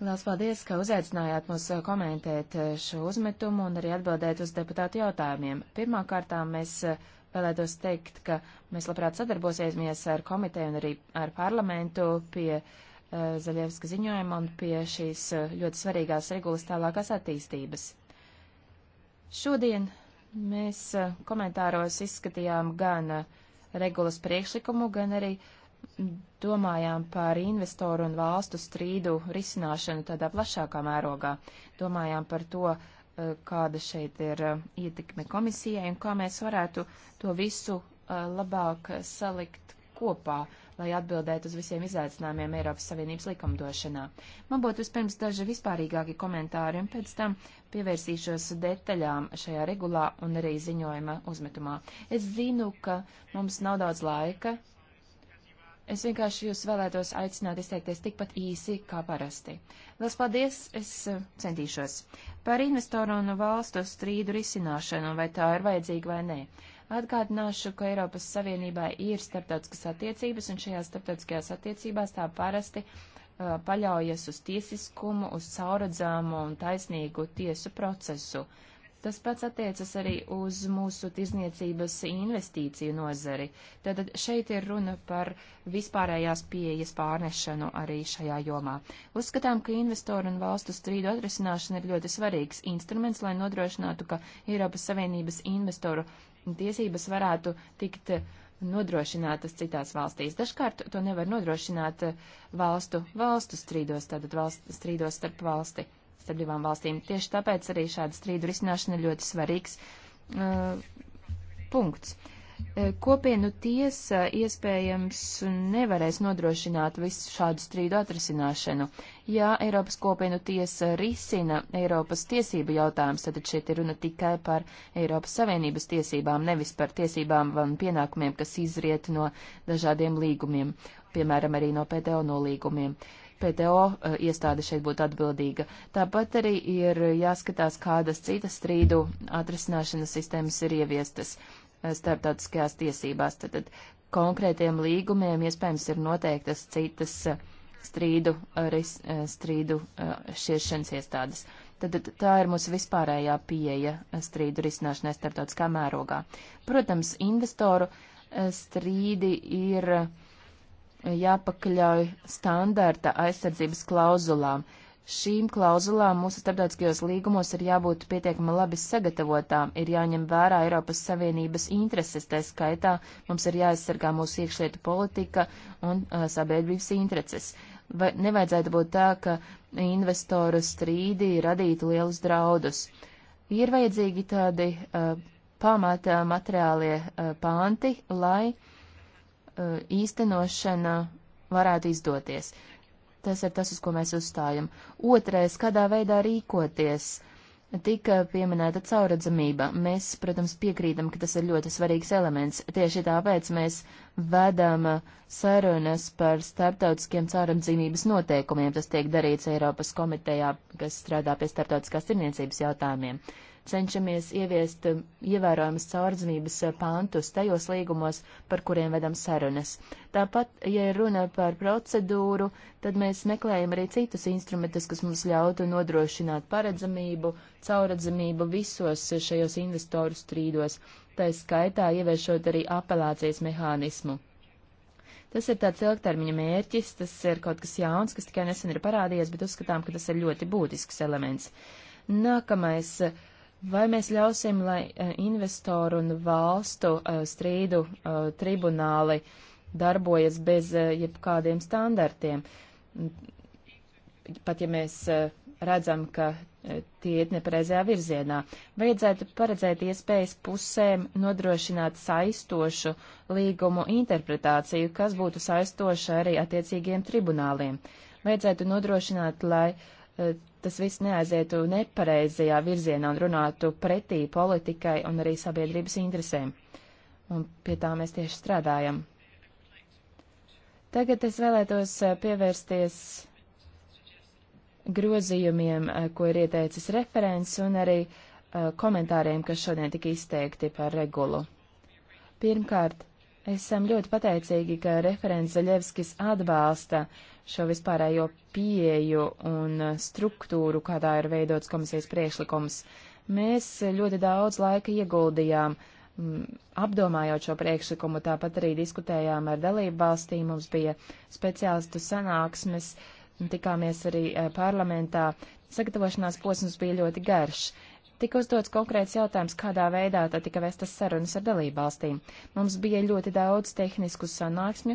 Lielas paldies, ka uzaicinājāt mūs uh, komentēt uh, šo uzmetumu un arī atbildēt uz deputātu jautājumiem. Pirmkārtām mēs uh, vēlētos teikt, ka mēs labprāt sadarbosimies ar komiteju un arī ar parlamentu pie uh, Zaļievska ziņojuma un pie šīs eh, ļoti svarīgās regulas tālākās attīstības. Šodien mēs eh, komentāros izskatījām gan eh, regulas priekšlikumu, gan arī domājām par investoru un valstu strīdu risināšanu tādā plašākā mērogā. Domājām par to, kāda šeit ir ietekme komisijai un kā mēs varētu to visu labāk salikt kopā. Uh, lai atbildētu uz visiem izaicinājumiem Eiropas Savienības likumdošanā. Man būtu vispirms daži vispārīgāki komentāri, un pēc tam pievērsīšos detaļām šajā regulā un arī ziņojuma uzmetumā. Es zinu, ka mums nav daudz laika. Es vienkārši jūs vēlētos aicināt izteikties tikpat īsi kā parasti. Lielas paldies, es eh, centīšos. Par investoru un valstu strīdu risināšanu, vai tā ir vajadzīga vai nē. Atgādināšu, ka Eiropas Savienībā ir starptautiskas attiecības, un šajās starptautiskajās attiecībās tā parasti uh, paļaujas uz tiesiskumu, uz sauradzāmu un taisnīgu tiesu procesu. Tas pats attiecas arī uz mūsu tirzniecības investīciju nozari. Tātad šeit ir runa par vispārējās pieejas pārnešanu arī šajā jomā. Uzskatām, ka investoru un valstu strīdu atrisināšana ir ļoti svarīgs instruments, lai nodrošinātu, ka Eiropas Savienības investoru tiesības varētu tikt nodrošinātas citās valstīs. Dažkārt to nevar nodrošināt eh, valstu, valstu strīdos, tātad valst, strīdos starp valsti, starp divām valstīm. Tieši tāpēc arī šāda strīdu risināšana ļoti svarīgs uh, punkts. Uh, E, kopienu tiesa iespējams nevarēs nodrošināt visu šādu strīdu atrisināšanu. Ja Eiropas kopienu tiesa risina Eiropas tiesību jautājums, tad šeit ir runa tikai par Eiropas Savienības tiesībām, nevis par tiesībām un pienākumiem, kas izriet no dažādiem līgumiem, piemēram, arī no PTO nolīgumiem. PTO e, iestāde šeit būtu atbildīga. Tāpat arī ir jāskatās, kādas citas strīdu atrisināšanas sistēmas ir ieviestas starptautiskajās tiesībās. Tad, tad konkrētiem līgumiem iespējams ir noteiktas citas eh, strīdu, eh, ris, eh, strīdu šiešanas iestādes. Tad, tad tā ir mūsu vispārējā pieeja strīdu risināšanai starptautiskā mērogā. Protams, investoru strīdi ir jāpakļauj standarta aizsardzības klauzulām. Uh, Šīm klauzulām mūsu starptautiskajos līgumos ir jābūt pietiekami labi sagatavotām, ir jāņem vērā Eiropas Savienības intereses, tā skaitā mums ir jāaizsargā mūsu iekšlietu politika un uh, sabiedrības intereses. Vai nevajadzētu būt tā, ka investoru strīdi radītu lielus draudus. Ir vajadzīgi tādi uh, pamata materiālie uh, panti, lai uh, īstenošana varētu izdoties. Uh, Tas ir tas, uz ko mēs uzstājam. Otrais, kādā veidā rīkoties. Tika pieminēta cauradzamība. Mēs, protams, piekrītam, ka tas ir ļoti svarīgs elements. Tieši tāpēc mēs vedam sarunas par starptautiskiem cauradzamības noteikumiem. Tas tiek darīts Eiropas komitejā, kas strādā pie starptautiskās tirniecības jautājumiem. Uh, cenšamies ieviest um, ievērojamas caurdzimības uh, pantus tajos līgumos, par kuriem vedam sarunas. Tāpat, ja runa par procedūru, tad mēs meklējam arī citus instrumentus, kas mums ļautu nodrošināt paredzamību, cauradzamību visos uh, šajos investoru strīdos, tā skaitā ieviešot arī apelācijas mehānismu. Tas ir tāds ilgtermiņa mērķis, tas ir kaut kas jauns, kas tikai nesen ir parādījies, bet uzskatām, ka tas ir ļoti būtisks elements. Nākamais uh, Vai mēs ļausim, lai eh, investoru un valstu eh, strīdu eh, tribunāli darbojas bez jebkādiem standartiem? Pat ja mēs redzam, ka tie iet nepareizajā virzienā, vajadzētu paredzēt iespējas pusēm nodrošināt saistošu līgumu interpretāciju, kas būtu saistoša arī attiecīgiem tribunāliem. Vajadzētu nodrošināt, lai tas viss neaizietu nepareizajā virzienā un runātu pretī politikai un arī sabiedrības interesēm. Un pie tā mēs tieši strādājam. Tagad es vēlētos eh, pievērsties grozījumiem, eh, ko ir ieteicis referents, un arī uh, komentāriem, kas šodien tika izteikti par regulu. Pirmkārt, Esam ļoti pateicīgi, ka referents Zaļevskis atbalsta šo vispārējo pieeju un struktūru, kādā ir veidots komisijas priekšlikums. Mēs ļoti daudz laika ieguldījām apdomājot šo priekšlikumu, tāpat arī diskutējām ar dalību valstīm, mums bija speciālistu sanāksmes, tikāmies arī eh, parlamentā. Sagatavošanās posms bija ļoti garš. Tika uzdots konkrēts jautājums, kādā veidā tad tika vestas sarunas ar dalībvalstīm. Mums bija ļoti daudz tehnisku sanāksmju,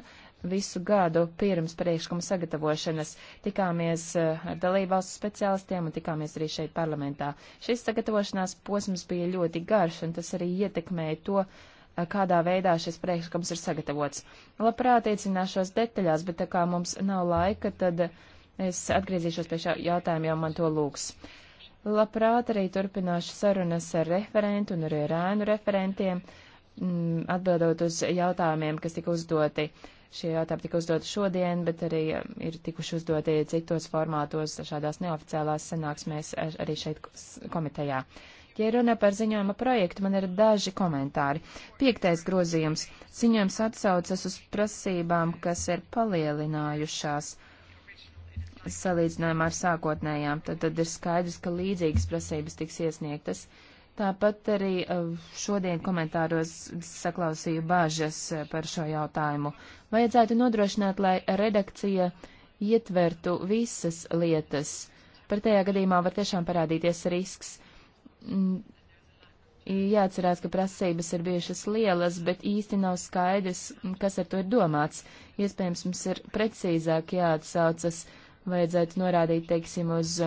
visu gadu pirms priekšlikuma sagatavošanas tikāmies eh, ar dalībvalstu speciālistiem un tikāmies arī šeit parlamentā. Šis sagatavošanās posms bija ļoti garš, un tas arī ietekmēja to, eh, kādā veidā šis priekšlikums ir sagatavots. Labprāt iecināšos detaļās, bet tā kā mums nav laika, tad es atgriezīšos pie šā jautājuma, jau man to lūgs. Uh, Labprāt arī turpināšu sarunas ar referentu un arī ar ēnu referentiem, mm, atbildot uz jautājumiem, kas tika uzdoti. Šie jautājumi tika uzdoti šodien, bet arī um, ir tikuši uzdoti citos formātos, šādās neoficiālās sanāksmēs arī šeit komitejā. Ja runa par ziņojuma projektu, man ir daži komentāri. Piektais grozījums. Ziņojums atsaucas uz prasībām, kas ir palielinājušās salīdzinājumā ar sākotnējām, tad, tad ir skaidrs, ka līdzīgas prasības tiks iesniegtas. Tāpat arī eh, šodien komentāros saklausīju bāžas eh, par šo jautājumu. Vajadzētu nodrošināt, lai redakcija ietvertu visas lietas. Pretējā gadījumā var tiešām parādīties risks. Mm, jāatcerās, ka prasības ir bijušas lielas, bet īsti nav skaidrs, kas ar to ir domāts. Iespējams, mums ir precīzāk jāatsaucas uh, vajadzētu norādīt, teiksim, uz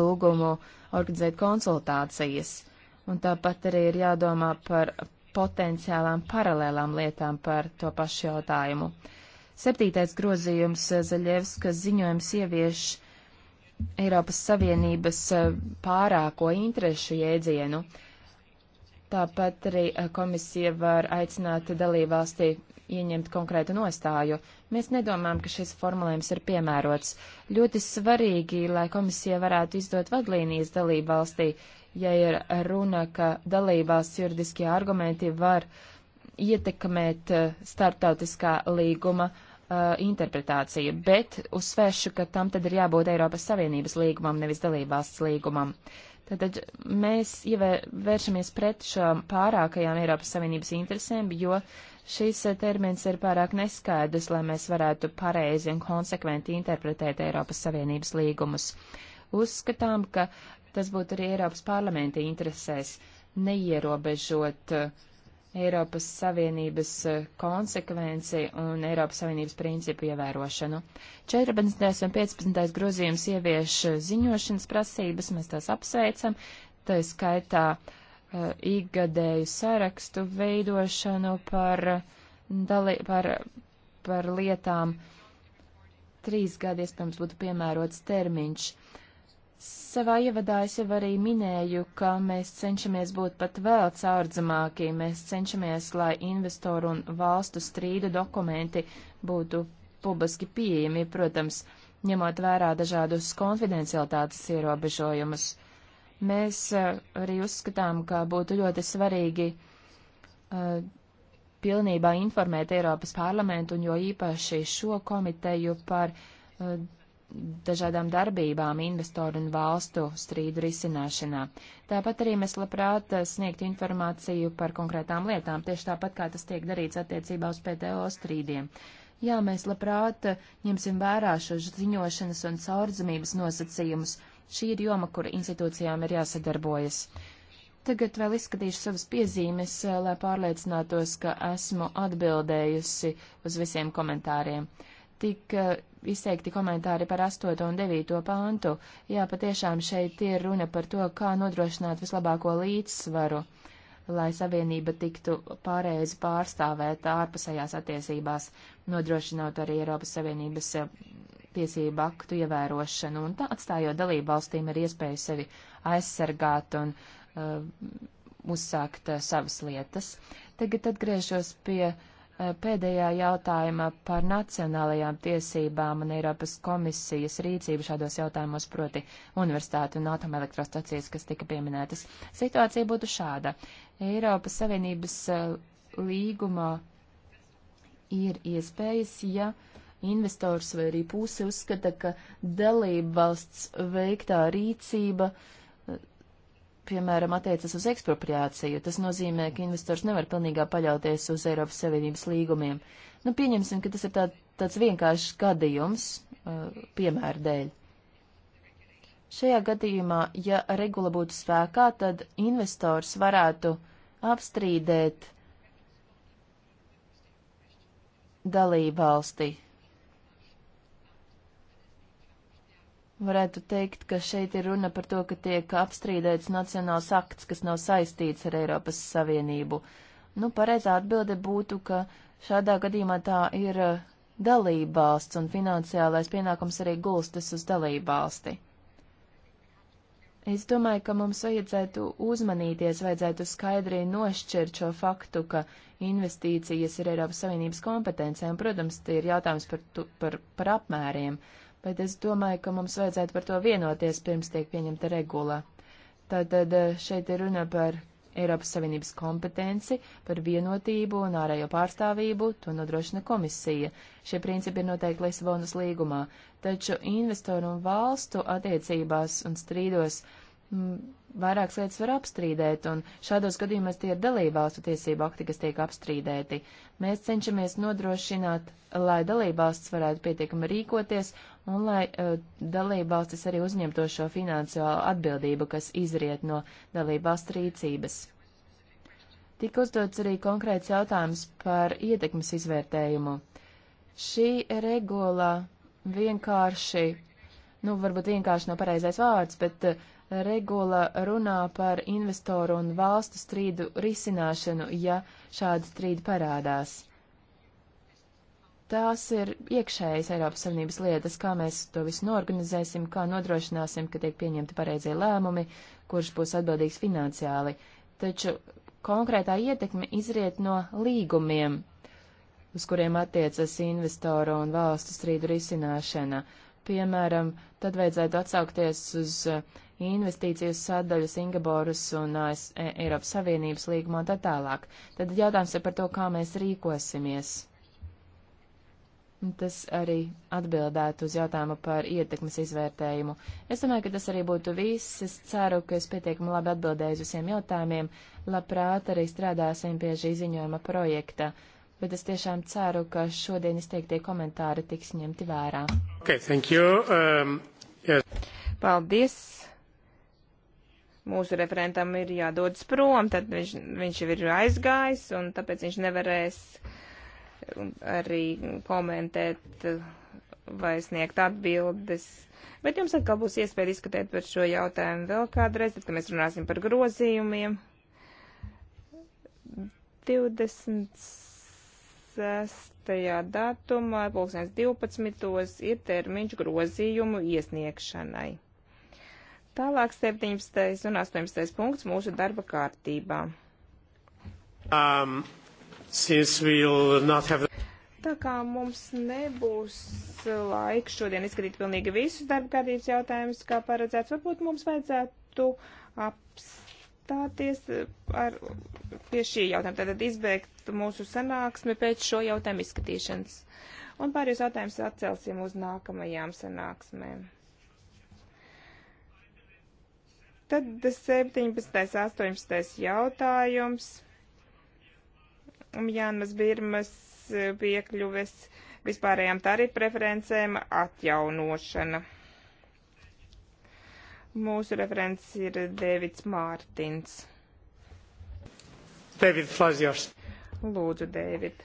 lūgumu organizēt konsultācijas. Un tāpat arī ir jādomā par potenciālām paralēlām lietām par to pašu jautājumu. Septītais grozījums eh, Zaļevska ziņojums ievieš Eiropas Savienības eh, pārāko interešu jēdzienu. Tāpat arī eh, komisija var aicināt dalībvalstī ieņemt konkrētu nostāju. Mēs nedomājam, ka šis formulējums ir piemērots. Ļoti svarīgi, lai komisija varētu izdot vadlīnijas dalību valstī, ja ir runa, ka dalībās juridiskie argumenti var ietekmēt eh, starptautiskā līguma uh, interpretāciju, bet uzsvēršu, ka tam tad ir jābūt Eiropas Savienības līgumam, nevis dalībvalsts līgumam. Tātad mēs ievēršamies pret šo pārākajām Eiropas Savienības interesēm, jo uh, Šis eh, termins ir pārāk neskaidrs, lai mēs varētu pareizi un konsekventi interpretēt Eiropas Savienības līgumus. Uzskatām, ka tas būtu arī Eiropas parlamenta interesēs neierobežot eh, Eiropas Savienības eh, konsekvenci un Eiropas Savienības principu ievērošanu. 14. un 15. grozījums ievieš ziņošanas prasības, mēs tās apsveicam, tā skaitā uh, Eh, ikgadēju sarakstu veidošanu par, mm, dali, par, par lietām. Trīs gadi, iespējams, būtu piemērots termiņš. Savā ievadā es jau arī minēju, ka mēs cenšamies būt pat vēl caurdzamāki, mēs cenšamies, lai investoru un valstu strīdu dokumenti būtu publiski pieejami, protams, ņemot vērā dažādus konfidencialitātes ierobežojumus. Uh, Mēs eh, arī uzskatām, ka būtu ļoti svarīgi uh, pilnībā informēt Eiropas parlamentu un jo īpaši šo komiteju par uh, dažādām darbībām investoru un valstu strīdu risināšanā. Tāpat arī mēs labprāt sniegtu informāciju par konkrētām lietām, tieši tāpat kā tas tiek darīts attiecībā uz PTO strīdiem. Jā, mēs labprāt ņemsim vērā šo ziņošanas un caurdzamības nosacījumus Šī ir joma, kur institūcijām ir jāsadarbojas. Tagad vēl izskatīšu savas piezīmes, eh, lai pārliecinātos, ka esmu atbildējusi uz visiem komentāriem. Tik eh, izteikti komentāri par 8 un 9 pāntu. Jā, patiešām šeit ir runa par to, kā nodrošināt vislabāko līdzsvaru, lai savienība tiktu pareizi pārstāvēta ārpusējās attiecībās, nodrošinot arī Eiropas Savienības eh, tiesību aktu ievērošanu un tā atstājot dalību valstīm ar iespēju sevi aizsargāt un uh, uzsākt uh, savas lietas. Tagad atgriežos pie uh, pēdējā jautājuma par nacionālajām tiesībām un Eiropas komisijas rīcību šādos jautājumos, proti universitāti un atomelektrostacijas, kas tika pieminētas. Situācija būtu šāda. Eiropas Savienības uh, līgumā ir iespējas, ja uh, investors vai arī pusi uzskata, ka dalība valsts veiktā rīcība, piemēram, attiecas uz ekspropriāciju. Tas nozīmē, ka investors nevar pilnīgā paļauties uz Eiropas Savienības līgumiem. Nu, pieņemsim, ka tas ir tā, tāds vienkāršs gadījums, uh, piemēra dēļ. Šajā gadījumā, ja regula būtu spēkā, tad investors varētu apstrīdēt dalībvalsti Varētu teikt, ka šeit ir runa par to, ka tiek apstrīdēts nacionāls akts, kas nav saistīts ar Eiropas Savienību. Nu, pareizā atbilde būtu, ka šādā gadījumā tā ir uh, dalībvalsts un finansiālais pienākums arī gulstas uz dalībvalsti. Es domāju, ka mums vajadzētu uzmanīties, vajadzētu skaidri nošķirt šo faktu, ka investīcijas ir Eiropas Savienības kompetencija, un, protams, tie ir jautājums par, tu, par, par apmēriem bet es domāju, ka mums vajadzētu par to vienoties pirms tiek pieņemta regula. Tātad eh, šeit ir runa par Eiropas Savienības kompetenci, par vienotību un ārējo pārstāvību, to nodrošina komisija. Šie principi ir noteikti Lisabonas līgumā, taču investoru un valstu attiecībās un strīdos m, mm, vairākas lietas var apstrīdēt, un šādos gadījumos tie ir dalībvalstu tiesību akti, kas tiek apstrīdēti. Mēs cenšamies nodrošināt, lai dalībvalsts varētu pietiekami rīkoties un lai uh, dalībvalstis arī uzņemto šo finansiālo atbildību, kas izriet no dalībvalstu rīcības. Tika uzdots arī konkrēts jautājums par ietekmes izvērtējumu. Šī regula vienkārši, nu varbūt vienkārši nav no pareizais vārds, bet uh, regula runā par investoru un valstu strīdu risināšanu, ja šādi strīdi parādās. Tās ir iekšējas Eiropas Savienības lietas, kā mēs to visu norganizēsim, kā nodrošināsim, ka tiek pieņemti pareizie lēmumi, kurš būs atbildīgs finansiāli. Taču konkrētā ietekme izriet no līgumiem, uz kuriem attiecas investoru un valstu strīdu risināšana. Piemēram, tad vajadzētu atsaukties uz uh, investīciju sadaļu Singapūras un e Eiropas Savienības līgumā tā tālāk. Tad jautājums ir par to, kā mēs rīkosimies. Tas arī atbildētu uz jautājumu par ietekmes izvērtējumu. Es domāju, ka tas arī būtu viss. Es ceru, ka es pietiekami labi atbildēju uz visiem jautājumiem. Labprāt arī strādāsim pie šī ziņojuma projekta. Bet es tiešām ceru, ka šodien izteiktie komentāri tiks ņemti vērā. Okay, thank you. Um, yes. Paldies mūsu referentam ir jādodas prom, tad viņš, viņš jau ir aizgājis, un tāpēc viņš nevarēs arī komentēt vai sniegt atbildes. Bet jums atkal būs iespēja diskutēt par šo jautājumu vēl kādreiz, tad, kad mēs runāsim par grozījumiem. 26. datumā, pulkstens 12. ir termiņš grozījumu iesniegšanai. Tālāk 17. un 18. punkts mūsu darba kārtībā. Um, Have... Tā kā mums nebūs laiks šodien izskatīt pilnīgi visus darba kārtības jautājumus, kā paredzēts, varbūt mums vajadzētu apstāties ar, pie šī jautājuma, tātad izbeigt mūsu sanāksmi pēc šo jautājumu izskatīšanas. Un pārējos jautājumus atcelsim uz nākamajām sanāksmēm. Tad 17. 18. jautājums. Mjānmas Birmas eh, piekļuves vispārējām tarifu preferencēm atjaunošana. Mūsu referents ir Dēvids Mārtins. David, floor's yours. Lūdzu, David.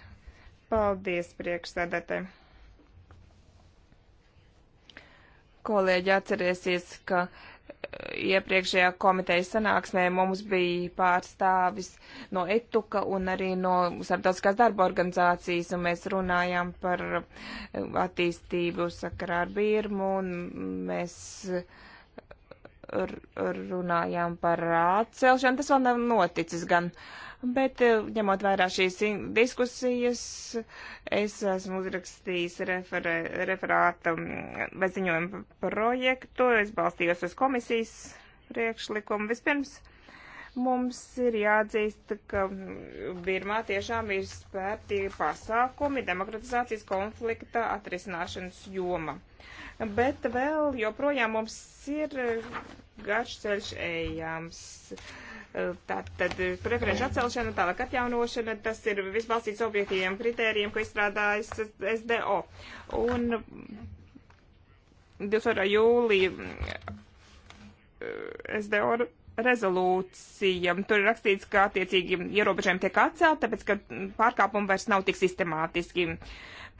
Paldies, priekšsēdētāji. Kolēģi, atcerēsies, ka uh, iepriekšējā komitejas sanāksmē mums bija pārstāvis no ETUKA un arī no starptautiskās darba organizācijas, un mēs runājām par attīstību sakarā ar Birmu, un mēs runājām par atcelšanu. Tas vēl nav noticis gan. Uh, Bet eh, ņemot vērā šīs diskusijas, es esmu uzrakstījis refer referātu mm, beziņojumu projektu, es balstījos uz komisijas priekšlikumu. Vispirms mums ir jāatzīst, ka mm, Birmā tiešām ir spērti pasākumi demokratizācijas konflikta atrisināšanas joma. Bet vēl joprojām mums ir eh, garš ceļš ejams. Uh, Tātad eh, preferenču atcelšana, tālāk atjaunošana, tas ir viss balstīts objektīviem kritērijiem, ko izstrādājas SDO. Un 22. jūlija eh, SDO rezolūcija. Tur ir rakstīts, ka attiecīgi ierobežojumi tiek atcelt, tāpēc, ka pārkāpumi vairs nav tik sistemātiski. Uh,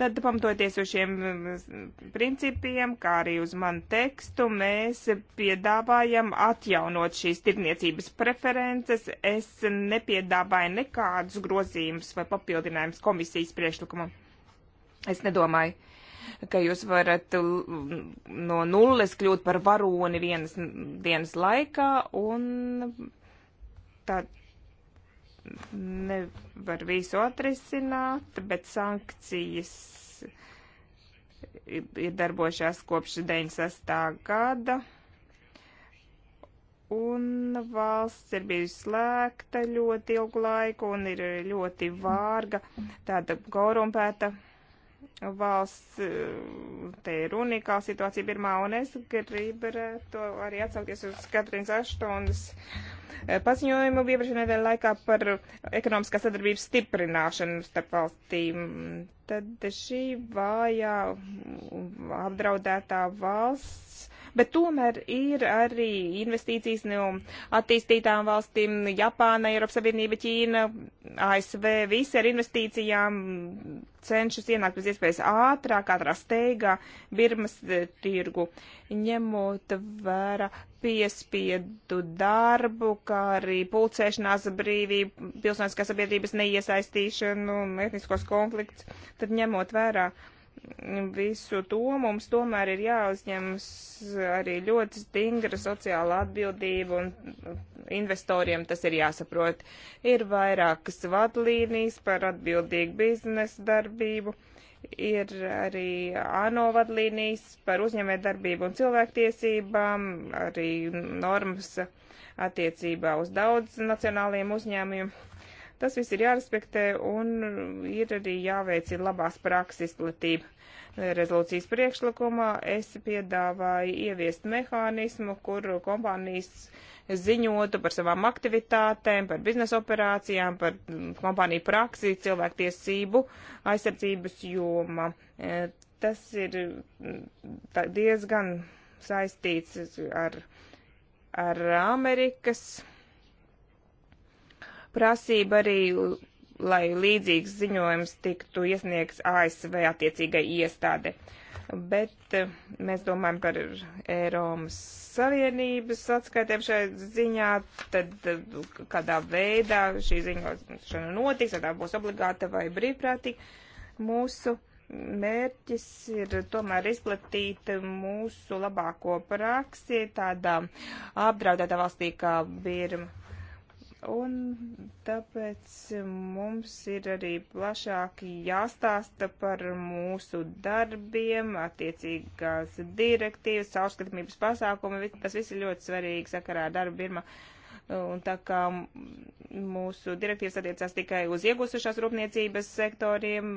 Tad, pamatoties uz šiem mm, mm, principiem, kā arī uz manu tekstu, mēs piedāvājam atjaunot šīs tirniecības preferences. Es nepiedāvāju nekādus grozījumus vai papildinājumus komisijas priekšlikumam. Es nedomāju ka jūs varat mm, no nulles kļūt par varoni vienas dienas laikā, un tad nevar visu atrisināt, bet sankcijas ir darbojušās kopš 96. gada. Un valsts ir bijusi slēgta ļoti ilgu laiku un ir ļoti vārga, tāda korumpēta valsts, eh, te ir unikāla situācija Birmā, un es gribētu arī atsaukties uz Katrīnas Aštonas eh, paziņojumu iepriekšējā nedēļa laikā par ekonomiskās sadarbības stiprināšanu starp valstīm. Tad šī vājā apdraudētā valsts bet tomēr ir arī investīcijas no attīstītām valstīm - Japāna, Eiropas Savienība, Ķīna, ASV, visi ar investīcijām cenšas ienākt pēc iespējas ātrāk, katrā steigā Birmas eh, tirgu, ņemot vērā piespiedu darbu, kā arī pulcēšanās brīvību, pilsoniskās sabiedrības neiesaistīšanu un etniskos konflikts, tad ņemot vērā visu to mums tomēr ir jāuzņemas arī ļoti stingra sociāla atbildība un investoriem tas ir jāsaprot. Ir vairākas vadlīnijas par atbildīgu biznesa darbību, ir arī ANO vadlīnijas par uzņēmē darbību un cilvēktiesībām, arī normas attiecībā uz daudz nacionāliem uzņēmumiem Tas viss ir jārespektē un ir arī jāveicina labās prakses izplatība. Rezolūcijas priekšlikumā es piedāvāju ieviest mehānismu, kur kompānijas ziņotu par savām aktivitātēm, par biznesa operācijām, par kompāniju praksi, cilvēktiesību aizsardzības joma. E, tas ir mm, diezgan saistīts ar, ar Amerikas prasība arī, lai līdzīgs ziņojums tiktu iesniegts ASV attiecīgai iestāde. Bet eh, mēs domājam par Eiropas Savienības atskaitēm šai ziņā, tad eh, kādā veidā šī ziņošana notiks, vai tā būs obligāta vai brīvprātīga. Mūsu mērķis ir tomēr izplatīt mūsu labāko praksi tādā apdraudētā valstī kā Birma. Un tāpēc mums ir arī plašāk jāstāsta par mūsu darbiem, attiecīgās direktīvas, caurskatāmības pasākumi. Tas viss ir ļoti svarīgi sakarā darba Birma. Uh, Un tā kā mūsu direktīvas attiecās tikai uz iegūsušās rūpniecības sektoriem,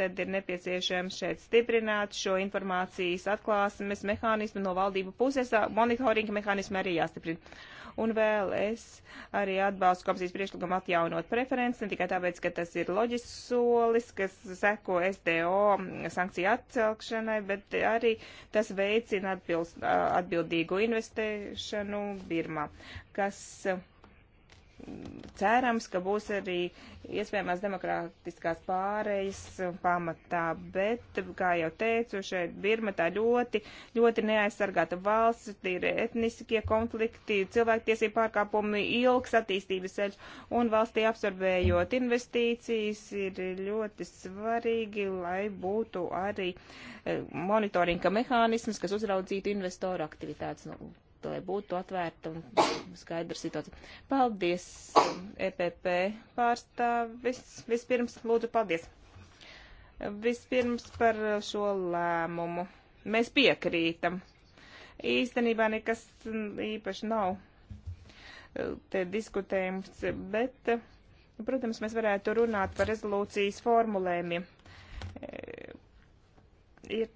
tad ir nepieciešams šeit stiprināt šo informācijas atklāsmes mehānismu no valdību puses, monitoringa mehānismu arī jāstiprina. Un vēl es arī atbalstu komisijas priekšlikumu atjaunot preferences, ne tikai tāpēc, ka tas ir loģisks solis, kas seko SDO sankciju atcelkšanai, bet arī tas veicina atbildīgu investēšanu Birmā kas cerams, ka būs arī iespējamās demokrātiskās pārējas pamatā, bet, kā jau teicu, šeit Birma tā ļoti, ļoti neaizsargāta valsts, ir etniskie konflikti, cilvēktiesība pārkāpumi, ilgs attīstības ceļš, un valstī absorbējot investīcijas ir ļoti svarīgi, lai būtu arī eh, monitoringa mehānisms, kas uzraudzītu investoru aktivitātes. Nu, lai būtu atvērta un skaidra situācija. Paldies, EPP pārstāvis. Vispirms, lūdzu, paldies. Vispirms par šo lēmumu. Mēs piekrītam. Īstenībā nekas īpaši nav e, te diskutējums, bet, e, protams, mēs varētu runāt par rezolūcijas formulējumiem. E, ir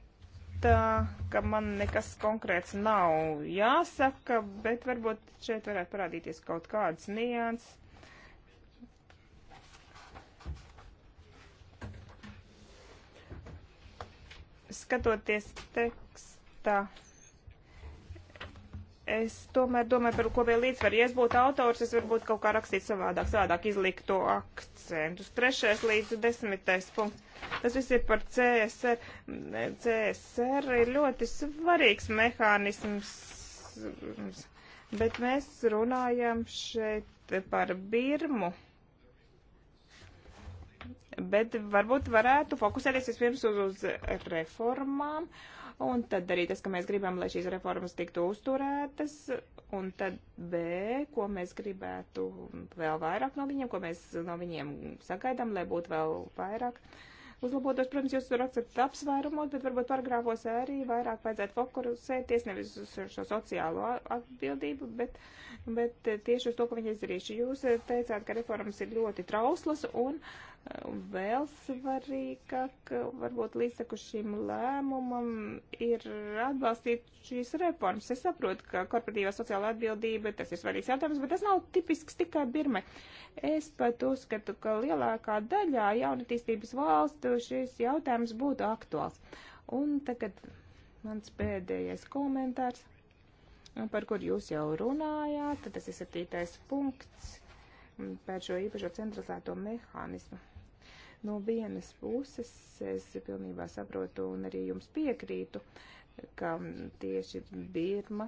tā, ka man nekas konkrēts nav jāsaka, bet varbūt šeit varētu parādīties kaut kāds nians. Skatoties tekstā, es tomēr domāju par kopēju līdzsvaru. Ja es būtu autors, es varbūt kaut kā rakstītu savādāk, savādāk izlikto akcentus. Trešais līdz desmitais punkts. Tas viss ir par CSR. CSR ir ļoti svarīgs mehānisms, bet mēs runājam šeit par Birmu. Bet varbūt varētu fokusēties vispirms uz, uz reformām. Uh, Un tad arī tas, ka mēs gribam, lai šīs reformas tiktu uzturētas, un tad B, ko mēs gribētu vēl vairāk no viņiem, ko mēs no viņiem sagaidām, lai būtu vēl vairāk uzlabotos. Protams, jūs tur atsakāt apsvērumot, bet varbūt paragrāfos arī vairāk vajadzētu fokusēties nevis uz šo sociālo atbildību, bet, bet tieši uz to, ko viņi izdarījuši. Jūs teicāt, ka reformas ir ļoti trauslas un. Uh, Vēl svarīgāk, varbūt līdzsaku šim lēmumam, ir atbalstīt šīs reformas. Es saprotu, ka korporatīvā sociāla atbildība, tas ir svarīgs jautājums, bet tas nav tipisks tikai Birmai. Es pat uzskatu, ka lielākā daļā jaunatīstības valstu šis jautājums būtu aktuāls. Un tagad mans pēdējais komentārs, par kur jūs jau runājāt, tas ir septītais punkts par šo īpašo centralizēto mehānismu. No vienas puses es pilnībā saprotu un arī jums piekrītu, ka tieši Birma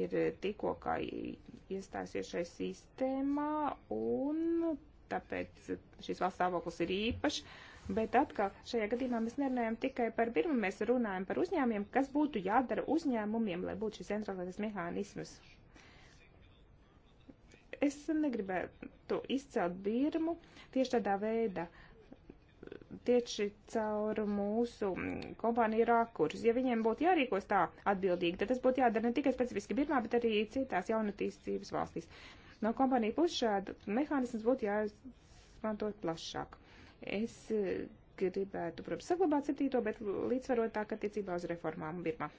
ir tikko kā iestājusies šai sistēmā un tāpēc šis valsts stāvoklis ir īpašs. Bet atkal, šajā gadījumā mēs nerunājam tikai par Birmu, mēs runājam par uzņēmumiem, kas būtu jādara uzņēmumiem, lai būtu šis centralizētais mehānisms. Es negribēju to izcelt Birmu tieši tādā veidā, tieši caur mūsu kompāniju rākurus. Ja viņiem būtu jārīkos tā atbildīgi, tad tas būtu jādara ne tikai specifiski Birmā, bet arī citās jaunatīstības valstīs. No kompānija puses šādu mehānismus būtu jāizmanto plašāk. Es e, gribētu, protams, saglabāt septīto, bet līdzsvarotāk attiecībā uz reformām Birmā.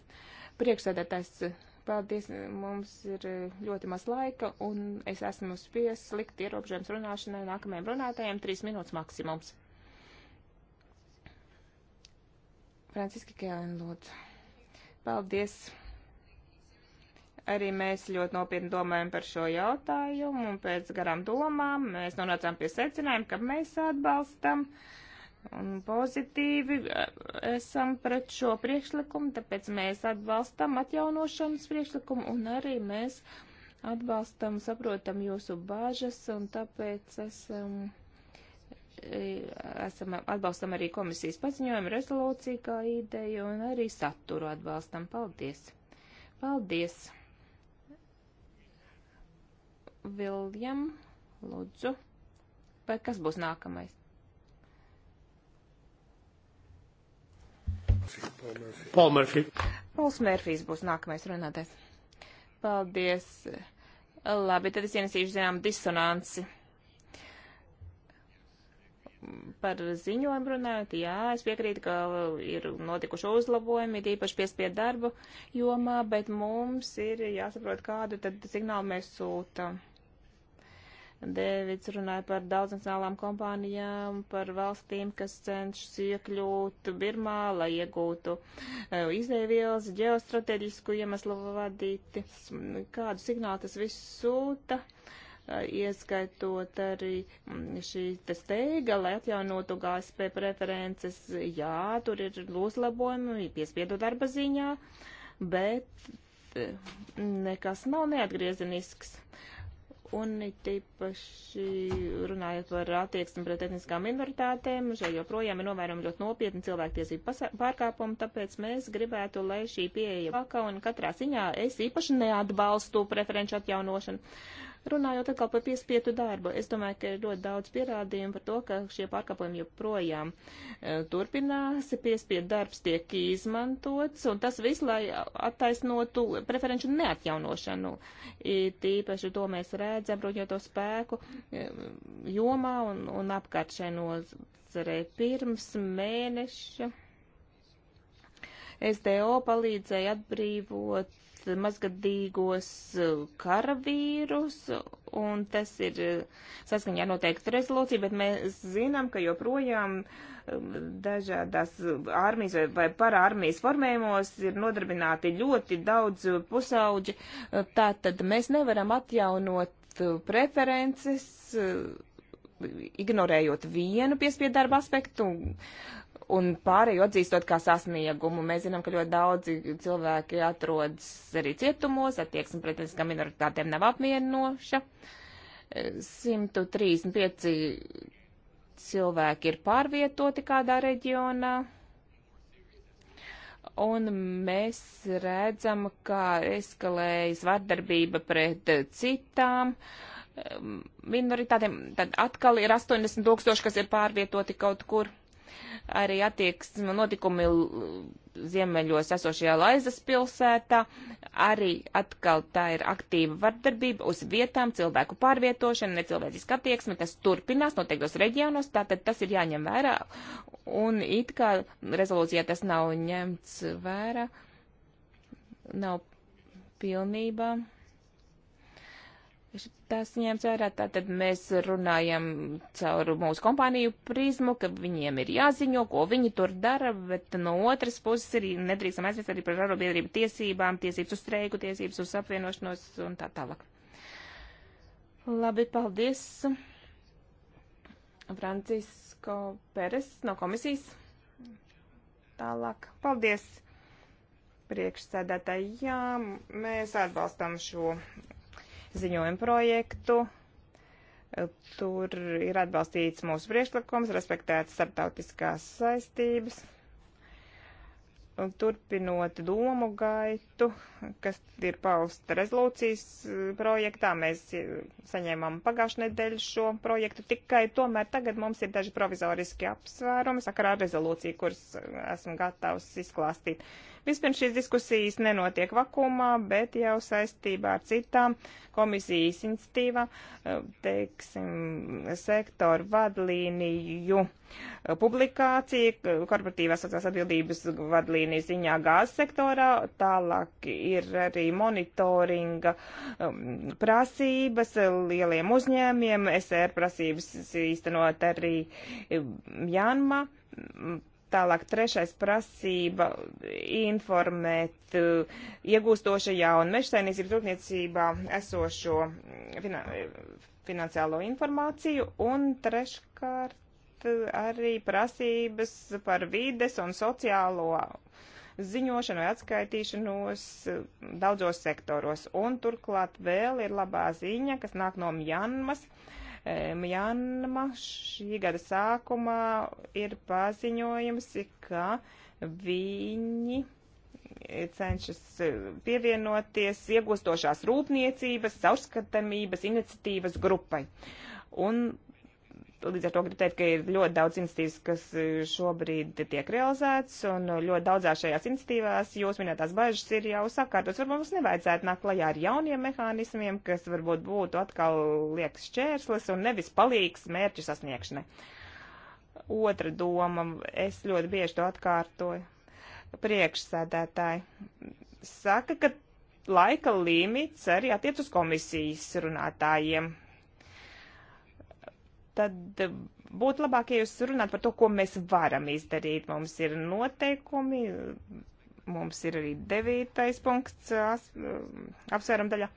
Priekšsēdētājs Paldies, mums ir eh, ļoti maz laika, un es esmu spies likt ierobežojums runāšanai nākamajam runātājiem trīs minūtes maksimums. Franciska Kēlēna, lūdzu. Paldies. Arī mēs ļoti nopietni domājam par šo jautājumu, un pēc garām domām mēs nonācām pie secinājuma, ka mēs atbalstam. Uh, pozitīvi e, esam pret šo priekšlikumu, tāpēc mēs atbalstam atjaunošanas priekšlikumu un arī mēs atbalstam, saprotam jūsu bāžas un tāpēc esam, e, esam atbalstam arī komisijas paziņojumu rezolūciju kā ideju un arī saturu atbalstam. Paldies! Paldies! Viljam, lūdzu, vai kas būs nākamais? Paul Murphy. Pauls Mērfijs būs nākamais runātais. Paldies. Labi, tad es ienesīšu zinām disonanci. Par ziņojumu runājot, jā, es piekrītu, ka ir notikuši uzlabojumi, ir īpaši piespied darbu jomā, bet mums ir jāsaprot, kādu tad signālu mēs sūtam. Uh, Dēvids runāja par daudznacionālām kompānijām, par valstīm, kas cenšas iekļūt Birmā, lai iegūtu e, izdevielas, ģeostrateģisku iemeslu vadīti. Kādu signālu tas viss sūta? E, ieskaitot arī šī steiga, lai atjaunotu GSP preferences. Jā, tur ir uzlabojumi, piespiedu darba ziņā, bet e, nekas nav neatgriezenisks. Uh, Un tīpaši runājot par attieksmi pret etniskām minoritātēm, šeit joprojām ir novērojami ļoti nopietni cilvēktiesību pārkāpumi, tāpēc mēs gribētu, lai šī pieeja vaka un katrā ziņā es īpaši neatbalstu preferenču atjaunošanu. Uh, Runājot atkal par piespietu darbu, es domāju, ka ir ļoti daudz pierādījumu par to, ka šie pārkāpumi joprojām e, turpinās, piespiedu darbs tiek izmantots, un tas viss, lai attaisnotu preferenču neatjaunošanu. Tīpaši to mēs redzam, bruņoto spēku e, jomā un, un apkārt šai nozarei pirms mēneša. SDO palīdzēja atbrīvot mazgadīgos eh, karavīrus, un tas ir eh, saskaņā ar noteiktu rezolūciju, bet mēs zinām, ka joprojām eh, dažādās armijas vai, vai parārmijas formējumos ir nodarbināti ļoti daudz pusauģi, tātad mēs nevaram atjaunot preferences ignorējot vienu piespiedu darba aspektu, un pārējo atzīstot kā sasniegumu. Mēs zinām, ka ļoti daudzi cilvēki atrodas arī cietumos, attieksme pret etniskām minoritātēm nav apmierinoša. 135 e, cilvēki ir pārvietoti kādā reģionā. Un mēs redzam, kā eskalējas vardarbība pret citām e, minoritātēm. Tad atkal ir 80 tūkstoši, kas ir pārvietoti kaut kur. Arī attieksme notikumi ziemeļos esošajā Laizas pilsētā. Arī atkal tā ir aktīva vardarbība uz vietām, cilvēku pārvietošana, necilvēciska attieksme, kas turpinās noteiktos reģionos, tātad tas ir jāņem vērā. Un it kā rezolūcijā tas nav ņemts vērā, nav pilnībā tas ņemts vērā. Tātad mēs runājam caur mūsu kompāniju prizmu, ka viņiem ir jāziņo, ko viņi tur dara, bet no otras puses ir nedrīkstam aizmirst arī par arobiedrību tiesībām, tiesības uz streiku, tiesības uz apvienošanos un tā tālāk. Labi, paldies. Francisko Peres no komisijas. Tālāk. Paldies priekšsēdētāji. Jā, mēs atbalstam šo ziņojumu projektu. Tur ir atbalstīts mūsu priekšlikums, respektēts starptautiskās saistības. Un turpinot domu gaitu, kas ir pausta rezolūcijas eh, projektā, mēs eh, saņēmām pagājušajā nedēļu šo projektu, tikai tomēr tagad mums ir daži provizoriski apsvērumi sakarā ar rezolūciju, kuras eh, esmu gatavs izklāstīt. Uh, Vispirms šīs diskusijas nenotiek vakumā, bet jau saistībā ar citām komisijas institīvām, e, teiksim, sektoru vadlīniju e, publikācija, e, korporatīvās sociālās atbildības vadlīnijas ziņā gāzes sektorā, tālāk ir arī monitoringa prasības lieliem uzņēmiem, SR prasības īstenot arī Janma Tālāk trešais prasība informēt uh, iegūstošajā un mežsainīcības rūpniecībā esošo mm, finan finansiālo informāciju. Un treškārt uh, arī prasības par vides un sociālo ziņošanu vai atskaitīšanos uh, daudzos sektoros. Un turklāt vēl ir labā ziņa, kas nāk no Mjanmas. Uh, Mjanma šī gada sākumā ir paziņojums, ka viņi cenšas pievienoties iegūstošās rūpniecības, caurskatamības, iniciatīvas grupai. Un Līdz ar to gribu teikt, ka ir ļoti daudz iniciatīvas, kas e, šobrīd tiek realizētas, un e, ļoti daudzās šajās iniciatīvās jūs minētās bažas ir jau sakārtotas. Varbūt mums nevajadzētu nākt klajā ar jauniem mehānismiem, kas varbūt būtu atkal liekas šķērslis un nevis palīgs mērķu sasniegšanai. Otra doma, es ļoti bieži to atkārtoju. Priekšsēdētāji saka, ka laika limits arī attiec uz komisijas runātājiem tad eh, būtu labāk, ja jūs runātu par to, ko mēs varam izdarīt. Mums ir noteikumi, mums ir arī devītais punkts eh, eh, apsvērum daļā,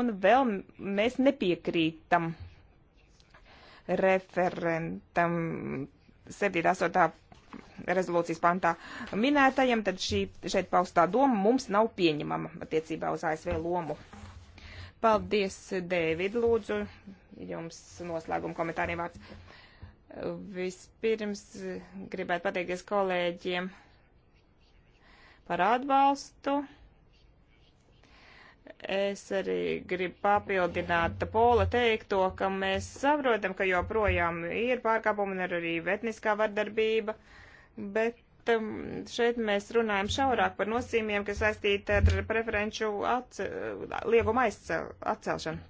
un vēl mēs nepiekrītam referentam 7.8. rezolūcijas pantā minētajam, tad šī, šeit paustā doma mums nav pieņemama attiecībā uz ASV lomu. Paldies, Dēvid, lūdzu, jums noslēguma komentāriem vārds. Vispirms gribētu pateikties kolēģiem par atbalstu. Es arī gribu papildināt Pola teikto, ka mēs saprotam, ka joprojām ir pārkāpumi un arī vetniskā vardarbība, bet šeit mēs runājam šaurāk par nosīmiem, kas saistīti ar preferenču atce, lieguma aizcel, atcelšanu.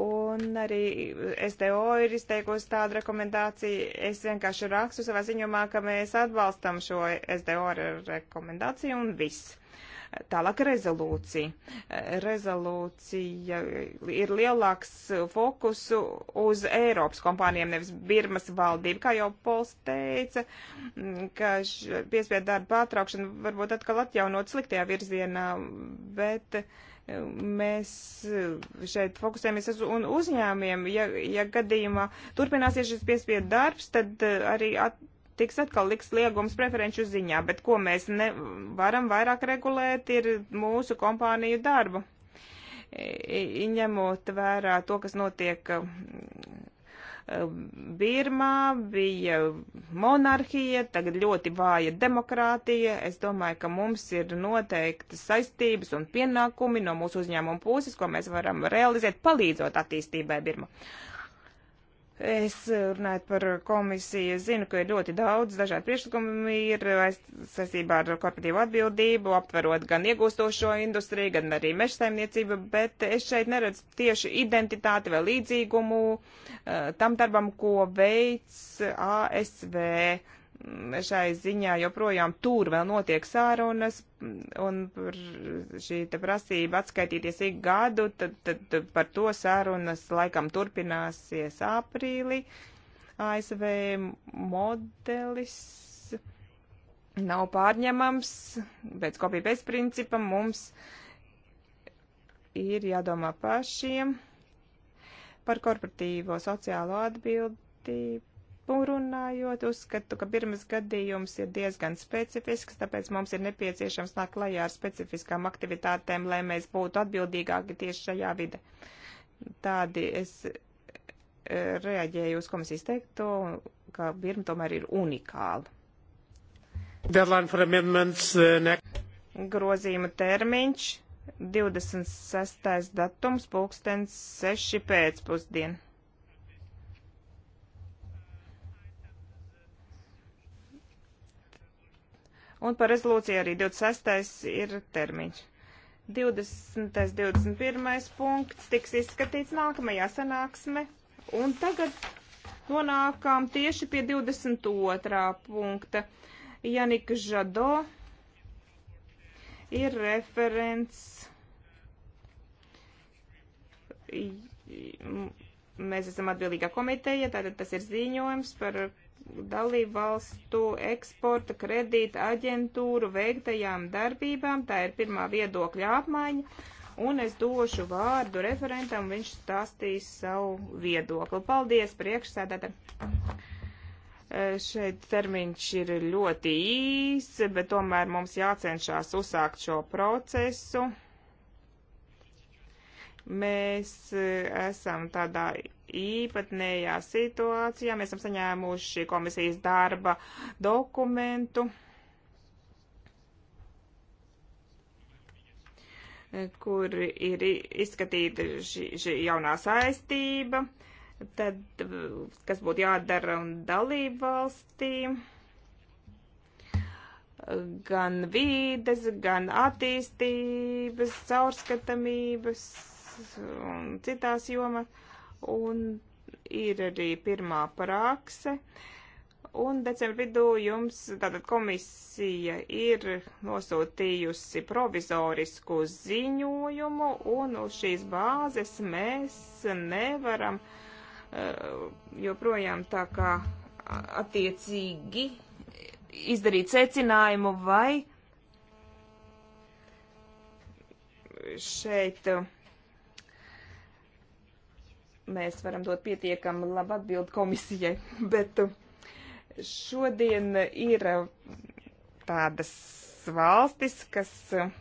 Un arī STO ir izteikusi tādu rekomendāciju. Es vienkārši rakstu savā ziņumā, ka mēs atbalstam šo STO rekomendāciju un viss. Tālāk rezolūcija. Rezolūcija ir lielāks fokus uz Eiropas kompānijiem, nevis Birmas valdību. Kā jau Pols teica, ka piespiedu darba pārtraukšana varbūt atkal atjaunot sliktajā virzienā, bet um, mēs uh, šeit fokusējamies uz uzņēmiem. Ja, ja gadījumā turpināsies šis piespiedu darbs, tad uh, arī at, tiks atkal liks liegums preferenču ziņā, bet ko mēs nevaram vairāk regulēt, ir mūsu kompāniju darbu. Ņemot vērā to, kas notiek uh, Birmā, bija monarhija, tagad ļoti vāja demokrātija. Es domāju, ka mums ir noteikti saistības un pienākumi no mūsu uzņēmuma puses, ko mēs varam realizēt, palīdzot attīstībai Birma. Es runāju par komisiju, zinu, ka ir ļoti daudz dažādu priekšlikumu ir saistībā ar korporatīvu atbildību, aptverot gan iegūstošo industriju, gan arī mežsaimniecību, bet es šeit neredzu tieši identitāti vai līdzīgumu eh, tam darbam, ko veids ASV šai ziņā joprojām tur vēl notiek sārunas, un šī te prasība atskaitīties ik gadu, tad, tad par to sārunas laikam turpināsies aprīlī. ASV modelis nav pārņemams, pēc kopija bez principa mums ir jādomā pašiem par korporatīvo sociālo atbildību grupu runājot, uzskatu, ka pirmas gadījums ir diezgan specifisks, tāpēc mums ir nepieciešams nāk klajā ar specifiskām aktivitātēm, lai mēs būtu atbildīgāki tieši šajā vide. Tādi es e, reaģēju uz komisijas teikto, ka Birma tomēr ir unikāla. Deadline for amendments. Uh, e, next. Grozījuma termiņš 26. datums, pulkstens 6 pēcpusdien. un par rezolūciju arī 26. ir termiņš. 20. 21. punkts tiks izskatīts nākamajā sanāksme, un tagad nonākām tieši pie 22. punkta. Janika Žado ir referents. Mēs esam atbildīgā komiteja, tātad tas ir ziņojums par dalību valstu eksporta kredīta aģentūru veiktajām darbībām. Tā ir pirmā viedokļa apmaiņa. Un es došu vārdu referentam, viņš stāstīs savu viedokli. Paldies, priekšsēdētāji! E, šeit termiņš ir ļoti īs, bet tomēr mums jācenšas uzsākt šo procesu. Mēs e, esam tādā īpatnējā situācijā. Mēs esam saņēmuši komisijas darba dokumentu, kur ir izskatīta šī, šī jaunā saistība, tad kas būtu jādara un dalību valstīm gan vīdes, gan attīstības, caurskatamības un citās jomas un ir arī pirmā parākse. Un decembra vidū jums tātad komisija ir nosūtījusi provizorisku ziņojumu, un uz šīs bāzes mēs nevaram eh, joprojām tā kā attiecīgi izdarīt secinājumu, vai šeit uh, mēs varam dot pietiekami labu atbildi komisijai, bet uh, šodien ir uh, tādas valstis, kas uh,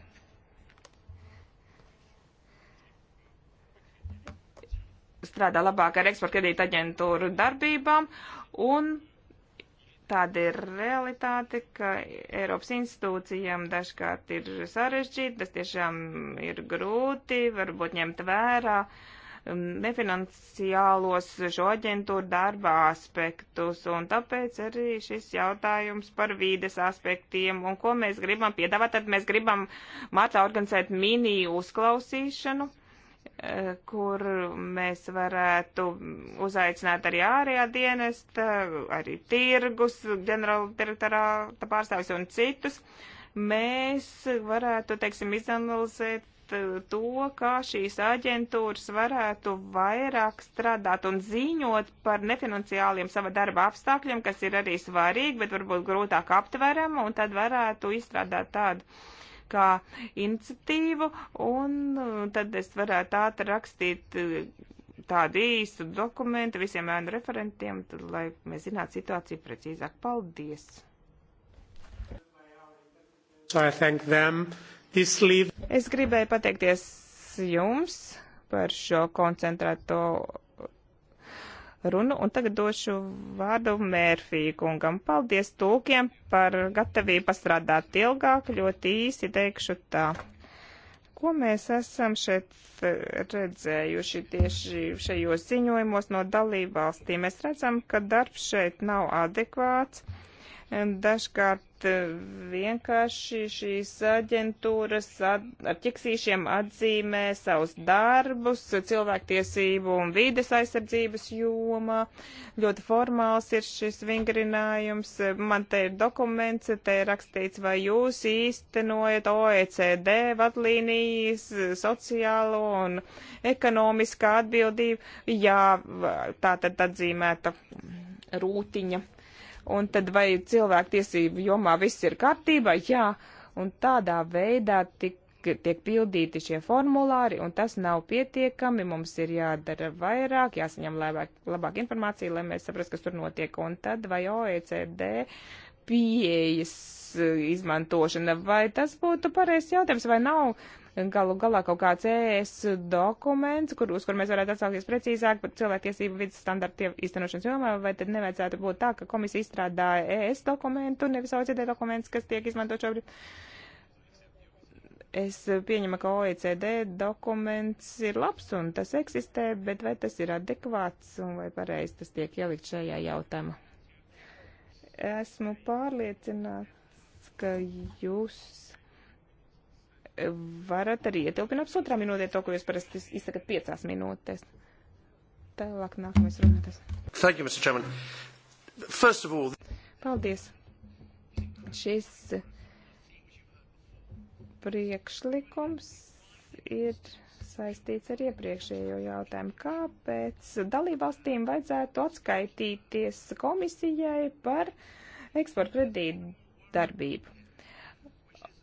strādā labāk ar eksporta kredīta aģentūru darbībām, un tāda ir realitāte, ka Eiropas institūcijām dažkārt ir sarežģīti, tas tiešām ir grūti, varbūt ņemt vērā uh, Um, nefinanciālos šo aģentūru darba aspektus, un tāpēc arī šis jautājums par vīdes aspektiem, un ko mēs gribam piedāvāt, tad mēs gribam mācā organizēt mini uzklausīšanu eh, kur mēs varētu uzaicināt arī ārējā dienesta, arī tirgus, ģenerāla direktorāta pārstāvis un citus. Mēs varētu, teiksim, izanalizēt Eh, to, kā šīs aģentūras varētu vairāk strādāt un ziņot par nefinanciāliem sava darba apstākļiem, kas ir arī svarīgi, bet varbūt grūtāk aptverama, un tad varētu izstrādāt tādu kā iniciatīvu, un eh, tad es varētu ātri rakstīt eh, tādu īstu dokumentu visiem ēnu referentiem, tad, lai mēs zinātu situāciju precīzāk. Paldies! So I thank them. Es gribēju pateikties jums par šo koncentrēto runu, un tagad došu vārdu Mērfī kungam. Paldies tūkiem par gatavību pastrādāt ilgāk, ļoti īsi teikšu tā. Ko mēs esam šeit eh, redzējuši tieši šajos ziņojumos no dalībvalstīm? Mēs redzam, ka darbs šeit nav adekvāts Dažkārt eh, vienkārši šīs aģentūras at, ar ķiksīšiem atzīmē savus darbus cilvēktiesību un vīdes aizsardzības jomā. Ļoti formāls ir šis vingrinājums. Man te ir dokuments, te ir rakstīts, vai jūs īstenojat OECD vadlīnijas sociālo un ekonomiskā atbildību. Jā, tā tad atzīmēta rūtiņa un tad vai cilvēktiesību jomā viss ir kārtībā? Jā, un tādā veidā tik, tiek pildīti šie formulāri, un tas nav pietiekami, mums ir jādara vairāk, jāsaņem labāk, labāk informācija, lai mēs saprastu, kas tur notiek, un tad vai OECD pieejas eh, izmantošana, vai tas būtu pareizs jautājums, vai nav galu galā kaut kāds ES dokuments, kur, uz kur mēs varētu atsaukties precīzāk par cilvēktiesību vidas standartu īstenošanas jomā, vai tad nevajadzētu būt tā, ka komisija izstrādā ES dokumentu, nevis OECD dokumentus, kas tiek izmantot šobrīd. Es pieņemu, ka OECD dokuments ir labs un tas eksistē, bet vai tas ir adekvāts un vai pareizi tas tiek ielikt šajā jautājumā? Esmu pārliecināts, ka jūs varat arī ietilpināt pusotrā minūtē to, ko jūs parasti izsakat piecās minūtēs. Tālāk nākamais runātājs. Thank you, Mr. Chairman. First of all. Paldies. Šis priekšlikums ir saistīts ar iepriekšējo jautājumu. Kāpēc dalībvalstīm vajadzētu atskaitīties komisijai par eksporta kredītu darbību?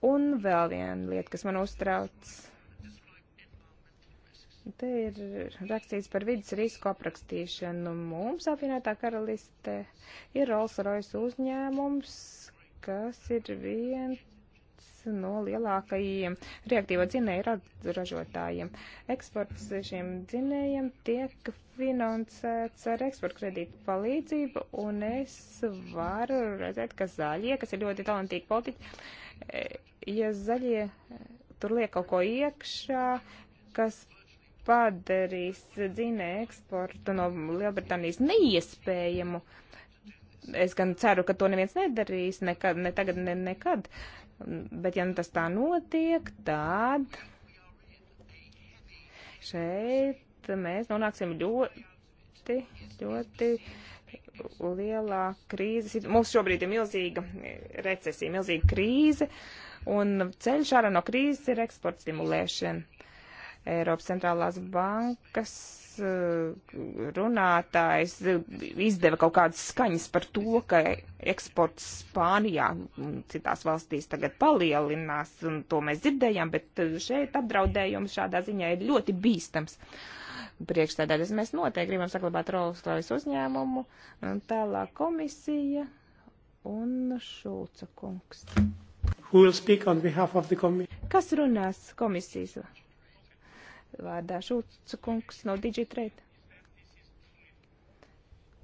Un vēl viena lieta, kas man uztrauc. Te ir rakstīts par vidas risku aprakstīšanu. Mums apvienotā karaliste ir Rolls Royce uzņēmums, kas ir viens no lielākajiem reaktīvo dzinēju ražotājiem. Eksports šiem dzinējiem tiek finansēts ar eksporta kredītu palīdzību, un es varu redzēt, ka zaļie, kas ir ļoti talantīgi politiķi, ja zaļie tur liek kaut ko iekšā, kas padarīs dzinē eksportu no Lielbritānijas neiespējamu. Es gan ceru, ka to neviens nedarīs, nekad, ne tagad, ne nekad, Bet, ja nu tas tā notiek, tad šeit mēs nonāksim ļoti, ļoti lielā krīze. Mums šobrīd ir milzīga recesija, milzīga krīze, un ceļš ārā no krīzes ir eksporta stimulēšana. Eiropas centrālās bankas Eh, runātājs eh, izdeva kaut kādas skaņas par to, ka eksports Spānijā un citās valstīs tagad palielinās, un to mēs dzirdējām, bet eh, šeit apdraudējums šādā ziņā ir ļoti bīstams. Priekšstādājas mēs noteikti gribam saglabāt Rolls-Royce uzņēmumu, un tālāk komisija un Šulca kungs. Kas runās komisijas? vārdā Šulca kungs no Digitrade.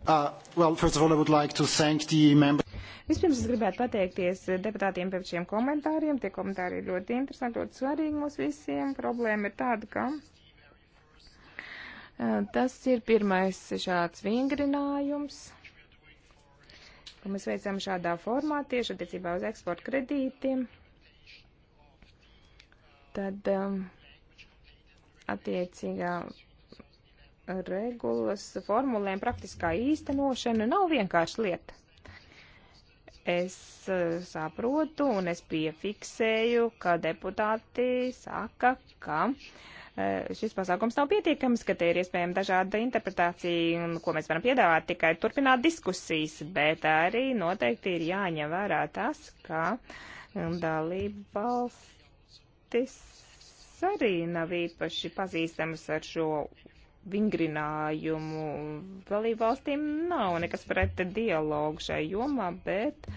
Uh, well, first of all, I would like to thank the members. Vispirms es gribētu pateikties deputātiem par šiem komentāriem. Tie komentāri ir ļoti interesanti, ļoti svarīgi mums visiem. Problēma ir tāda, ka uh, tas ir pirmais šāds vingrinājums, ko mēs veicam šādā formā tieši attiecībā uz eksporta kredītiem. Tad um, attiecīgā regulas formulēm praktiskā īstenošana nav vienkārši lieta. Es eh, saprotu un es piefiksēju, ka deputāti saka, ka eh, šis pasākums nav pietiekams, ka te ir iespējama dažāda interpretācija un ko mēs varam piedāvāt tikai turpināt diskusijas, bet arī noteikti ir jāņem vērā tas, ka mm, dalība valstis arī nav īpaši pazīstamas ar šo vingrinājumu. Dalību valstīm nav nekas pret dialogu šai jomā, bet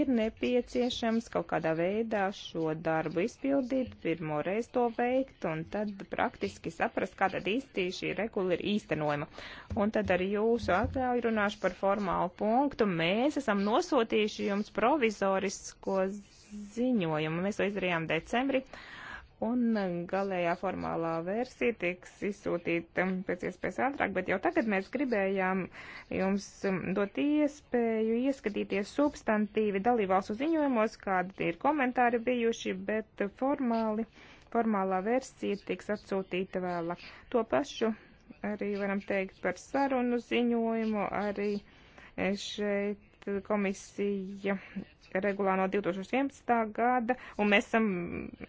ir nepieciešams kaut kādā veidā šo darbu izpildīt, pirmoreiz to veikt un tad praktiski saprast, kā tad īstī šī regula ir īstenojama. Un tad ar jūsu atļauju runāšu par formālu punktu. Mēs esam nosūtījuši jums provizorisko ziņojumu. Mēs to izdarījām decembrī. Uh, Un galējā formālā versija tiks izsūtīta pēc iespējas ātrāk, bet jau tagad mēs gribējām jums um, dot iespēju ieskatīties substantīvi dalībvalstu ziņojumos, kādi ir komentāri bijuši, bet formāli, formālā versija tiks atsūtīta vēlāk. To pašu arī varam teikt par sarunu ziņojumu, arī šeit komisija regulā no 2011. gada, un mēs esam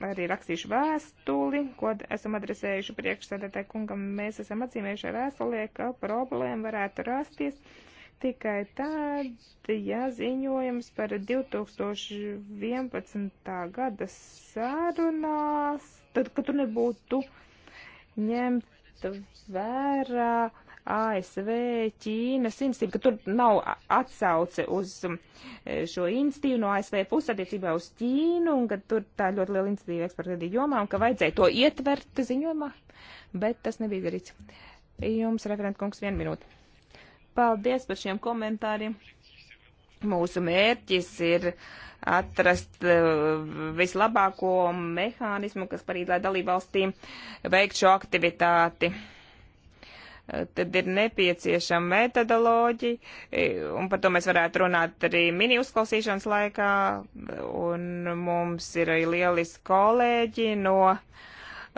arī rakstījuši vēstuli, ko esam adresējuši priekšsēdētāju kungam. Mēs esam atzīmējuši vēstulē, ka problēma varētu rasties tikai tad, ja ziņojums par 2011. gada sarunās, tad, ka tur nebūtu ņemt vērā ASV, Ķīnas institīvu, ka tur nav atsauce uz um, šo institīvu no ASV puses attiecībā uz Ķīnu, un ka tur tā ļoti liela institīva eksportkredīta jomā, un ka vajadzēja to ietvert ziņojumā, bet tas nebija darīts. Jums, referentkungs, vienu minūti. Paldies par šiem komentāriem. Mūsu mērķis ir atrast uh, vislabāko mehānismu, kas parīd, lai dalībvalstīm veikt šo aktivitāti. Uh, tad ir nepieciešama metodoloģija, e, un par to mēs varētu runāt arī mini uzklausīšanas laikā, un mums ir arī lieliski kolēģi no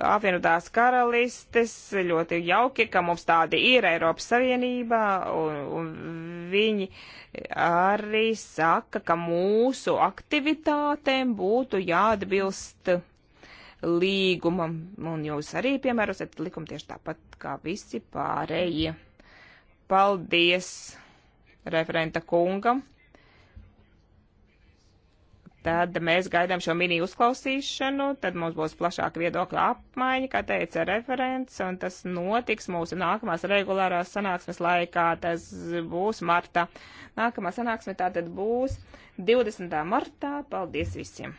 apvienotās karalistes, ļoti jauki, ka mums tādi ir Eiropas Savienībā, un, un viņi arī saka, ka mūsu aktivitātēm būtu jāatbilst līgumam, un jūs arī piemērosiet likumu tieši tāpat kā visi pārējie. Paldies referenta kungam. Tad mēs gaidām šo mini uzklausīšanu, tad mums būs plašāka viedokļa apmaiņa, kā teica referents, un tas notiks mūsu nākamās regulārās sanāksmes laikā, tas būs martā. Nākamā sanāksme tātad būs 20. martā. Paldies visiem!